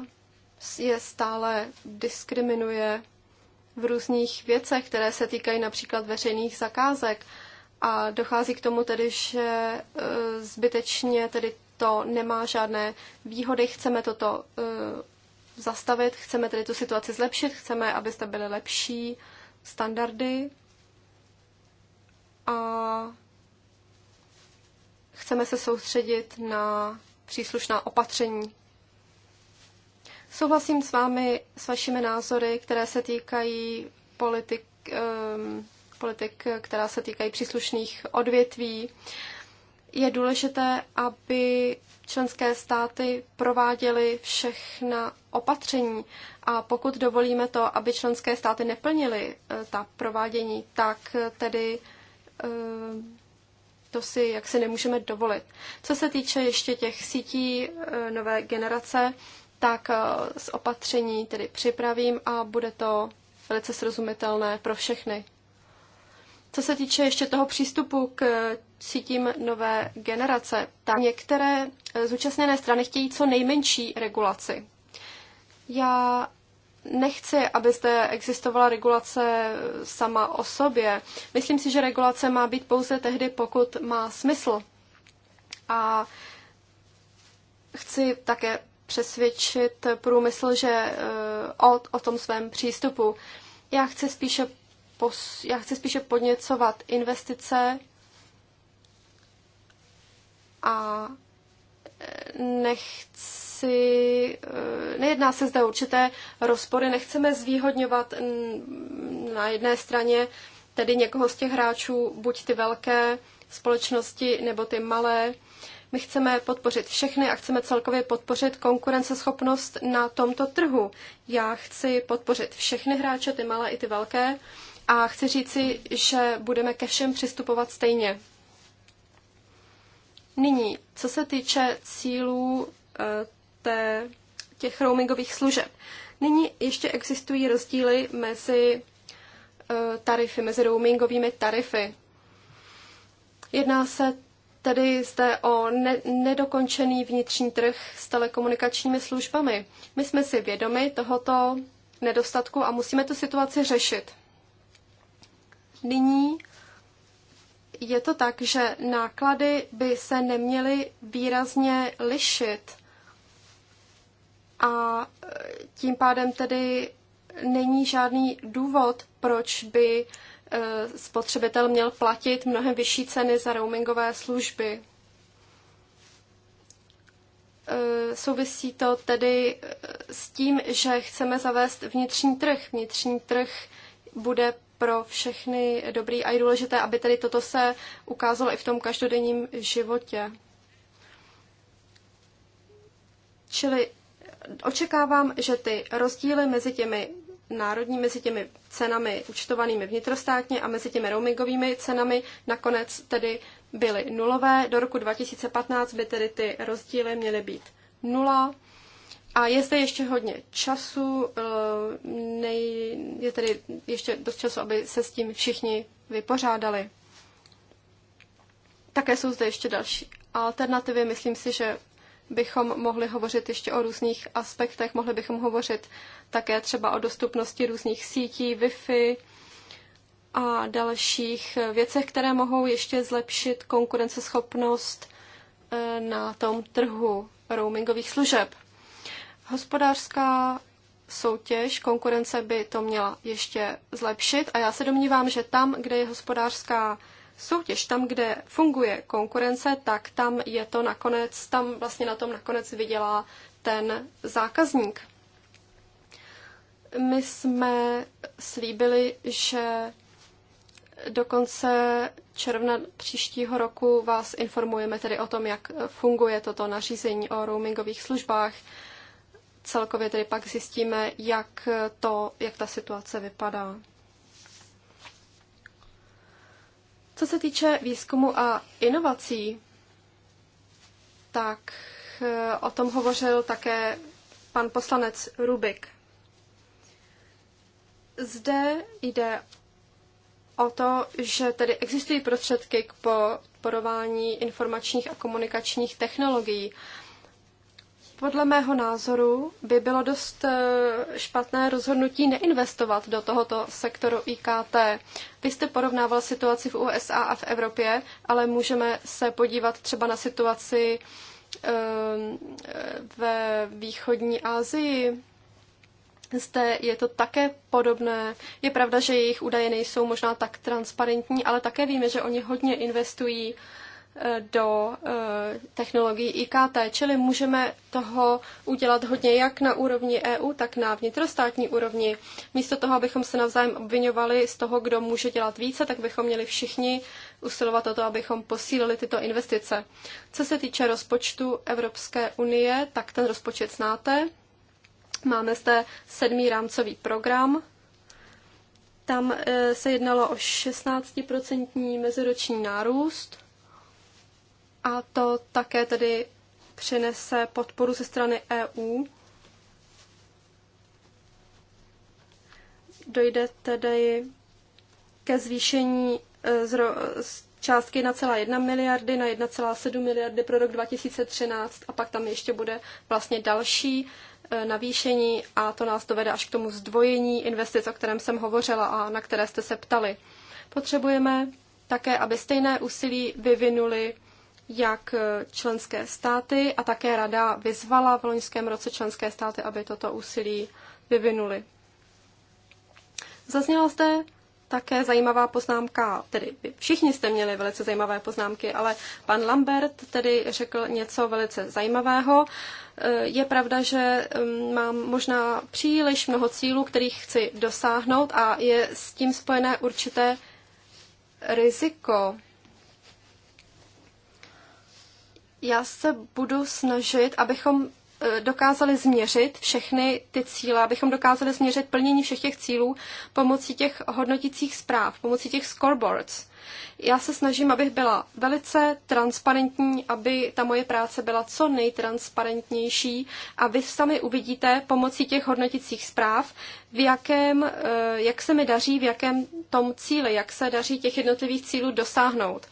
[SPEAKER 3] je stále diskriminuje v různých věcech, které se týkají například veřejných zakázek. A dochází k tomu tedy, že eh, zbytečně tedy to nemá žádné výhody. Chceme toto eh, zastavit, chceme tedy tu situaci zlepšit, chceme, abyste byly lepší standardy. A chceme se soustředit na příslušná opatření. Souhlasím s vámi, s vašimi názory, které se týkají politik, eh, politik která se týkají příslušných odvětví. Je důležité, aby členské státy prováděly všechna opatření a pokud dovolíme to, aby členské státy neplnily eh, ta provádění, tak tedy ehm, to si jak si nemůžeme dovolit. Co se týče ještě těch sítí eh, nové generace, tak eh, z opatření tedy připravím a bude to velice srozumitelné pro všechny. Co se týče ještě toho přístupu k eh, sítím nové generace, tak některé zúčastněné strany chtějí co nejmenší regulaci. Já nechci, aby zde existovala regulace sama o sobě. Myslím si, že regulace má být pouze tehdy, pokud má smysl. A chci také přesvědčit průmysl, že eh, o, o tom svém přístupu. Já chci spíše, pos, já chci spíše podněcovat investice a eh, nechci si, eh, nejedná se zde určité rozpory, nechceme zvýhodňovat na jedné straně tedy někoho z těch hráčů, buď ty velké společnosti nebo ty malé. My chceme podpořit všechny a chceme celkově podpořit konkurenceschopnost na tomto trhu. Já chci podpořit všechny hráče, ty malé i ty velké, a chci říci, že budeme ke všem přistupovat stejně. Nyní, co se týče cílů eh, té, těch roamingových služeb. Nyní ještě existují rozdíly mezi eh, tarify, mezi roamingovými tarify. Jedná se tedy zde o ne- nedokončený vnitřní trh s telekomunikačními službami. My jsme si vědomi tohoto nedostatku a musíme tu situaci řešit. Nyní je to tak, že náklady by se neměly výrazně lišit a e, tím pádem tedy není žádný důvod, proč by e, spotřebitel měl platit mnohem vyšší ceny za roamingové služby. E, souvisí to tedy s tím, že chceme zavést vnitřní trh. Vnitřní trh bude pro všechny dobrý a je důležité, aby tedy toto se ukázalo i v tom každodenním životě. Čili očekávám, že ty rozdíly mezi těmi národní, mezi těmi cenami účtovanými vnitrostátně a mezi těmi roamingovými cenami nakonec tedy byly nulové. Do roku 2015 by tedy ty rozdíly měly být nula. A je zde ještě hodně času, eh, nej, je tedy ještě dost času, aby se s tím všichni vypořádali. Také jsou zde ještě další alternativy. Myslím si, že bychom mohli hovořit ještě o různých aspektech. Mohli bychom hovořit také třeba o dostupnosti různých sítí, Wi-Fi a dalších věcech, které mohou ještě zlepšit konkurenceschopnost eh, na tom trhu roamingových služeb. Hospodářská soutěž, konkurence by to měla ještě zlepšit a já se domnívám, že tam, kde je hospodářská soutěž. Tam, kde funguje konkurence, tak tam je to nakonec, tam vlastně na tom nakonec vydělá ten zákazník. My jsme slíbili, že do konce června příštího roku vás informujeme tedy o tom, jak funguje toto nařízení o roamingových službách. Celkově tedy pak zjistíme, jak, to, jak ta situace vypadá. Co se týče výzkumu a inovací, tak eh, o tom hovořil také pan poslanec Rubik. Zde jde o to, že tedy existují prostředky k podporování informačních a komunikačních technologií podle mého názoru by bylo dost eh, špatné rozhodnutí neinvestovat do tohoto sektoru IKT. Vy jste porovnával situaci v USA a v Evropě, ale můžeme se podívat třeba na situaci ehm, ve východní Asii. Zde je to také podobné. Je pravda, že jejich údaje nejsou možná tak transparentní, ale také víme, že oni hodně investují do eh, technologií IKT, čili můžeme toho udělat hodně jak na úrovni EU, tak na vnitrostátní úrovni. Místo toho, abychom se navzájem obvinovali z toho, kdo může dělat více, tak bychom měli všichni usilovat o to, abychom posílili tyto investice. Co se týče rozpočtu Evropské unie, tak ten rozpočet znáte. Máme zde sedmý rámcový program. Tam eh, se jednalo o 16% meziroční nárůst a to také tedy přinese podporu ze strany EU. Dojde tedy ke zvýšení e, z částky na celá miliardy na 1,7 miliardy pro rok 2013 a pak tam ještě bude vlastně další e, navýšení a to nás dovede až k tomu zdvojení investic, o kterém jsem hovořila a na které jste se ptali. Potřebujeme také, aby stejné úsilí vyvinuli jak členské státy a také rada vyzvala v loňském roce členské státy, aby toto úsilí vyvinuli. Zazněla zde také zajímavá poznámka, tedy všichni jste měli velice zajímavé poznámky, ale pan Lambert tedy řekl něco velice zajímavého. Eh, je pravda, že mm, mám možná příliš mnoho cílů, kterých chci dosáhnout a je s tím spojené určité riziko, Já se budu snažit, abychom e, dokázali změřit všechny ty cíle, abychom dokázali změřit plnění všech těch cílů pomocí těch hodnotících zpráv, pomocí těch scoreboards. Já se snažím, abych byla velice transparentní, aby ta moje práce byla co nejtransparentnější a vy sami uvidíte pomocí těch hodnoticích zpráv, v jakém, e, jak se mi daří, v jakém tom cíli, jak se daří těch jednotlivých cílů dosáhnout.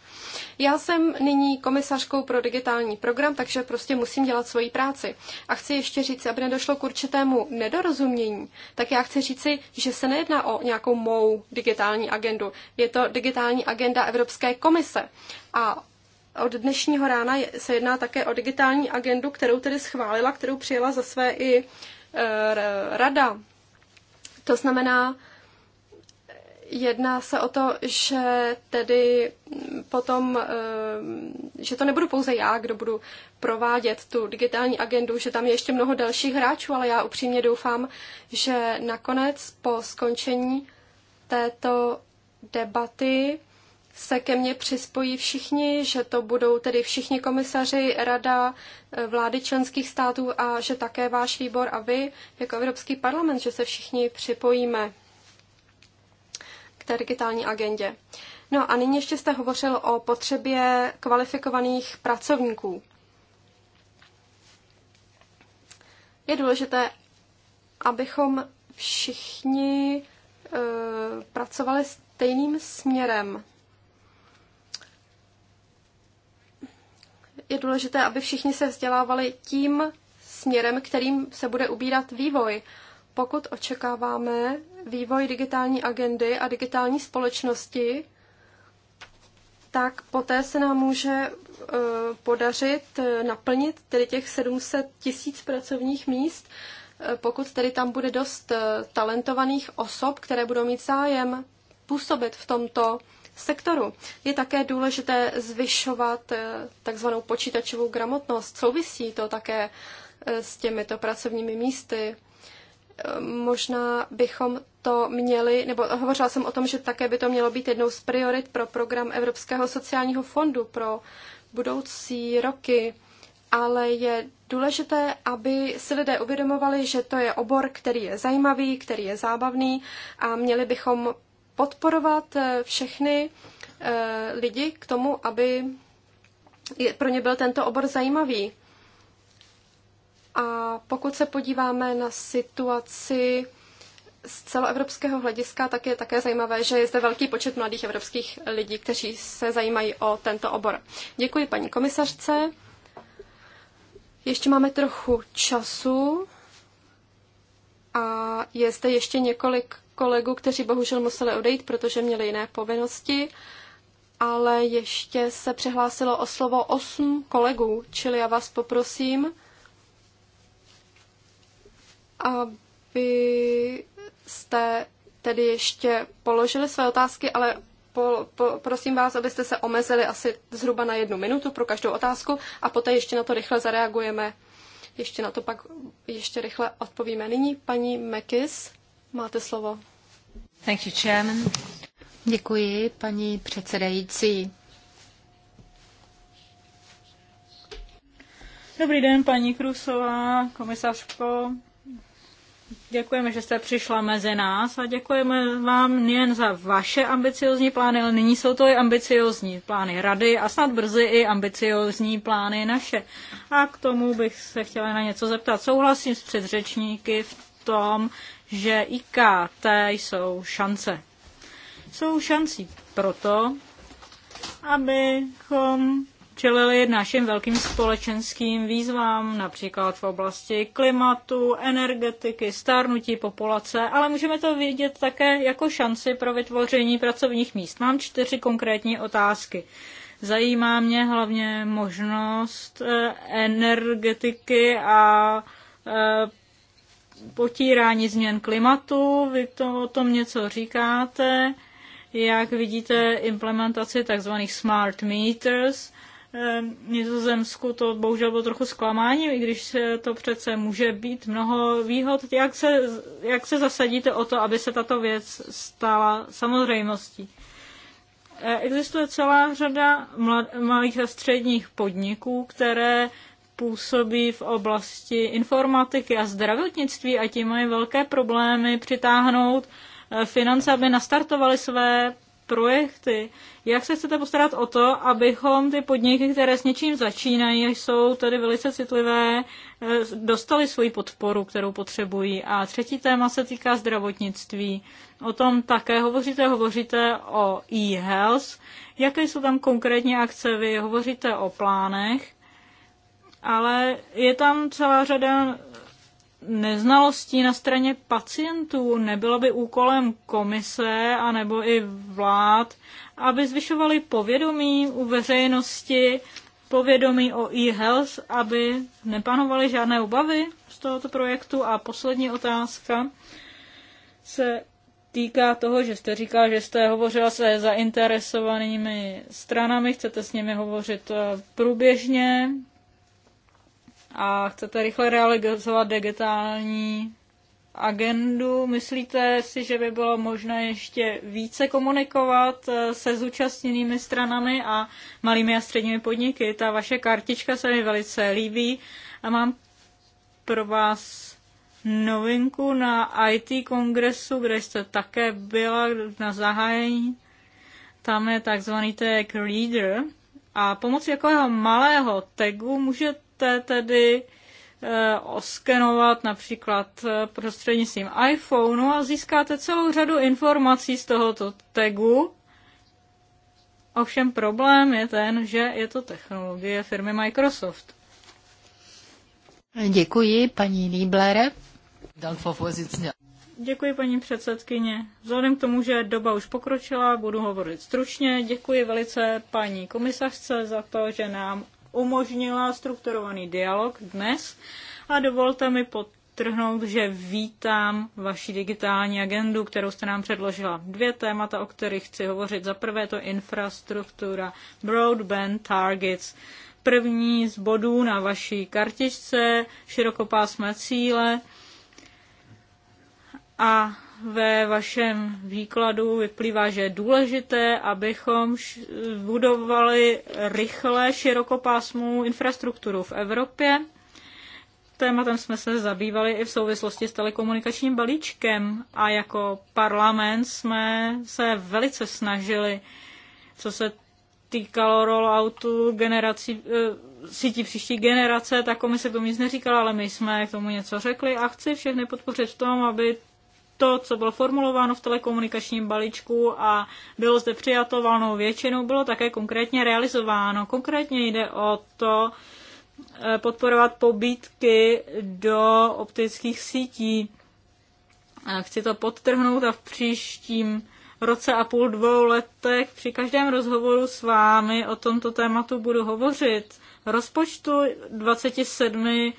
[SPEAKER 3] Já jsem nyní komisařkou pro digitální program, takže prostě musím dělat svoji práci. A chci ještě říct, aby nedošlo k určitému nedorozumění, tak já chci říci, že se nejedná o nějakou mou digitální agendu. Je to digitální agenda Evropské komise. A od dnešního rána se jedná také o digitální agendu, kterou tedy schválila, kterou přijela za své i eh, rada. To znamená, Jedná se o to, že tedy potom, eh, že to nebudu pouze já, kdo budu provádět tu digitální agendu, že tam je ještě mnoho dalších hráčů, ale já upřímně doufám, že nakonec po skončení této debaty se ke mně přispojí všichni, že to budou tedy všichni komisaři, rada, eh, vlády členských států a že také váš výbor a vy jako Evropský parlament, že se všichni připojíme té digitální agendě. No a nyní ještě jste hovořil o potřebě kvalifikovaných pracovníků. Je důležité, abychom všichni e, pracovali stejným směrem. Je důležité, aby všichni se vzdělávali tím směrem, kterým se bude ubírat vývoj. Pokud očekáváme, vývoj digitální agendy a digitální společnosti, tak poté se nám může e, podařit e, naplnit tedy těch 700 tisíc pracovních míst, e, pokud tedy tam bude dost talentovaných osob, které budou mít zájem působit v tomto sektoru. Je také důležité zvyšovat takzvanou počítačovou gramotnost. Souvisí to také s těmito pracovními místy možná bychom to měli, nebo hovořila jsem o tom, že také by to mělo být jednou z priorit pro program Evropského sociálního fondu pro budoucí roky, ale je důležité, aby si lidé uvědomovali, že to je obor, který je zajímavý, který je zábavný a měli bychom podporovat eh, všechny eh, lidi k tomu, aby pro ně byl tento obor zajímavý. A pokud se podíváme na situaci z celoevropského hlediska, tak je také zajímavé, že je zde velký počet mladých evropských lidí, kteří se zajímají o tento obor. Děkuji paní komisařce. Ještě máme trochu času a je zde ještě několik kolegů, kteří bohužel museli odejít, protože měli jiné povinnosti, ale ještě se přihlásilo o slovo osm kolegů, čili já vás poprosím, aby jste tedy ještě položili své otázky, ale po, po, prosím vás, abyste se omezili asi zhruba na jednu minutu pro každou otázku a poté ještě na to rychle zareagujeme. Ještě na to pak ještě rychle odpovíme. Nyní paní Mekis, máte slovo. Thank you,
[SPEAKER 2] chairman. Děkuji, paní předsedající.
[SPEAKER 1] Dobrý den, paní Krusová, komisařko, Děkujeme, že jste přišla mezi nás a děkujeme vám nejen za vaše ambiciozní plány, ale nyní jsou to i ambiciozní plány rady a snad brzy i ambiciozní plány naše. A k tomu bych se chtěla na něco zeptat. Souhlasím s předřečníky v tom, že IKT jsou šance. Jsou šancí proto, abychom čelili našim velkým společenským výzvám, například v oblasti klimatu, energetiky, stárnutí populace, ale můžeme to vidět také jako šanci pro vytvoření pracovních míst. Mám čtyři konkrétní otázky. Zajímá mě hlavně možnost eh, energetiky a eh, potírání změn klimatu. Vy to, o tom něco říkáte. Jak vidíte implementaci tzv. smart meters Eh, Nizozemsku to bohužel bylo trochu zklamáním, i když to přece může být mnoho výhod. Jak se, jak se zasadíte o to, aby se tato věc stala samozřejmostí? Eh, existuje celá řada malých a středních podniků, které působí v oblasti informatiky a zdravotnictví a tím mají velké problémy přitáhnout eh, finance, aby nastartovali své projekty. Jak se chcete postarat o to, abychom ty podniky, které s něčím začínají, jsou tedy velice citlivé, eh, dostali svoji podporu, kterou potřebují. A třetí téma se týká zdravotnictví. O tom také hovoříte, hovoříte o e-health. Jaké jsou tam konkrétní akce? Vy hovoříte o plánech, ale je tam celá řada neznalostí na straně pacientů. Nebylo by úkolem komise a nebo i vlád, aby zvyšovali povědomí u veřejnosti, povědomí o e-health, aby nepanovaly žádné obavy z tohoto projektu. A poslední otázka se týká toho, že jste říkal, že jste hovořila se zainteresovanými stranami, chcete s nimi hovořit eh, průběžně, a chcete rychle realizovat digitální agendu. Myslíte si, že by bylo možné ještě více komunikovat eh, se zúčastněnými stranami a malými a středními podniky? Ta vaše kartička se mi velice líbí a mám pro vás novinku na IT kongresu, kde jste také byla na zahájení. Tam je takzvaný tag reader a pomocí jakého malého tagu může můžete tedy eh, oskenovat například eh, prostřednictvím iPhoneu a získáte celou řadu informací z tohoto tagu. Ovšem problém je ten, že je to technologie firmy Microsoft.
[SPEAKER 2] Děkuji, paní Lieblere.
[SPEAKER 1] Děkuji, paní předsedkyně. Vzhledem k tomu, že doba už pokročila, budu hovořit stručně. Děkuji velice paní komisařce za to, že nám umožnila strukturovaný dialog dnes a dovolte mi potrhnout, že vítám vaši digitální agendu, kterou jste nám předložila. Dvě témata, o kterých chci hovořit. Za prvé to infrastruktura, broadband targets, první z bodů na vaší kartičce, širokopásmé cíle a ve vašem výkladu vyplývá, že je důležité, abychom budovali rychle širokopásmovou infrastrukturu v Evropě. Tématem jsme se zabývali i v souvislosti s telekomunikačním balíčkem a jako parlament jsme se velice snažili, co se týkalo rolloutu generací, eh, sítí příští generace, tak komise k tomu nic neříkala, ale my jsme k tomu něco řekli a chci všechny podpořit v tom, aby to, co bylo formulováno v telekomunikačním balíčku a bylo zde přijato valnou většinou, bylo také konkrétně realizováno. Konkrétně jde o to eh, podporovat pobítky do optických sítí. Chci to podtrhnout a v příštím roce a půl, dvou letech při každém rozhovoru s vámi o tomto tématu budu hovořit. Rozpočtu 27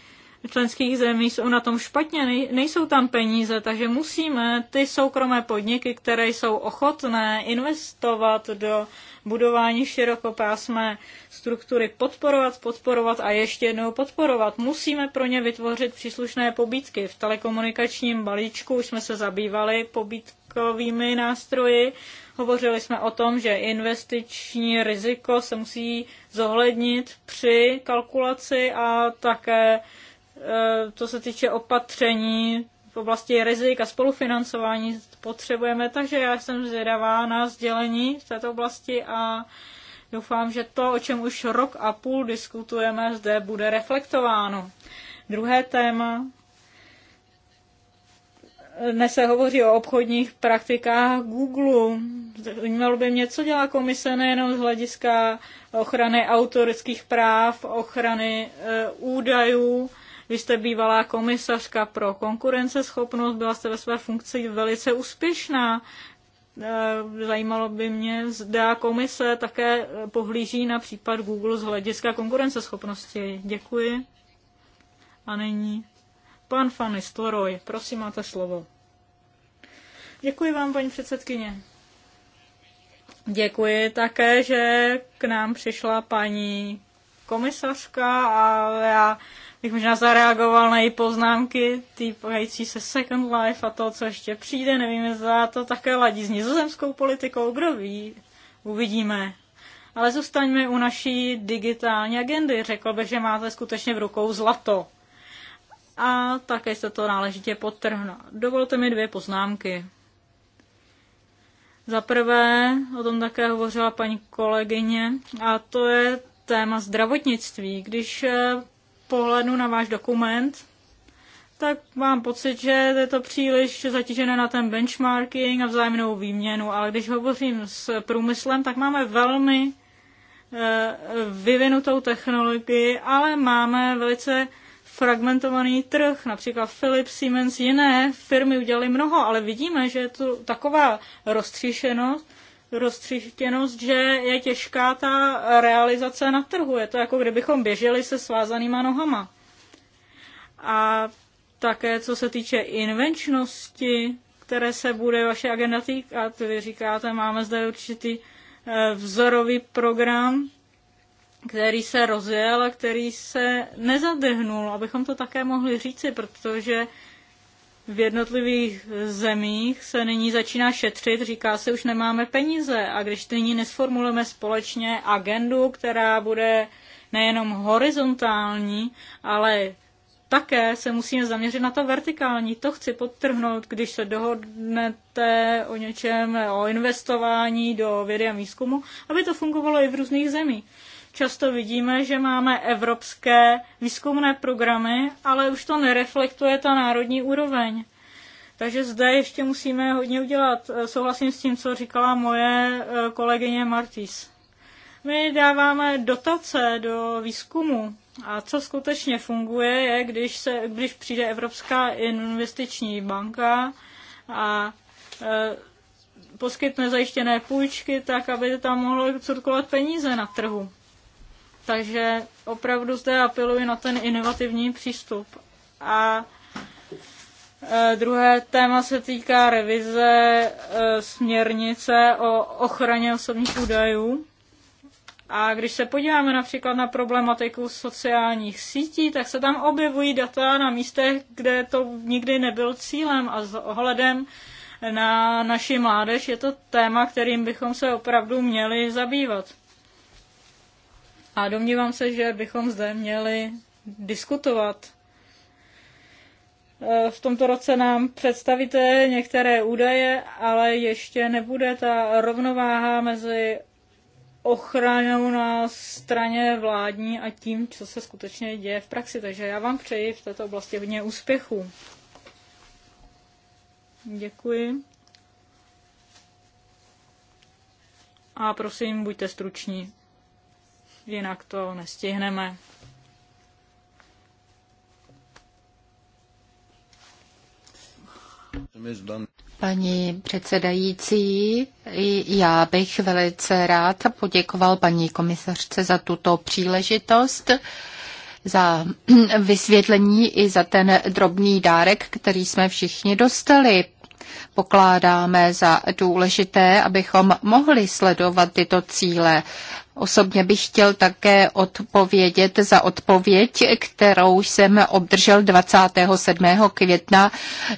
[SPEAKER 1] členských zemí jsou na tom špatně, nejsou tam peníze, takže musíme ty soukromé podniky, které jsou ochotné investovat do budování širokopásmé struktury, podporovat, podporovat a ještě jednou podporovat. Musíme pro ně vytvořit příslušné pobídky. V telekomunikačním balíčku už jsme se zabývali pobídkovými nástroji. Hovořili jsme o tom, že investiční riziko se musí zohlednit při kalkulaci a také co eh, se týče opatření v oblasti rizik a spolufinancování potřebujeme, takže já jsem zvědavá na sdělení v této oblasti a doufám, že to, o čem už rok a půl diskutujeme, zde bude reflektováno. Druhé téma. Dnes se hovoří o obchodních praktikách Google. Mělo by mě, co dělá komise nejenom z hlediska ochrany autorských práv, ochrany e, údajů, vy jste bývalá komisařka pro konkurenceschopnost, byla jste ve své funkci velice úspěšná. Eh, zajímalo by mě, zda komise také pohlíží na případ Google z hlediska konkurenceschopnosti. Děkuji. A nyní pan Fanny Storoy, prosím, máte slovo. Děkuji vám, paní předsedkyně. Děkuji také, že k nám přišla paní komisařka a já bych možná zareagoval na její poznámky týkající se Second Life a to, co ještě přijde. Nevím, zda to také ladí s nizozemskou politikou, kdo ví, uvidíme. Ale zůstaňme u naší digitální agendy. Řekl bych, že máte skutečně v rukou zlato. A také se to náležitě podtrhna. Dovolte mi dvě poznámky. Za prvé, o tom také hovořila paní kolegyně, a to je téma zdravotnictví. Když pohledu na váš dokument, tak mám pocit, že je to příliš zatížené na ten benchmarking a vzájemnou výměnu, ale když hovořím s průmyslem, tak máme velmi eh, vyvinutou technologii, ale máme velice fragmentovaný trh. Například Philips, Siemens, jiné firmy udělali mnoho, ale vidíme, že je tu taková roztříšenost, roztřištěnost, že je těžká ta realizace na trhu. Je to jako kdybychom běželi se svázanýma nohama. A také co se týče invenčnosti, které se bude vaše agenda týkat, vy říkáte, máme zde určitý eh, vzorový program, který se rozjel a který se nezadehnul, abychom to také mohli říci, protože v jednotlivých zemích se nyní začíná šetřit, říká se, už nemáme peníze. A když nyní nesformulujeme společně agendu, která bude nejenom horizontální, ale také se musíme zaměřit na to vertikální. To chci podtrhnout, když se dohodnete o něčem, o investování do vědy a výzkumu, aby to fungovalo i v různých zemích. Často vidíme, že máme evropské výzkumné programy, ale už to nereflektuje ta národní úroveň. Takže zde ještě musíme hodně udělat. Eh, souhlasím s tím, co říkala moje eh, kolegyně Martis. My dáváme dotace do výzkumu a co skutečně funguje je, když, se, když přijde Evropská investiční banka a e, poskytne zajištěné půjčky, tak aby tam mohlo cirkulovat peníze na trhu. Takže opravdu zde apeluji na ten inovativní přístup. A e, Druhé téma se týká revize e, směrnice o ochraně osobních údajů. A když se podíváme například na problematiku sociálních sítí, tak se tam objevují data na místech, kde to nikdy nebyl cílem a s ohledem na naši mládež je to téma, kterým bychom se opravdu měli zabývat. A domnívám se, že bychom zde měli diskutovat. E, v tomto roce nám představíte některé údaje, ale ještě nebude ta rovnováha mezi ochranou na straně vládní a tím, co se skutečně děje v praxi. Takže já vám přeji v této oblasti hodně úspěchů. Děkuji. A prosím, buďte struční jinak to
[SPEAKER 2] nestihneme. Paní předsedající, já bych velice rád poděkoval paní komisařce za tuto příležitost, za vysvětlení i za ten drobný dárek, který jsme všichni dostali Pokládáme za důležité, abychom mohli sledovat tyto cíle. Osobně bych chtěl také odpovědět za odpověď, kterou jsem obdržel 27. května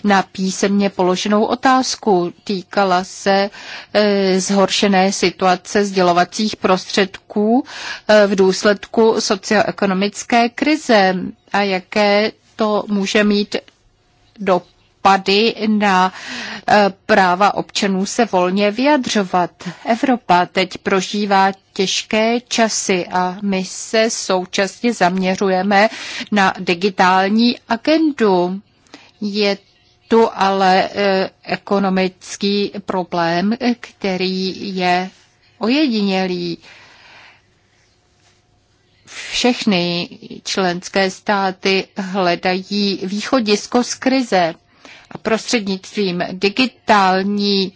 [SPEAKER 2] na písemně položenou otázku. Týkala se e, zhoršené situace sdělovacích prostředků e, v důsledku socioekonomické krize a jaké to může mít dopad dopady na eh, práva občanů se volně vyjadřovat. Evropa teď prožívá těžké časy a my se současně zaměřujeme na digitální agendu. Je tu ale eh, ekonomický problém, který je ojedinělý všechny členské státy hledají východisko z krize prostřednictvím digitální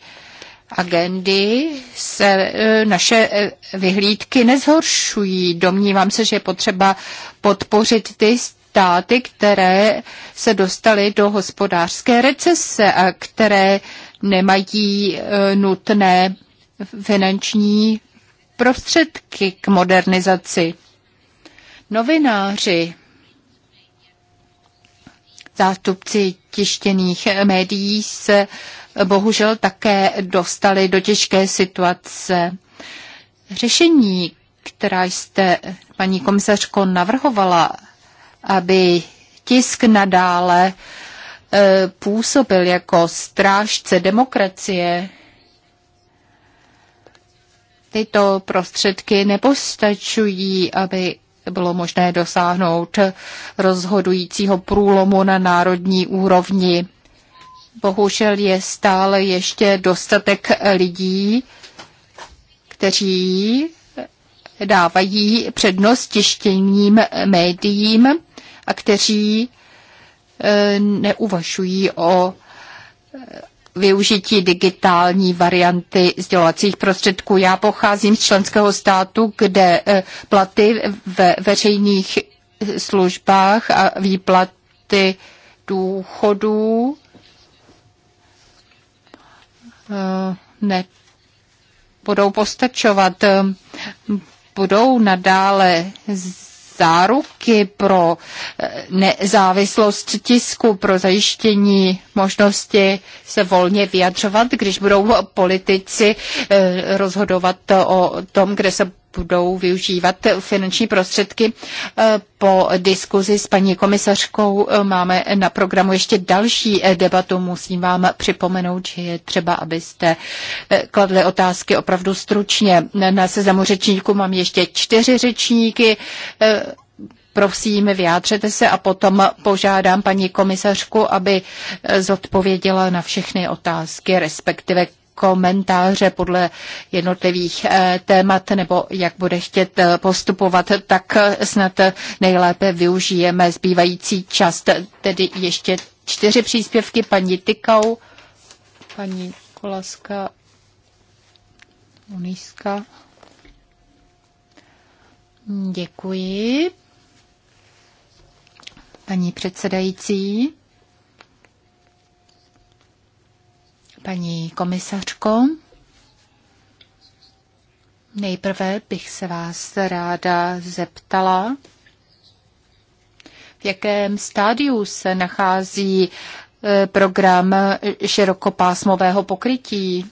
[SPEAKER 2] agendy se e, naše e, vyhlídky nezhoršují. Domnívám se, že je potřeba podpořit ty státy, které se dostaly do hospodářské recese a které nemají e, nutné finanční prostředky k modernizaci. Novináři zástupci tištěných médií se bohužel také dostali do těžké situace. Řešení, která jste, paní komisařko, navrhovala, aby tisk nadále e, působil jako strážce demokracie, tyto prostředky nepostačují, aby bylo možné dosáhnout rozhodujícího průlomu na národní úrovni. Bohužel je stále ještě dostatek lidí, kteří dávají přednost tištěním médiím a kteří eh, neuvažují o využití digitální varianty sdělovacích prostředků. Já pocházím z členského státu, kde eh, platy ve veřejných eh, službách a výplaty důchodů eh, ne budou postačovat, budou nadále záruky pro eh, nezávislost tisku, pro zajištění možnosti se volně vyjadřovat, když budou politici eh, rozhodovat o tom, kde se budou využívat finanční prostředky. Eh, po diskuzi s paní komisařkou eh, máme na programu ještě další eh, debatu. Musím vám připomenout, že je třeba, abyste kladli otázky opravdu stručně. Na seznamu řečníků mám ještě čtyři řečníky. Prosím, vyjádřete se a potom požádám paní komisařku, aby zodpověděla na všechny otázky, respektive komentáře podle jednotlivých eh, témat nebo jak bude chtět eh, postupovat, tak eh, snad nejlépe využijeme zbývající čas. Tedy ještě čtyři příspěvky paní Tykau, paní Kolaska, Uníska. Děkuji. Paní předsedající, Paní komisařko, nejprve bych se vás ráda zeptala, v jakém stádiu se nachází e, program širokopásmového pokrytí.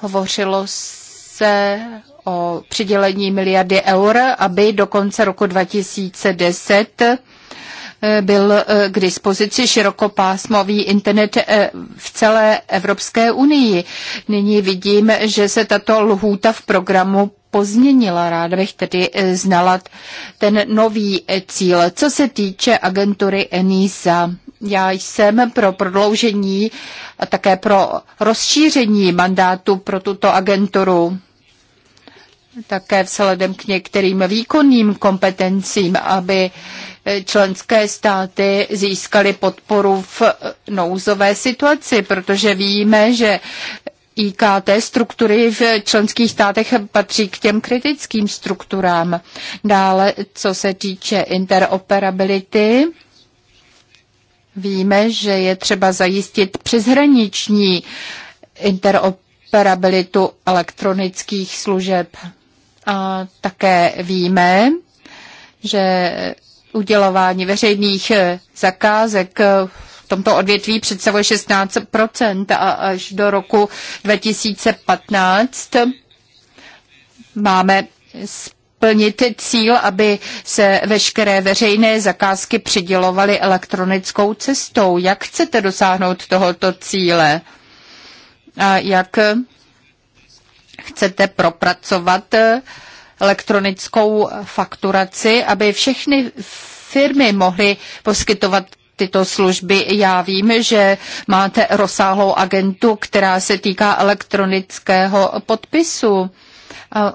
[SPEAKER 2] Hovořilo se o přidělení miliardy eur, aby do konce roku 2010 byl eh, k dispozici širokopásmový internet eh, v celé Evropské unii. Nyní vidím, že se tato lhůta v programu pozměnila. Ráda bych tedy eh, znala ten nový cíl. Co se týče agentury ENISA, já jsem pro prodloužení a také pro rozšíření mandátu pro tuto agenturu také vzhledem k některým výkonným kompetencím, aby členské státy získaly podporu v nouzové situaci, protože víme, že IKT struktury v členských státech patří k těm kritickým strukturám. Dále, co se týče interoperability, víme, že je třeba zajistit přeshraniční interoperabilitu elektronických služeb. A také víme, že udělování veřejných eh, zakázek eh, v tomto odvětví představuje 16 a až do roku 2015 máme splnit cíl, aby se veškeré veřejné zakázky přidělovaly elektronickou cestou. Jak chcete dosáhnout tohoto cíle? A jak chcete propracovat uh, elektronickou fakturaci, aby všechny firmy mohly poskytovat tyto služby. Já vím, že máte rozsáhlou agentu, která se týká elektronického podpisu.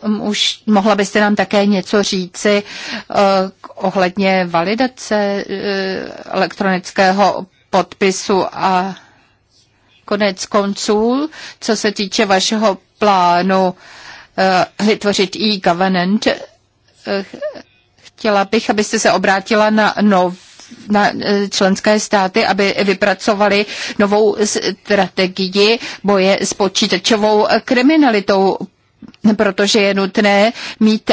[SPEAKER 2] Um, už mohla byste nám také něco říci uh, ohledně validace uh, elektronického podpisu a konec konců, co se týče vašeho plánu vytvořit eh, e-government. Eh, chtěla bych, abyste se obrátila na nov na eh, členské státy, aby vypracovali novou strategii boje s počítačovou kriminalitou, protože je nutné mít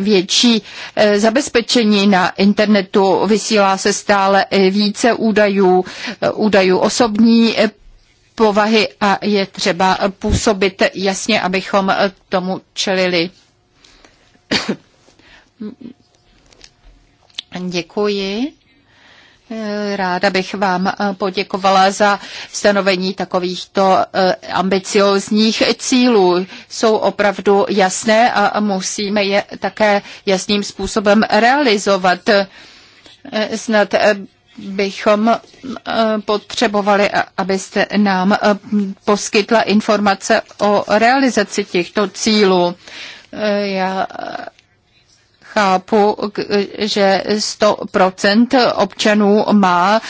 [SPEAKER 2] větší zabezpečení na internetu. Vysílá se stále více údajů, údajů osobní povahy a je třeba působit jasně, abychom tomu čelili. Děkuji. Ráda bych vám poděkovala za stanovení takovýchto eh, ambiciozních cílů. Jsou opravdu jasné a musíme je také jasným způsobem realizovat. Eh, snad eh, bychom eh, potřebovali, abyste nám eh, poskytla informace o realizaci těchto cílů. Eh, já chápu, že 100% občanů má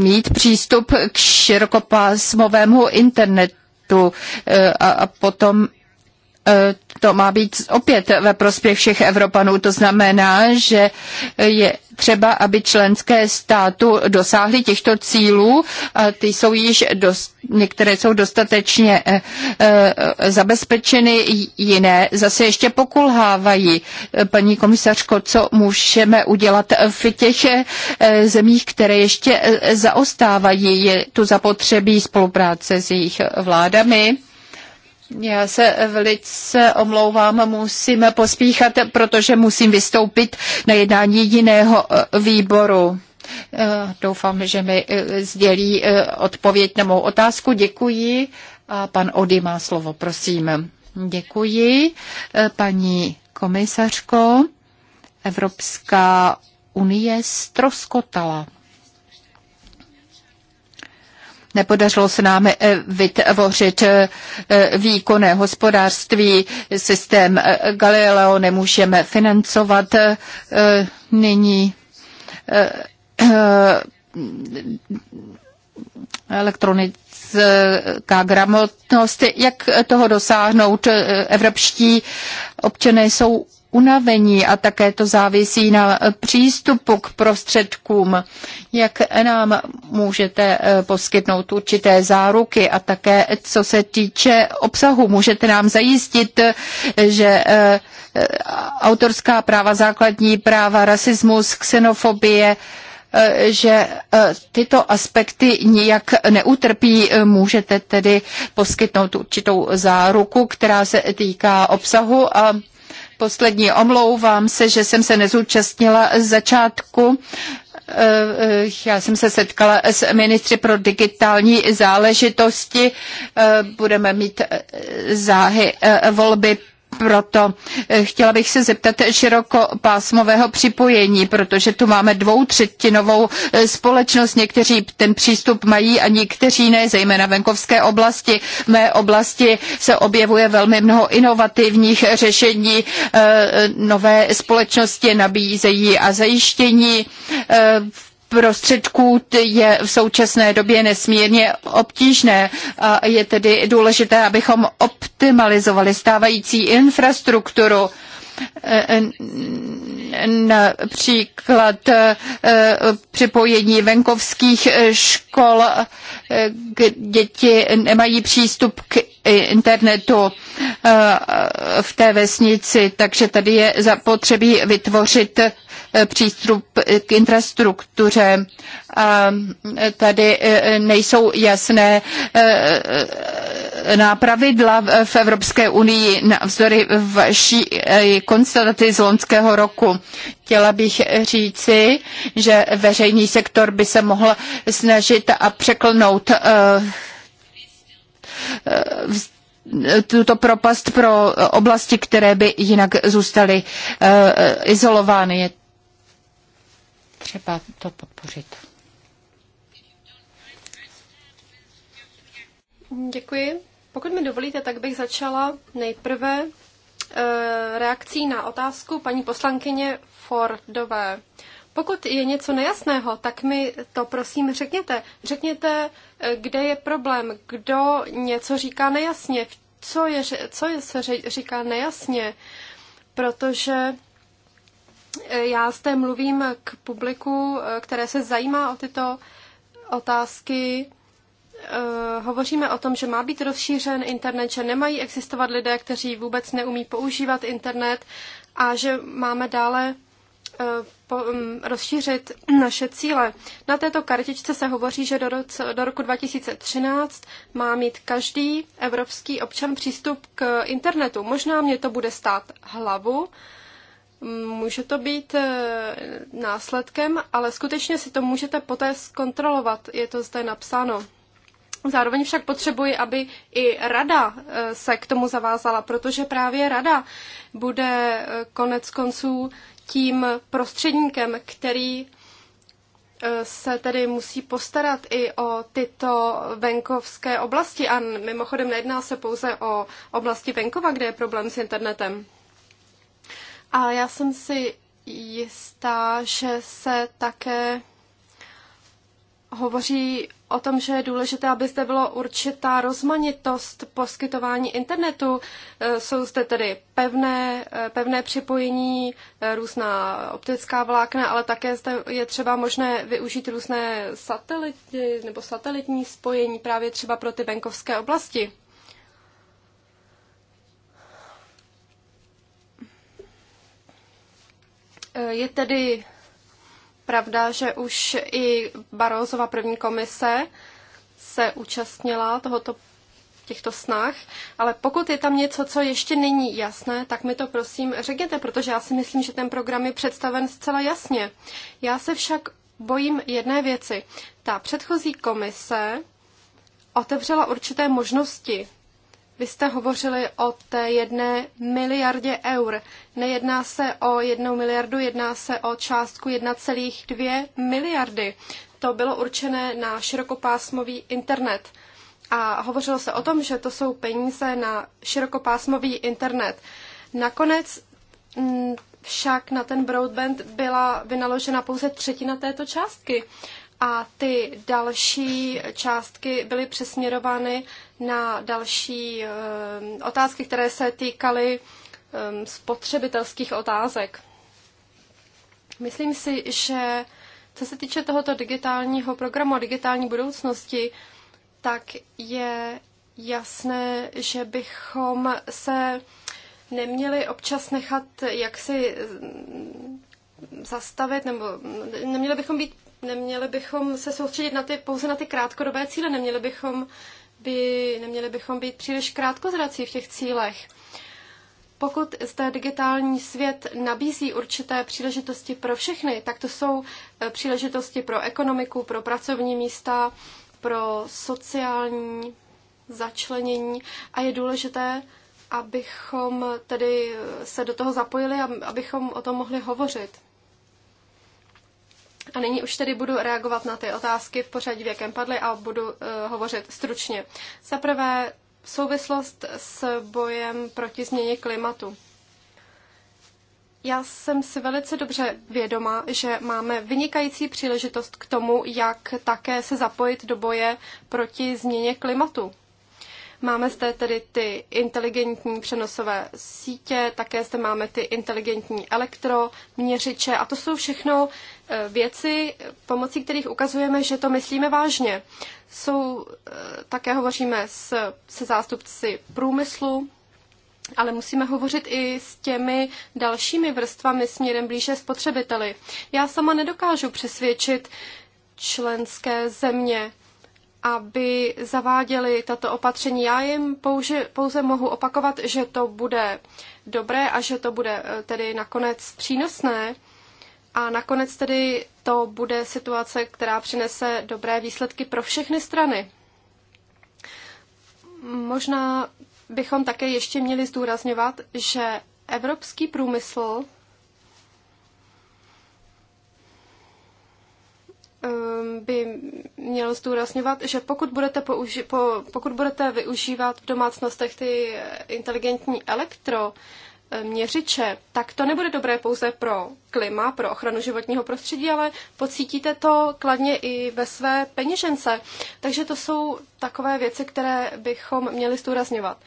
[SPEAKER 2] mít přístup k širokopásmovému internetu a potom to má být opět ve prospěch všech Evropanů. To znamená, že je třeba, aby členské státu dosáhly těchto cílů. A ty jsou již dost, některé jsou dostatečně e, zabezpečeny, jiné zase ještě pokulhávají. Paní komisařko, co můžeme udělat v těch eh, zemích, které ještě zaostávají? Je tu zapotřebí spolupráce s jejich vládami? Já se velice omlouvám, musím pospíchat, protože musím vystoupit na jednání jiného eh, výboru. Eh, doufám, že mi eh, sdělí odpověď na mou otázku. Děkuji. A pan Ody má slovo, prosím. Děkuji, paní komisařko. Evropská unie stroskotala. Nepodařilo se nám eh, vytvořit eh, výkonné hospodářství, systém eh, Galileo nemůžeme financovat nyní elektronická gramotnost. Jak toho dosáhnout? Evropští občané jsou unavení a také to závisí na přístupu k prostředkům. Jak nám můžete eh, poskytnout určité záruky a také co se týče obsahu, můžete nám zajistit, eh, že eh, autorská práva, základní práva, rasismus, xenofobie, že tyto aspekty nijak neutrpí. Můžete tedy poskytnout určitou záruku, která se týká obsahu a poslední. Omlouvám se, že jsem se nezúčastnila z začátku. Eh, eh, já jsem se setkala s ministry pro digitální záležitosti. Eh, budeme mít záhy volby proto eh, chtěla bych se zeptat širokopásmového připojení, protože tu máme dvoutřetinovou eh, společnost. Někteří ten přístup mají a někteří ne, zejména venkovské oblasti. V mé oblasti se objevuje velmi mnoho inovativních řešení. Eh, nové společnosti nabízejí a zajištění prostředků je v současné době nesmírně obtížné a je tedy důležité, abychom optimalizovali stávající infrastrukturu například e, připojení venkovských škol, e, děti nemají přístup k internetu e, v té vesnici, takže tady je zapotřebí vytvořit Eh, přístup k infrastruktuře. A eh, tady eh, nejsou jasné nápravidla v Evropské unii vzory vaší konstataci z loňského roku. Chtěla bych říci, že veřejný sektor by se mohl snažit a překlnout tuto propast pro oblasti, které by jinak zůstaly izolovány. Je třeba to podpořit.
[SPEAKER 3] Děkuji. Pokud mi dovolíte, tak bych začala nejprve eh, reakcí na otázku paní poslankyně Fordové. Pokud je něco nejasného, tak mi to prosím řekněte. Řekněte, eh, kde je problém, kdo něco říká nejasně, co, je, co je, se říká nejasně, protože já zde mluvím k publiku, které se zajímá o tyto otázky. Eh, hovoříme o tom, že má být rozšířen internet, že nemají existovat lidé, kteří vůbec neumí používat internet a že máme dále eh, mm, rozšířit naše cíle. Na této kartičce se hovoří, že do, do roku 2013 má mít každý evropský občan přístup k internetu. Možná mě to bude stát hlavu, Může to být eh, následkem, ale skutečně si to můžete poté zkontrolovat, je to zde napsáno. Zároveň však potřebuji, aby i rada eh, se k tomu zavázala, protože právě rada bude eh, konec konců tím prostředníkem, který se tedy musí postarat i o tyto venkovské oblasti. A mimochodem nejedná se pouze o oblasti venkova, kde je problém s internetem. A já jsem si jistá, že se také hovoří o tom, že je důležité, aby zde bylo určitá rozmanitost poskytování internetu. E, jsou zde tedy pevné, e, pevné připojení, e, různá optická vlákna, ale také zde je třeba možné využít různé satelity nebo satelitní spojení právě třeba pro ty venkovské oblasti. Je tedy pravda, že už i Barózova první komise se účastnila tohoto těchto snah, ale pokud je tam něco, co ještě není jasné, tak mi to prosím řekněte, protože já si myslím, že ten program je představen zcela jasně. Já se však bojím jedné věci. Ta předchozí komise otevřela určité možnosti vy jste hovořili o té jedné miliardě eur. Nejedná se o jednou miliardu, jedná se o částku 1,2 miliardy. To bylo určené na širokopásmový internet. A hovořilo se o tom, že to jsou peníze na širokopásmový internet. Nakonec mm, však na ten broadband byla vynaložena pouze třetina této částky a ty další částky byly přesměrovány na další eh, otázky, které se týkaly eh, spotřebitelských otázek. Myslím si, že co se týče tohoto digitálního programu a digitální budoucnosti, tak je jasné, že bychom se neměli občas nechat jaksi mm, zastavit, nebo neměli bychom být, neměli bychom se soustředit na ty, pouze na ty krátkodobé cíle, neměli bychom by, neměli bychom být příliš krátkozrací v těch cílech. Pokud zde digitální svět nabízí určité příležitosti pro všechny, tak to jsou e, příležitosti pro ekonomiku, pro pracovní místa, pro sociální začlenění a je důležité, abychom tedy e, se do toho zapojili a abychom o tom mohli hovořit. A nyní už tedy budu reagovat na ty otázky v pořadí, v jakém padly a budu uh, hovořit stručně. Za prvé souvislost s bojem proti změně klimatu. Já jsem si velice dobře vědoma, že máme vynikající příležitost k tomu, jak také se zapojit do boje proti změně klimatu. Máme zde tedy ty inteligentní přenosové sítě, také zde máme ty inteligentní elektroměřiče a to jsou všechno Eh, věci, pomocí kterých ukazujeme, že to myslíme vážně. Jsou, eh, také hovoříme s, se zástupci průmyslu, ale musíme hovořit i s těmi dalšími vrstvami směrem blíže spotřebiteli. Já sama nedokážu přesvědčit členské země, aby zaváděli tato opatření. Já jim pouze, pouze mohu opakovat, že to bude dobré a že to bude eh, tedy nakonec přínosné. A nakonec tedy to bude situace, která přinese dobré výsledky pro všechny strany. Možná bychom také ještě měli zdůrazňovat, že evropský průmysl ehm, by měl zdůrazňovat, že pokud budete, použi- po, pokud budete využívat v domácnostech ty eh, inteligentní elektro, Eh, měřiče, tak to nebude dobré pouze pro klima, pro ochranu životního prostředí, ale pocítíte to kladně i ve své peněžence. Takže to jsou takové věci, které bychom měli zdůrazňovat.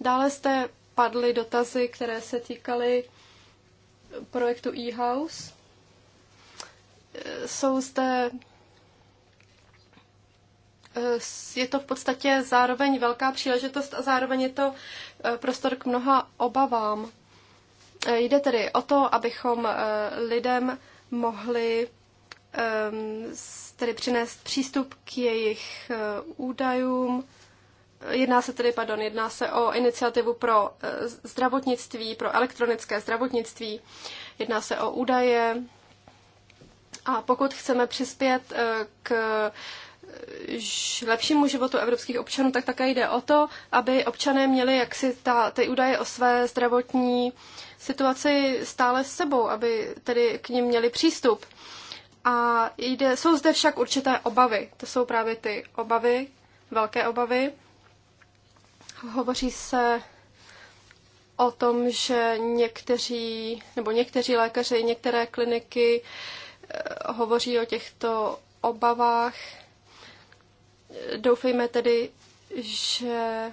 [SPEAKER 3] Dále jste padly dotazy, které se týkaly projektu e-house. Eh, jsou zde eh, je to v podstatě zároveň velká příležitost a zároveň je to prostor k mnoha obavám. Eh, jde tedy o to, abychom eh, lidem mohli ehm, tedy přinést přístup k jejich eh, údajům. Jedná se tedy, pardon, jedná se o iniciativu pro zdravotnictví, pro elektronické zdravotnictví. Jedná se o údaje. A pokud chceme přispět k lepšímu životu evropských občanů, tak také jde o to, aby občané měli jaksi ta, ty údaje o své zdravotní situaci stále s sebou, aby tedy k ním měli přístup. A jde, jsou zde však určité obavy. To jsou právě ty obavy, velké obavy. Hovoří se o tom, že někteří, nebo někteří lékaři, některé kliniky eh, hovoří o těchto obavách. Doufejme tedy, že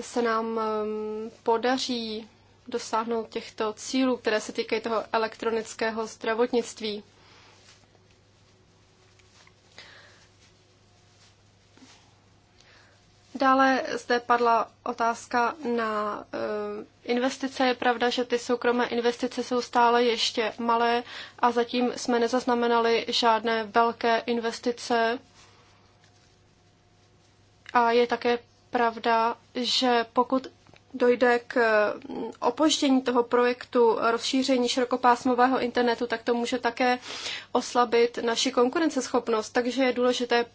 [SPEAKER 3] se nám ehm, podaří dosáhnout těchto cílů, které se týkají toho elektronického zdravotnictví. Dále zde padla otázka na eh, investice. Je pravda, že ty soukromé investice jsou stále ještě malé a zatím jsme nezaznamenali žádné velké investice. A je také pravda, že pokud dojde k eh, opoždění toho projektu rozšíření širokopásmového internetu, tak to může také oslabit naši konkurenceschopnost. Takže je důležité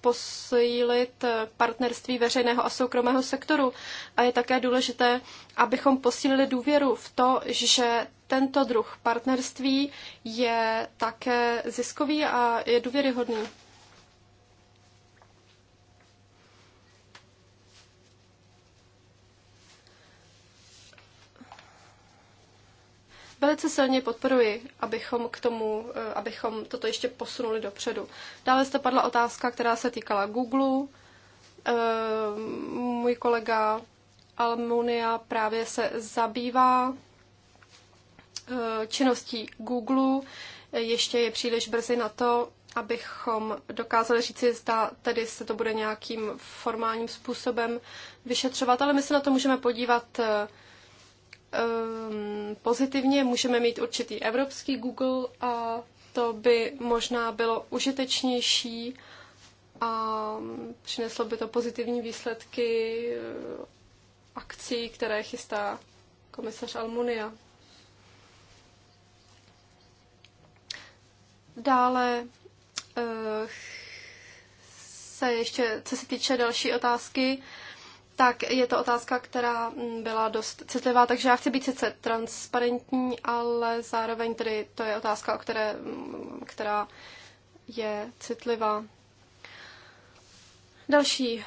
[SPEAKER 3] posílit eh, partnerství veřejného a soukromého sektoru. A je také důležité, abychom posílili důvěru v to, že tento druh partnerství je také ziskový a je důvěryhodný. Velice silně podporuji, abychom k tomu, eh, abychom toto ještě posunuli dopředu. Dále jste padla otázka, která se týkala Google. Eh, můj kolega Almunia právě se zabývá eh, činností Google. Ještě je příliš brzy na to, abychom dokázali říci, zda tedy se to bude nějakým formálním způsobem vyšetřovat, ale my se na to můžeme podívat Ehm, pozitivně, můžeme mít určitý evropský Google a to by možná bylo užitečnější a přineslo by to pozitivní výsledky eh, akcí, které chystá komisař Almunia. Dále eh, se ještě, co se týče další otázky, tak je to otázka, která mm, byla dost citlivá, takže já chci být sice transparentní, ale zároveň tedy to je otázka, o které, mm, která je citlivá. Další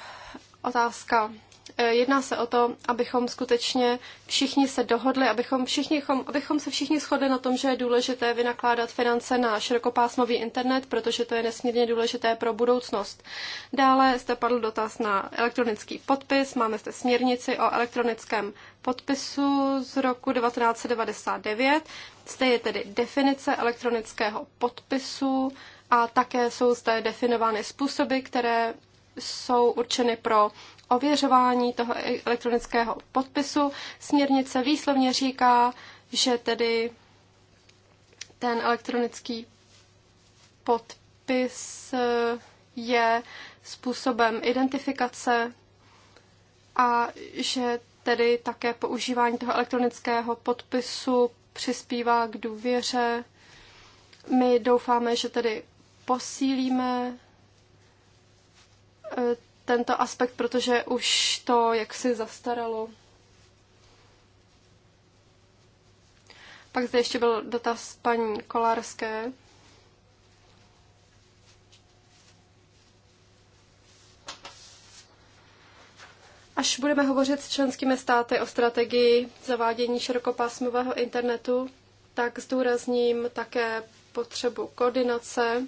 [SPEAKER 3] otázka. Eh, jedná se o to, abychom skutečně všichni se dohodli, abychom, všichni, abychom se všichni shodli na tom, že je důležité vynakládat finance na širokopásmový internet, protože to je nesmírně důležité pro budoucnost. Dále jste padl dotaz na elektronický podpis. Máme zde směrnici o elektronickém podpisu z roku 1999. Zde je tedy definice elektronického podpisu a také jsou zde definovány způsoby, které jsou určeny pro ověřování toho elektronického podpisu. Směrnice výslovně říká, že tedy ten elektronický podpis eh, je způsobem identifikace a že tedy také používání toho elektronického podpisu přispívá k důvěře. My doufáme, že tedy posílíme E, tento aspekt, protože už to jaksi zastaralo. Pak zde ještě byl dotaz paní Kolárské. Až budeme hovořit s členskými státy o strategii zavádění širokopásmového internetu, tak zdůrazním také potřebu koordinace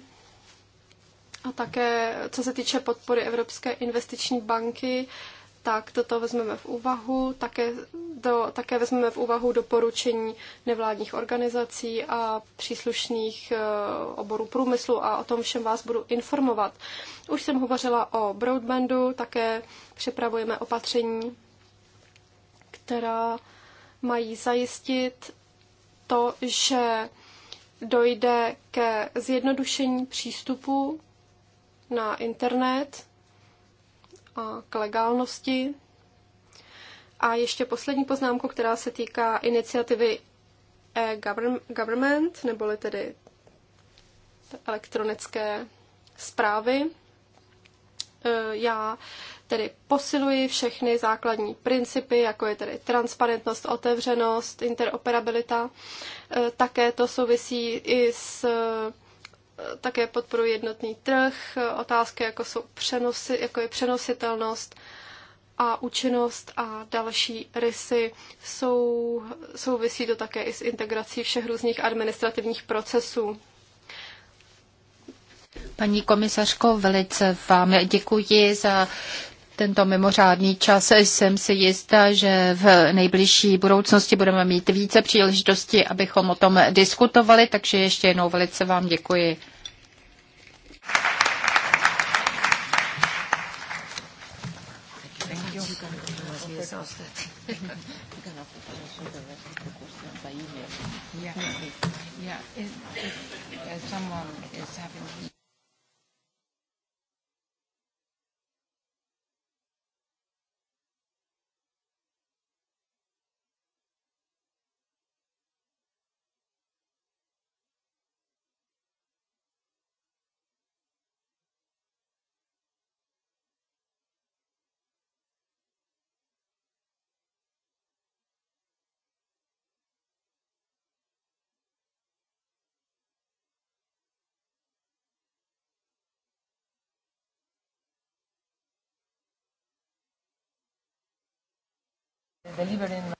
[SPEAKER 3] a také, co se týče podpory Evropské investiční banky, tak toto vezmeme v úvahu. Také, do, také vezmeme v úvahu doporučení nevládních organizací a příslušných eh, oborů průmyslu a o tom všem vás budu informovat. Už jsem hovořila o broadbandu, také připravujeme opatření, která mají zajistit to, že dojde ke zjednodušení přístupu na internet a k legálnosti. A ještě poslední poznámku, která se týká iniciativy e-government, neboli tedy elektronické zprávy. E, já tedy posiluji všechny základní principy, jako je tedy transparentnost, otevřenost, interoperabilita. E, také to souvisí i s také podporují jednotný trh, otázky, jako, jsou přenosy, jako je přenositelnost a účinnost a další rysy. Jsou, souvisí to také i s integrací všech různých administrativních procesů.
[SPEAKER 2] Paní komisařko, velice vám děkuji za tento mimořádný čas. Jsem si jistá, že v nejbližší budoucnosti budeme mít více příležitostí, abychom o tom diskutovali, takže ještě jednou velice vám děkuji. Yeah. Yeah. If, if, if someone is having delivering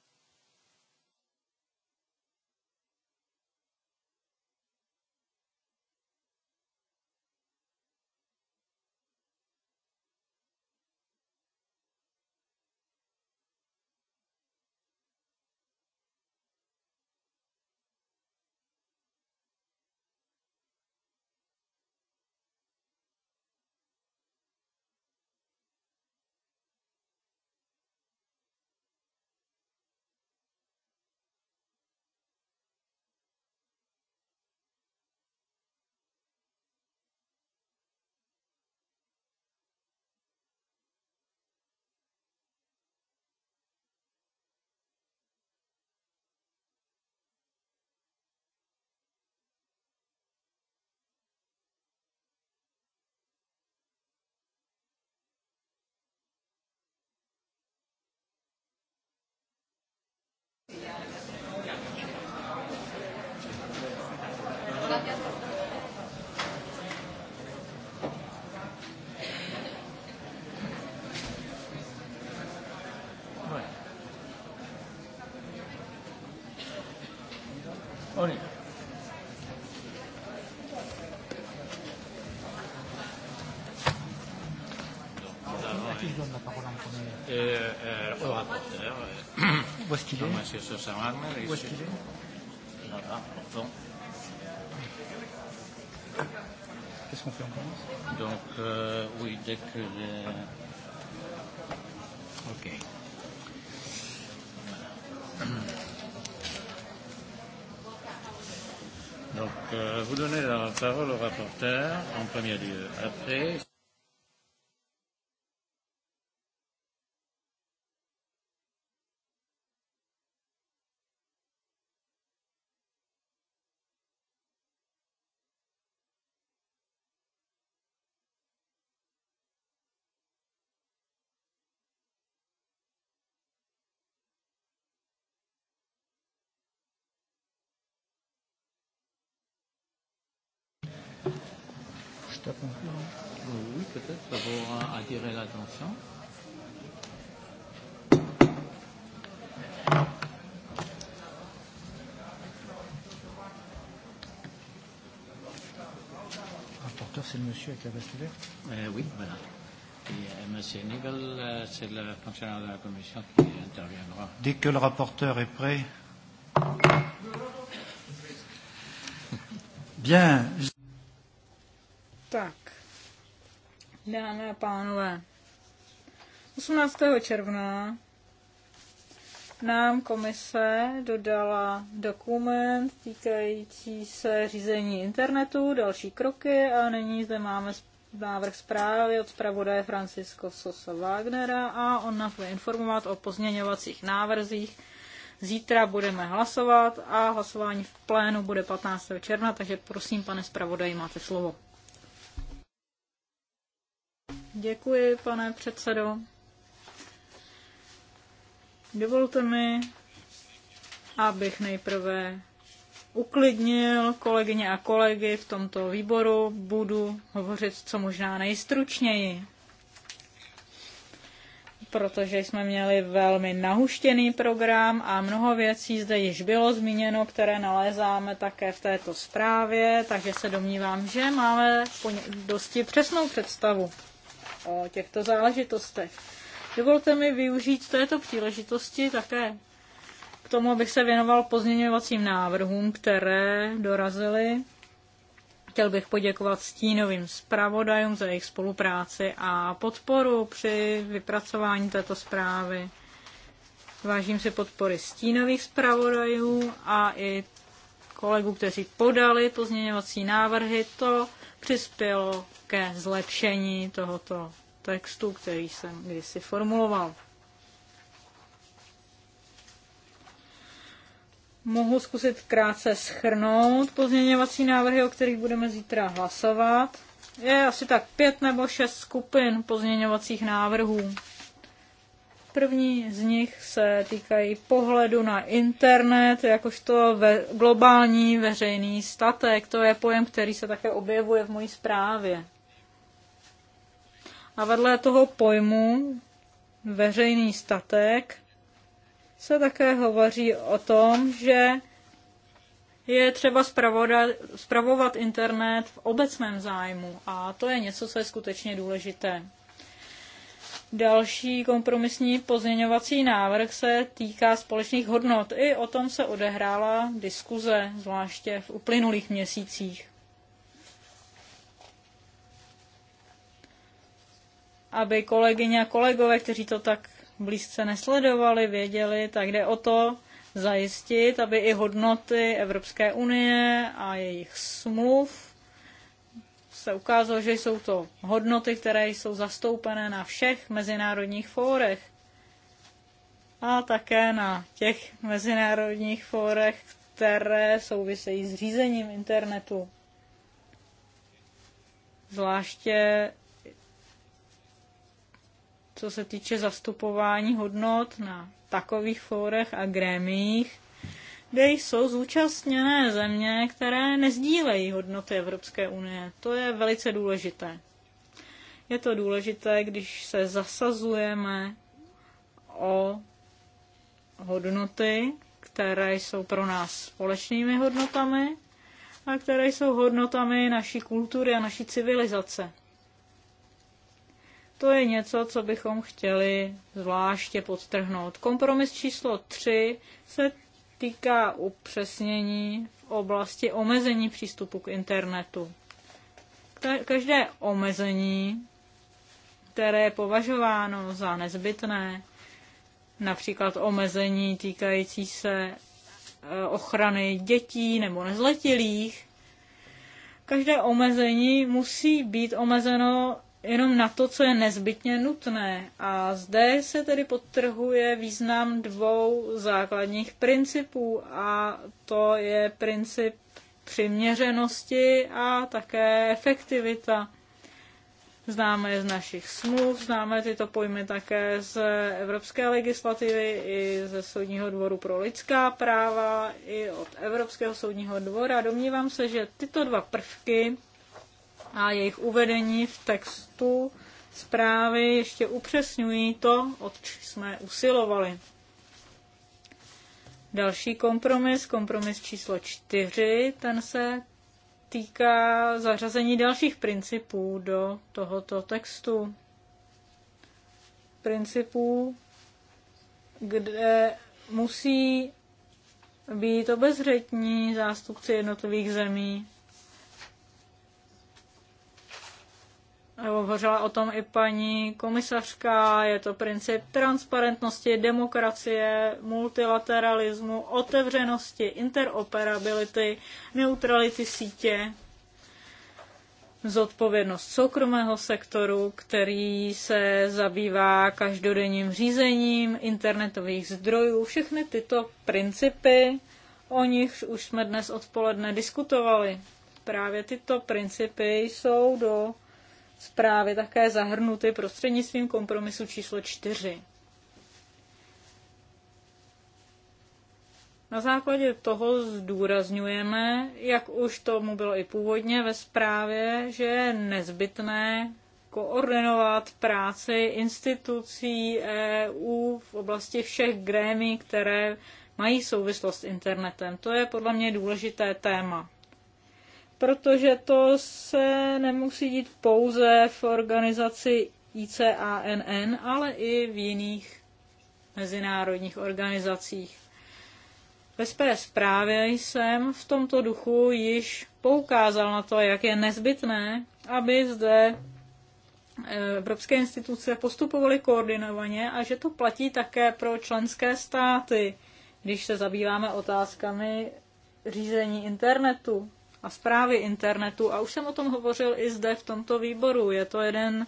[SPEAKER 2] Armer is...
[SPEAKER 3] Qu'est-ce qu'on fait en
[SPEAKER 1] commence Donc, euh, oui, dès que... Les... Ok.
[SPEAKER 2] Donc, euh, vous donnez la parole au rapporteur
[SPEAKER 3] en premier lieu. Après...
[SPEAKER 1] peut-être avoir attirer l'attention. Rapporteur,
[SPEAKER 2] c'est le monsieur avec la veste verte
[SPEAKER 1] euh, Oui, voilà. Et euh, monsieur Nibel, euh, c'est le
[SPEAKER 2] fonctionnaire de la commission qui interviendra. Dès que le rapporteur est prêt. Bien.
[SPEAKER 1] Dámy a pánové, 18. června nám komise dodala dokument týkající se řízení internetu, další kroky a nyní zde máme návrh zprávy od zpravodaje Francisco Sosa Wagnera a on nás bude informovat o pozměňovacích návrzích. Zítra budeme hlasovat a hlasování v plénu bude 15. června, takže prosím, pane zpravodaji, máte slovo. Děkuji, pane předsedo. Dovolte mi, abych nejprve uklidnil kolegyně a kolegy v tomto výboru. Budu hovořit co možná nejstručněji, protože jsme měli velmi nahuštěný program a mnoho věcí zde již bylo zmíněno, které nalézáme také v této zprávě, takže se domnívám, že máme dosti přesnou představu o těchto záležitostech. Dovolte mi využít této příležitosti také k tomu, abych se věnoval pozměňovacím návrhům, které dorazily. Chtěl bych poděkovat stínovým zpravodajům za jejich spolupráci a podporu při vypracování této zprávy. Vážím si podpory stínových zpravodajů a i kolegů, kteří podali pozměňovací návrhy. To přispělo ke zlepšení tohoto textu, který jsem kdysi formuloval. Mohu zkusit krátce schrnout pozměňovací návrhy, o kterých budeme zítra hlasovat. Je asi tak pět nebo šest skupin pozměňovacích návrhů. První z nich se týkají pohledu na internet, jakožto ve, globální veřejný statek. To je pojem, který se také objevuje v mojí zprávě. A vedle toho pojmu veřejný statek se také hovoří o tom, že je třeba spravovat internet v obecném zájmu a to je něco, co je skutečně důležité. Další kompromisní pozměňovací návrh se týká společných hodnot. I o tom se odehrála diskuze, zvláště v uplynulých měsících. Aby kolegyně a kolegové, kteří to tak blízce nesledovali, věděli, tak jde o to zajistit, aby i hodnoty Evropské unie a jejich smluv se ukázalo, že jsou to hodnoty, které jsou zastoupené na všech mezinárodních fórech a také na těch mezinárodních fórech, které souvisejí s řízením internetu. Zvláště co se týče zastupování hodnot na takových fórech a grémiích, kde jsou zúčastněné země, které nezdílejí hodnoty Evropské unie. To je velice důležité. Je to důležité, když se zasazujeme o hodnoty, které jsou pro nás společnými hodnotami a které jsou hodnotami naší kultury a naší civilizace. To je něco, co bychom chtěli zvláště podtrhnout. Kompromis číslo 3 se týká upřesnění v oblasti omezení přístupu k internetu. Každé omezení, které je považováno za nezbytné, například omezení týkající se eh, ochrany dětí nebo nezletilých, každé omezení musí být omezeno jenom na to, co je nezbytně nutné. A zde se tedy podtrhuje význam dvou základních principů a to je princip přiměřenosti a také efektivita. Známe je z našich smluv, známe tyto pojmy také z evropské legislativy i ze Soudního dvoru pro lidská práva, i od Evropského soudního dvora. Domnívám se, že tyto dva prvky a jejich uvedení v textu zprávy ještě upřesňují to, o co jsme usilovali. Další kompromis, kompromis číslo čtyři, ten se týká zařazení dalších principů do tohoto textu. Principů, kde musí být obezřetní zástupci jednotlivých zemí Hovořila o tom i paní komisařka, je to princip transparentnosti, demokracie, multilateralismu, otevřenosti, interoperability, neutrality sítě, zodpovědnost soukromého sektoru, který se zabývá každodenním řízením internetových zdrojů. Všechny tyto principy, o nich už jsme dnes odpoledne diskutovali. Právě tyto principy jsou do zprávy také zahrnuty prostřednictvím kompromisu číslo 4. Na základě toho zdůrazňujeme, jak už tomu bylo i původně ve zprávě, že je nezbytné koordinovat práci institucí EU v oblasti všech grémí, které mají souvislost s internetem. To je podle mě důležité téma protože to se nemusí dít pouze v organizaci ICANN, ale i v jiných mezinárodních organizacích. Ve své zprávě jsem v tomto duchu již poukázal na to, jak je nezbytné, aby zde eh, evropské instituce postupovaly koordinovaně a že to platí také pro členské státy, když se zabýváme otázkami řízení internetu a zprávy internetu. A už jsem o tom hovořil i zde v tomto výboru. Je to jeden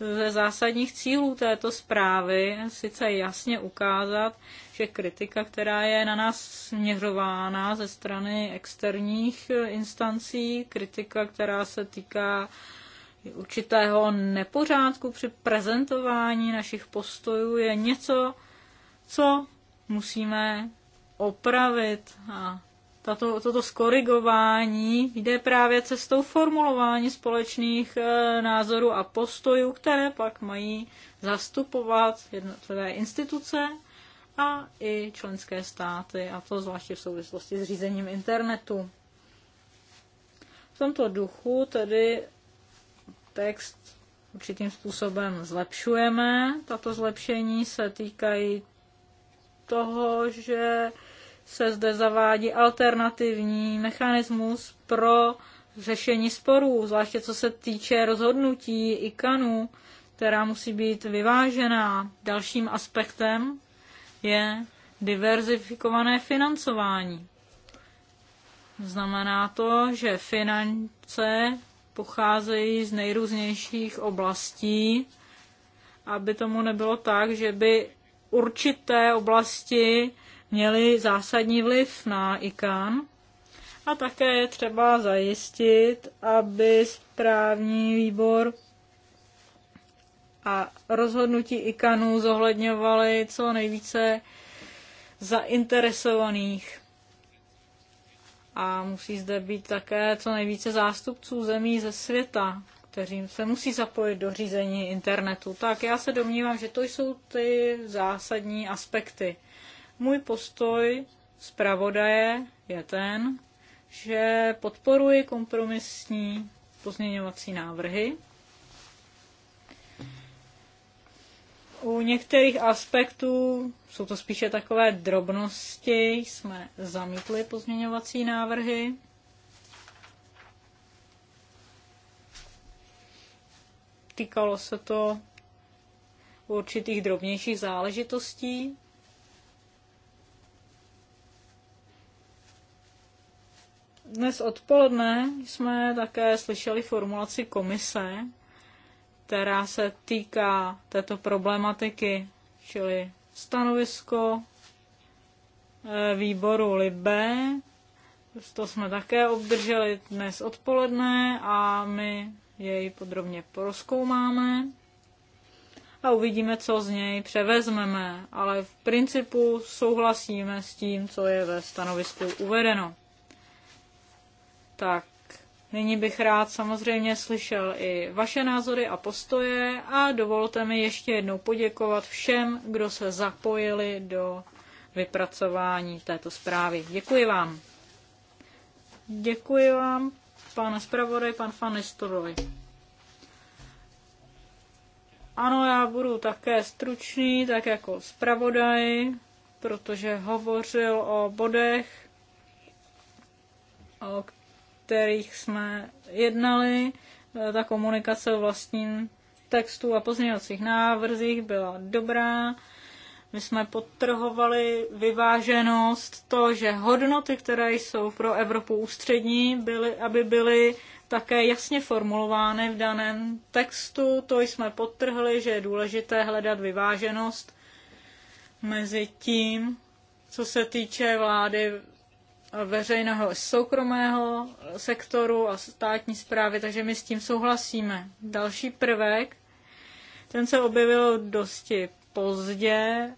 [SPEAKER 1] ze zásadních cílů této zprávy, sice jasně ukázat, že kritika, která je na nás směřována ze strany externích eh, instancí, kritika, která se týká určitého nepořádku při prezentování našich postojů, je něco, co musíme opravit a tato, toto skorigování jde právě cestou formulování společných e, názorů a postojů, které pak mají zastupovat jednotlivé instituce a i členské státy, a to zvláště v souvislosti s řízením internetu. V tomto duchu tedy text určitým způsobem zlepšujeme. Tato zlepšení se týkají toho, že se zde zavádí alternativní mechanismus pro řešení sporů, zvláště co se týče rozhodnutí IKANu, která musí být vyvážená. Dalším aspektem je diverzifikované financování. Znamená to, že finance pocházejí z nejrůznějších oblastí, aby tomu nebylo tak, že by určité oblasti měly zásadní vliv na ICAN. A také je třeba zajistit, aby správní výbor a rozhodnutí ICANu zohledňovaly co nejvíce zainteresovaných. A musí zde být také co nejvíce zástupců zemí ze světa, kteří se musí zapojit do řízení internetu. Tak já se domnívám, že to jsou ty zásadní aspekty. Můj postoj zpravodaje je ten, že podporuji kompromisní pozměňovací návrhy. U některých aspektů jsou to spíše takové drobnosti, jsme zamítli pozměňovací návrhy. Týkalo se to určitých drobnějších záležitostí, Dnes odpoledne jsme také slyšeli formulaci komise, která se týká této problematiky, čili stanovisko eh, výboru Libe. To jsme také obdrželi dnes odpoledne a my jej podrobně proskoumáme a uvidíme, co z něj převezmeme, ale v principu souhlasíme s tím, co je ve stanovisku uvedeno tak nyní bych rád samozřejmě slyšel i vaše názory a postoje a dovolte mi ještě jednou poděkovat všem, kdo se zapojili do vypracování této zprávy. Děkuji vám. Děkuji vám, pane zpravodaj, pan Fanistoroj. Ano, já budu také stručný, tak jako zpravodaj, protože hovořil o bodech, o kterých jsme jednali. Eh, ta komunikace o vlastním textu a pozměňovacích návrzích byla dobrá. My jsme podtrhovali vyváženost, to, že hodnoty, které jsou pro Evropu ústřední, byly, aby byly také jasně formulovány v daném textu. To jsme podtrhli, že je důležité hledat vyváženost mezi tím, co se týče vlády veřejného soukromého sektoru a státní zprávy, takže my s tím souhlasíme. Další prvek, ten se objevil dosti pozdě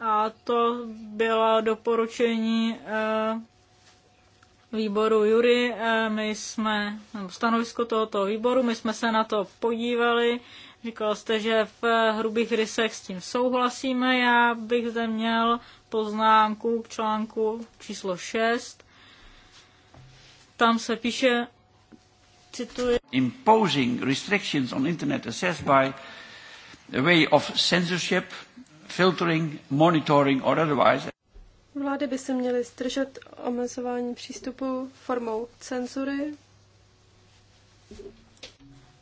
[SPEAKER 1] a to byla doporučení eh, výboru Jury. Eh, my jsme, stanovisko tohoto výboru, my jsme se na to podívali, Říkal jste, že v hrubých rysech s tím souhlasíme. Já bych zde měl poznámku k článku číslo 6. Tam se píše, cituji, Imposing restrictions on internet access by a way of censorship, filtering, monitoring or otherwise.
[SPEAKER 3] Vlády by se měly stržet omezování přístupu formou cenzury,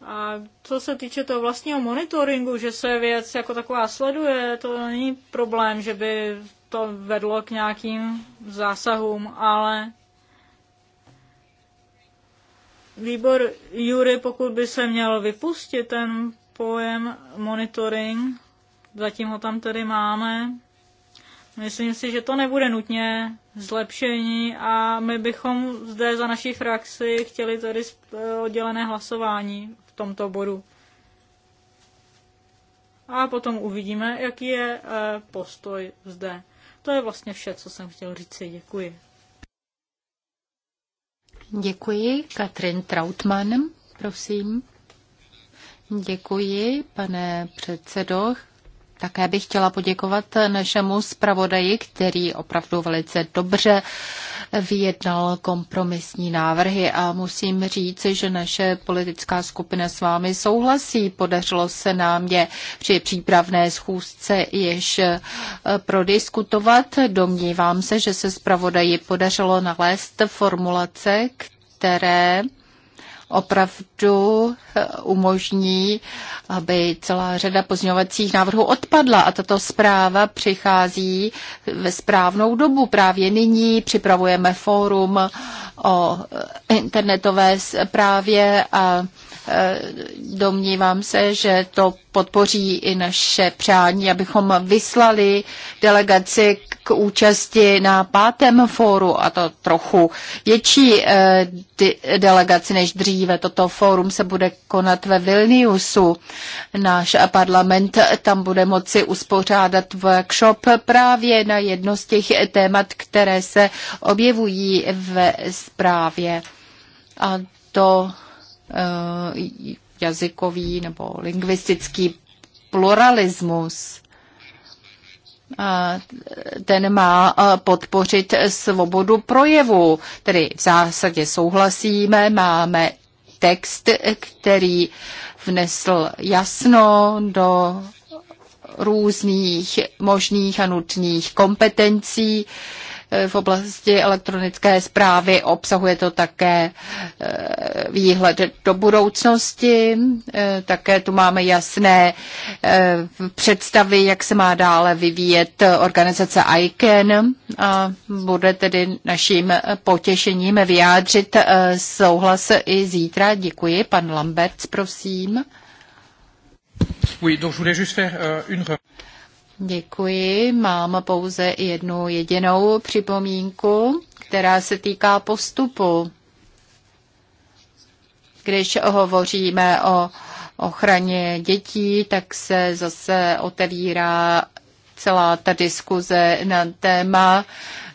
[SPEAKER 1] a co se týče toho vlastního monitoringu, že se věc jako taková sleduje, to není problém, že by to vedlo k nějakým zásahům, ale výbor Jury, pokud by se měl vypustit ten pojem monitoring, zatím ho tam tedy máme, myslím si, že to nebude nutně zlepšení a my bychom zde za naší frakci chtěli tedy oddělené hlasování tomto bodu. A potom uvidíme, jaký je eh, postoj zde. To je vlastně vše, co jsem chtěl říct. Děkuji.
[SPEAKER 2] Děkuji. Katrin Trautmann, prosím. Děkuji, pane předsedo. Také bych chtěla poděkovat našemu zpravodaji, který opravdu velice dobře uh, vyjednal kompromisní návrhy a musím říct, že naše politická skupina s vámi souhlasí. Podařilo se nám je při přípravné schůzce již eh, prodiskutovat. Domnívám se, že se zpravodaji podařilo nalézt formulace, které opravdu eh, umožní, aby celá řada pozňovacích návrhů odpadla. A tato zpráva přichází ve správnou dobu. Právě nyní připravujeme fórum o eh, internetové zprávě a Domnívám se, že to podpoří i naše přání, abychom vyslali delegaci k účasti na pátém fóru, a to trochu větší eh, delegaci než dříve. Toto fórum se bude konat ve Vilniusu. Náš parlament tam bude moci uspořádat workshop právě na jedno z těch témat, které se objevují ve zprávě. A to Eh, jazykový nebo lingvistický pluralismus. Ten má eh, podpořit svobodu projevu. Tedy v zásadě souhlasíme, máme text, který vnesl jasno do různých možných a nutných kompetencí, Eh, v oblasti elektronické zprávy. Obsahuje to také eh, výhled do budoucnosti. Eh, také tu máme jasné představy, jak se má dále vyvíjet organizace ICANN. A bude tedy naším potěšením vyjádřit souhlas i zítra. Děkuji. Pan Lamberts, prosím.
[SPEAKER 1] Oui, donc je voulais juste faire euh,
[SPEAKER 2] Děkuji. Mám pouze jednu jedinou připomínku, která se týká postupu. Když hovoříme o ochraně dětí, tak se zase otevírá celá ta diskuze na téma,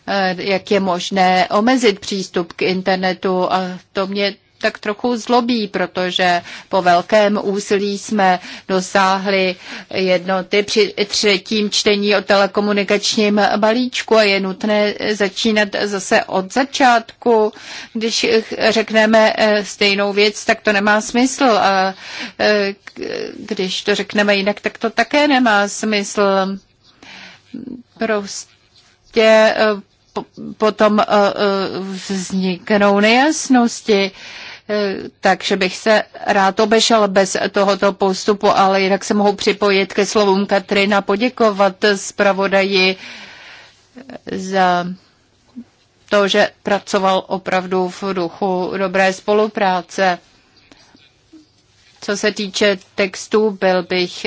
[SPEAKER 2] eh, jak je možné omezit přístup k internetu a to mě tak trochu zlobí, protože po velkém úsilí jsme dosáhli jednoty při třetím čtení o telekomunikačním balíčku a je nutné začínat zase od začátku. Když řekneme eh, stejnou věc, tak to nemá smysl a eh, když to řekneme jinak, tak to také nemá smysl. Prostě eh, potom vzniknou nejasnosti. Eh, takže bych se rád obešel bez tohoto postupu, ale jinak se mohu připojit ke slovům Katrina, poděkovat zpravodaji eh, za to, že pracoval opravdu v duchu dobré spolupráce. Co se týče textů, byl bych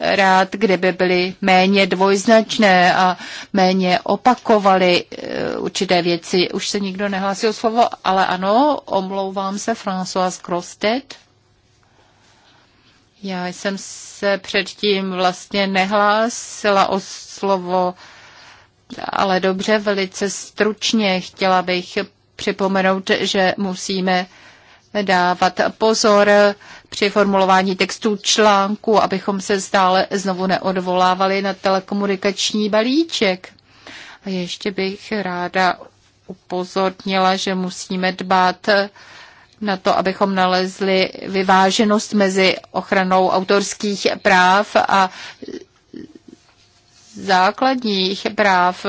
[SPEAKER 2] rád, kdyby byly méně dvojznačné a méně opakovaly eh, určité věci. Už se nikdo nehlásil slovo, ale ano, omlouvám se, François Crosted. Já jsem se předtím vlastně nehlásila o slovo, ale dobře, velice stručně chtěla bych připomenout, že musíme dávat pozor při formulování textů článku, abychom se stále znovu neodvolávali na telekomunikační balíček. A ještě bych ráda upozornila, že musíme dbát na to, abychom nalezli vyváženost mezi ochranou autorských práv a základních práv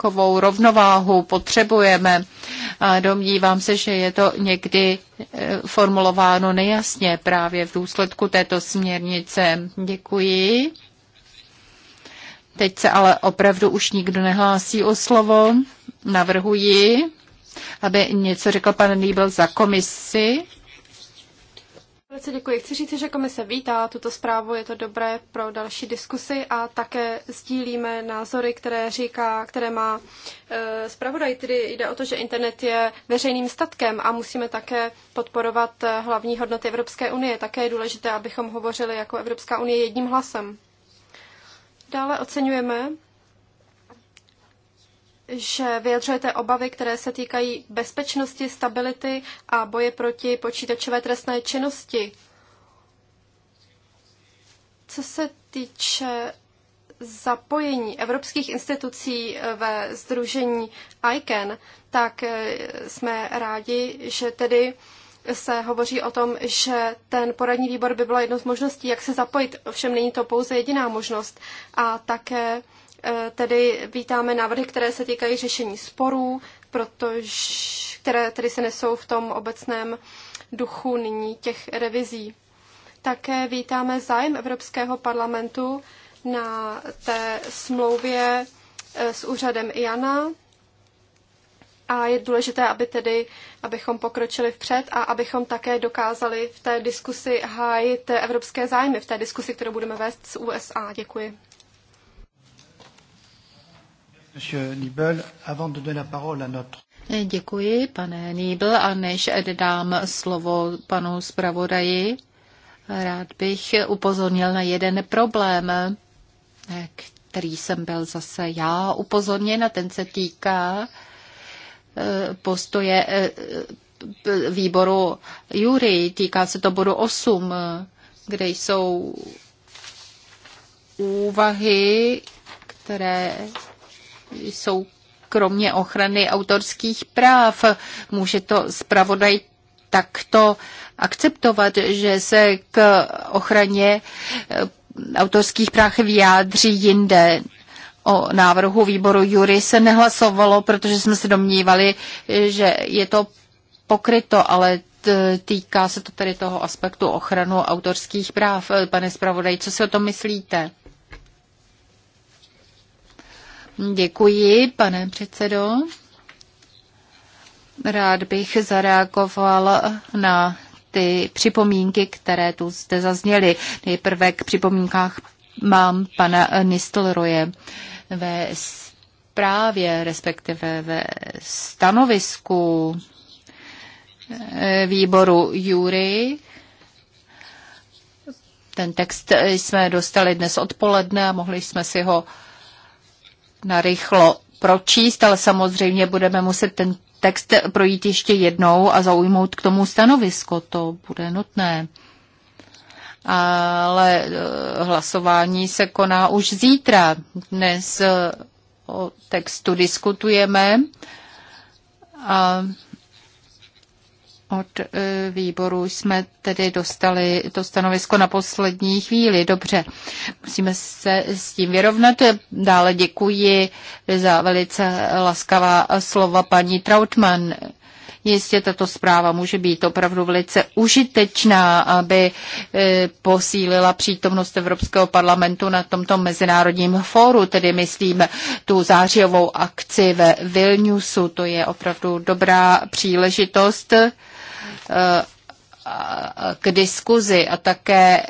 [SPEAKER 2] takovou rovnováhu potřebujeme. A domnívám se, že je to někdy e, formulováno nejasně právě v důsledku této směrnice. Děkuji. Teď se ale opravdu už nikdo nehlásí o slovo. Navrhuji, aby něco řekl pan Nýbel za komisi.
[SPEAKER 3] Velice děkuji. Chci říct, že komise vítá tuto zprávu, je to dobré pro další diskusy a také sdílíme názory, které říká, které má e, zpravodaj, tedy jde o to, že internet je veřejným statkem a musíme také podporovat e, hlavní hodnoty Evropské unie. Také je důležité, abychom hovořili jako Evropská unie jedním hlasem. Dále oceňujeme, že vyjadřujete obavy, které se týkají bezpečnosti, stability a boje proti počítačové trestné činnosti. Co se týče zapojení evropských institucí eh, ve združení iCan, tak eh, jsme rádi, že tedy se hovoří o tom, že ten poradní výbor by byla jednou z možností, jak se zapojit. Ovšem není to pouze jediná možnost. A také Eh, tedy vítáme návrhy, které se týkají řešení sporů, protože, které tedy se nesou v tom obecném duchu nyní těch revizí. Také vítáme zájem Evropského parlamentu na té smlouvě eh, s úřadem IANA a je důležité, aby tedy, abychom pokročili vpřed a abychom také dokázali v té diskusi hájit evropské zájmy, v té diskusi, kterou budeme vést s USA. Děkuji.
[SPEAKER 2] Děkuji, pane Nibel, a než dám slovo panu zpravodaji, rád bych upozornil na jeden problém, který jsem byl zase já upozorněn a ten se týká eh, postoje eh, výboru Jury. Týká se to bodu 8, kde jsou úvahy, které jsou kromě ochrany autorských práv. Může to zpravodaj takto akceptovat, že se k ochraně eh, autorských práv vyjádří jinde. O návrhu výboru Jury se nehlasovalo, protože jsme se domnívali, že je to pokryto, ale týká se to tedy toho aspektu ochranu autorských práv. Pane zpravodaj, co si o tom myslíte? Děkuji, pane předsedo. Rád bych zareagoval na ty připomínky, které tu zde zazněly. Nejprve k připomínkách mám pana Nistelroje ve zprávě, respektive ve stanovisku výboru Jury. Ten text jsme dostali dnes odpoledne a mohli jsme si ho narychlo pročíst, ale samozřejmě budeme muset ten text projít ještě jednou a zaujmout k tomu stanovisko. To bude nutné. Ale e, hlasování se koná už zítra. Dnes o textu diskutujeme. A od eh, výboru jsme tedy dostali to stanovisko na poslední chvíli. Dobře, musíme se s tím vyrovnat. Dále děkuji za velice laskavá slova paní Trautmann. Jistě tato zpráva může být opravdu velice užitečná, aby eh, posílila přítomnost Evropského parlamentu na tomto mezinárodním fóru, tedy myslím tu zářijovou akci ve Vilniusu. To je opravdu dobrá příležitost Eh, k diskuzi a také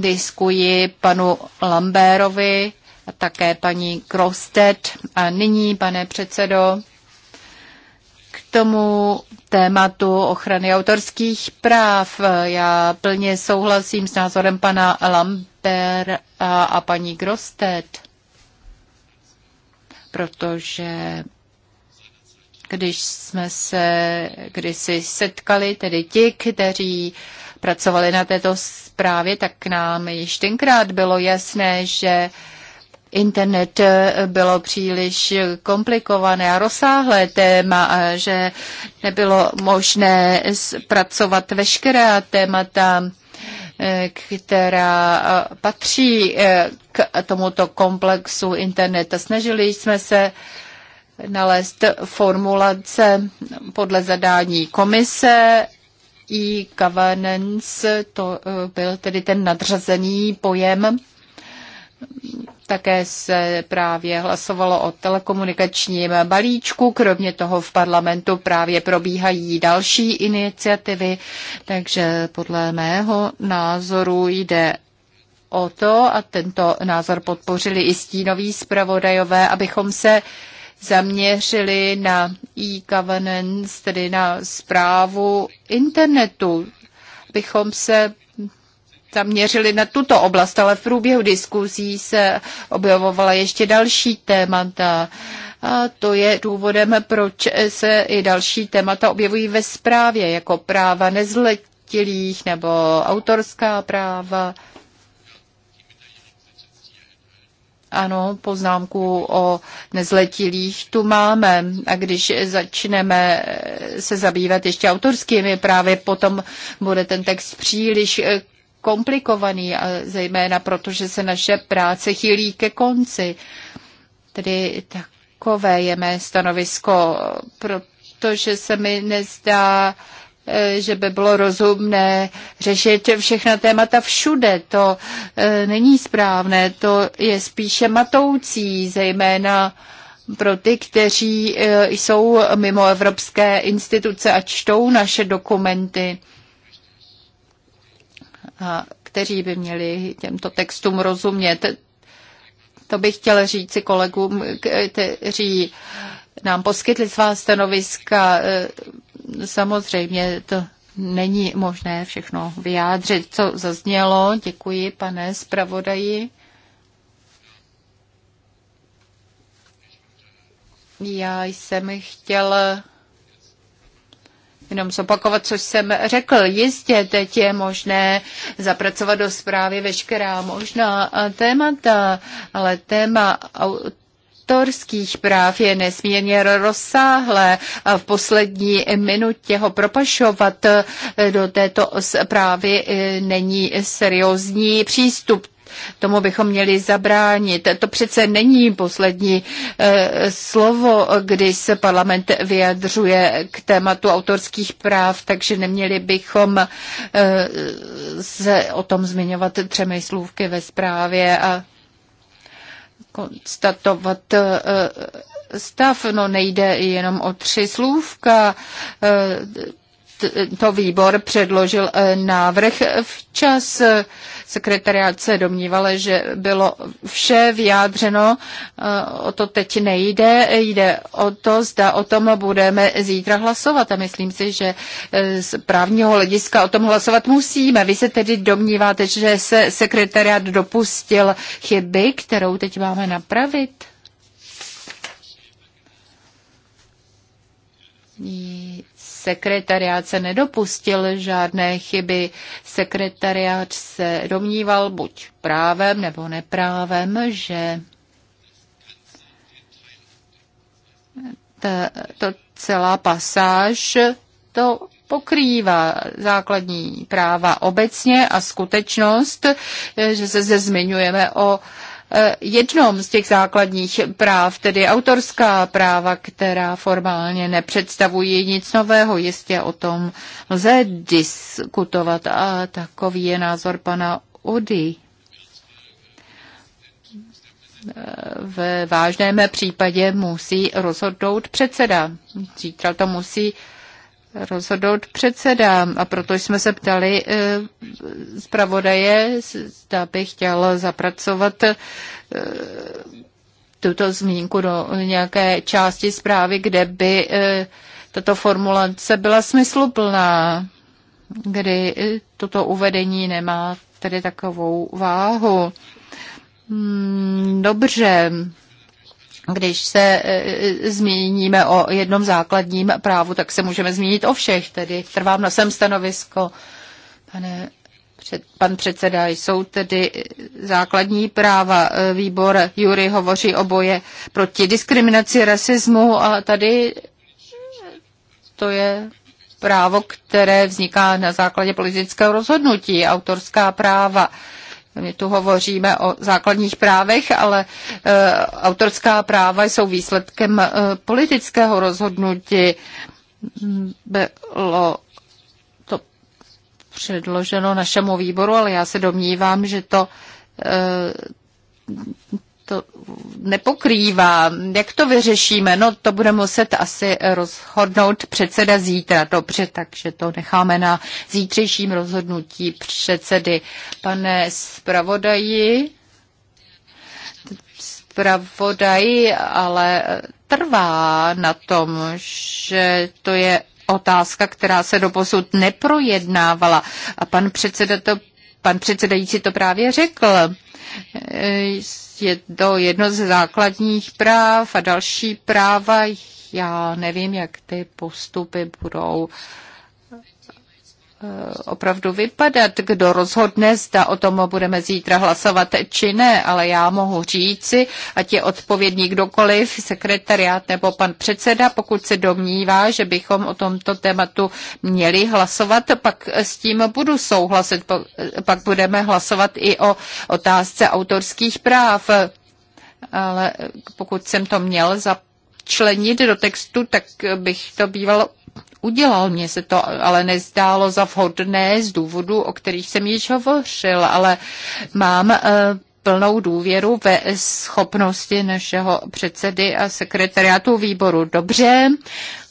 [SPEAKER 2] diskuji panu Lambérovi a také paní Krostet. A nyní, pane předsedo, k tomu tématu ochrany autorských práv. Já plně souhlasím s názorem pana Lamber a, paní Krostet, protože když jsme se kdysi setkali, tedy ti, kteří pracovali na této zprávě, tak nám již tenkrát bylo jasné, že Internet bylo příliš komplikované a rozsáhlé téma a že nebylo možné zpracovat veškeré témata, která patří k tomuto komplexu internetu. Snažili jsme se nalézt formulace podle zadání komise i governance, to eh, byl tedy ten nadřazený pojem. Také se právě hlasovalo o telekomunikačním balíčku, kromě toho v parlamentu právě probíhají další iniciativy, takže podle mého názoru jde o to, a tento názor podpořili i stínoví zpravodajové, abychom se uh, zaměřili na e-governance, tedy na zprávu internetu, bychom se zaměřili na tuto oblast, ale v průběhu diskuzí se objevovala ještě další témata. A to je důvodem, proč se i další témata objevují ve zprávě, jako práva nezletilých nebo autorská práva. Ano, poznámku o nezletilých tu máme. A když začneme se zabývat ještě autorskými právy, potom bude ten text příliš eh, komplikovaný, a zejména že se naše práce chýlí ke konci. Tedy takové je mé stanovisko, protože se mi nezdá, Eh, že by bylo rozumné řešit všechna témata všude. To eh, není správné, to je spíše matoucí, zejména pro ty, kteří eh, jsou mimo evropské instituce a čtou naše dokumenty, a kteří by měli těmto textům rozumět. To bych chtěla říci kolegům, kteří nám poskytli svá stanoviska samozřejmě to není možné všechno vyjádřit, co zaznělo. Děkuji, pane zpravodaji. Já jsem chtěl jenom zopakovat, co jsem řekl. Jistě teď je možné zapracovat do zprávy veškerá možná témata, ale téma autorských práv je nesmírně rozsáhlé a v poslední minutě ho propašovat eh, do této zprávy eh, není seriózní přístup. Tomu bychom měli zabránit. To přece není poslední e, slovo, kdy se parlament vyjadřuje k tématu autorských práv, takže neměli bychom e, se o tom zmiňovat třemi slůvky ve zprávě a konstatovat eh, stav. No nejde jenom o tři slůvka, eh, tento výbor předložil e, návrh včas. E, sekretariát se domnívala, že bylo vše vyjádřeno, e, o to teď nejde, jde o to, zda o tom budeme zítra hlasovat a myslím si, že z právního hlediska o tom hlasovat musíme. Vy se tedy domníváte, že se sekretariát dopustil chyby, kterou teď máme napravit? sekretariát se nedopustil žádné chyby. Sekretariát se domníval buď právem nebo neprávem, že ta, to celá pasáž to pokrývá základní práva obecně a skutečnost, že se zmiňujeme o Eh, jednom z těch základních práv, tedy autorská práva, která formálně nepředstavují nic nového. Jistě o tom lze diskutovat a takový je názor pana Ody. Eh, v vážném případě musí rozhodnout předseda. Zítra to musí rozhodnout předsedám. A proto jsme se ptali eh, zpravodaje, zda by chtěl zapracovat eh, tuto zmínku do nějaké části zprávy, kde by eh, tato formulace byla smysluplná, kdy toto uvedení nemá tedy takovou váhu. Hmm, dobře, když se e, e, zmíníme o jednom základním právu, tak se můžeme zmínit o všech, tedy trvám na svém stanovisko. Pane před, pan předseda, jsou tedy e, základní práva. Výbor Jury hovoří o boje proti diskriminaci, rasismu a tady to je právo, které vzniká na základě politického rozhodnutí, autorská práva. My tu hovoříme o základních právech, ale eh, autorská práva jsou výsledkem eh, politického rozhodnutí. Bylo to předloženo našemu výboru, ale já se domnívám, že to eh, to nepokrývá. Jak to vyřešíme? No to bude muset asi rozhodnout předseda zítra. Dobře, takže to necháme na zítřejším rozhodnutí předsedy. Pane zpravodaji, zpravodaji, ale trvá na tom, že to je otázka, která se doposud neprojednávala. A pan předseda to, pan předsedající to právě řekl je to jedno ze základních práv a další práva, já nevím, jak ty postupy budou Eh, opravdu vypadat, kdo rozhodne, zda o tom budeme zítra hlasovat či ne, ale já mohu říci, ať je odpovědný kdokoliv, sekretariát nebo pan předseda, pokud se domnívá, že bychom o tomto tématu měli hlasovat, pak s tím budu souhlasit, pak budeme hlasovat i o otázce autorských práv. Ale pokud jsem to měl za členit do textu, tak bych to bývalo udělal. Mně se to ale nezdálo za vhodné z důvodu, o kterých jsem již hovořil, ale mám eh, plnou důvěru ve schopnosti našeho předsedy a sekretariátu výboru. Dobře,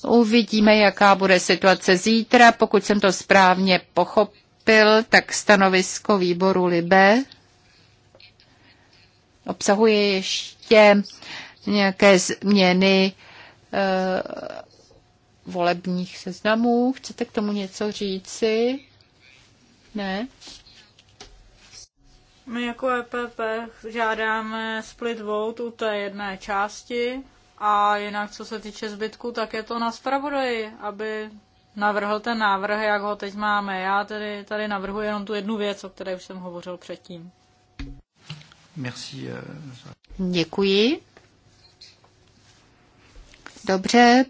[SPEAKER 2] uvidíme, jaká bude situace zítra. Pokud jsem to správně pochopil, tak stanovisko výboru Libe obsahuje ještě nějaké změny eh, volebních seznamů. Chcete k tomu něco říci? Ne?
[SPEAKER 1] My jako EPP žádáme split vote u té jedné části a jinak co se týče zbytku, tak je to na zpravodaji, aby navrhl ten návrh, jak ho teď máme. Já tedy tady navrhuji jenom tu jednu věc, o které už jsem hovořil předtím.
[SPEAKER 2] Merci. Eh, Děkuji. Dobře,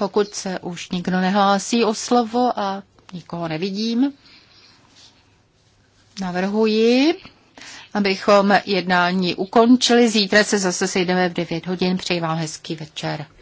[SPEAKER 2] pokud se už nikdo nehlásí o slovo a nikoho nevidím, navrhuji, abychom jednání ukončili. Zítra se zase sejdeme v 9 hodin. Přeji vám hezký večer.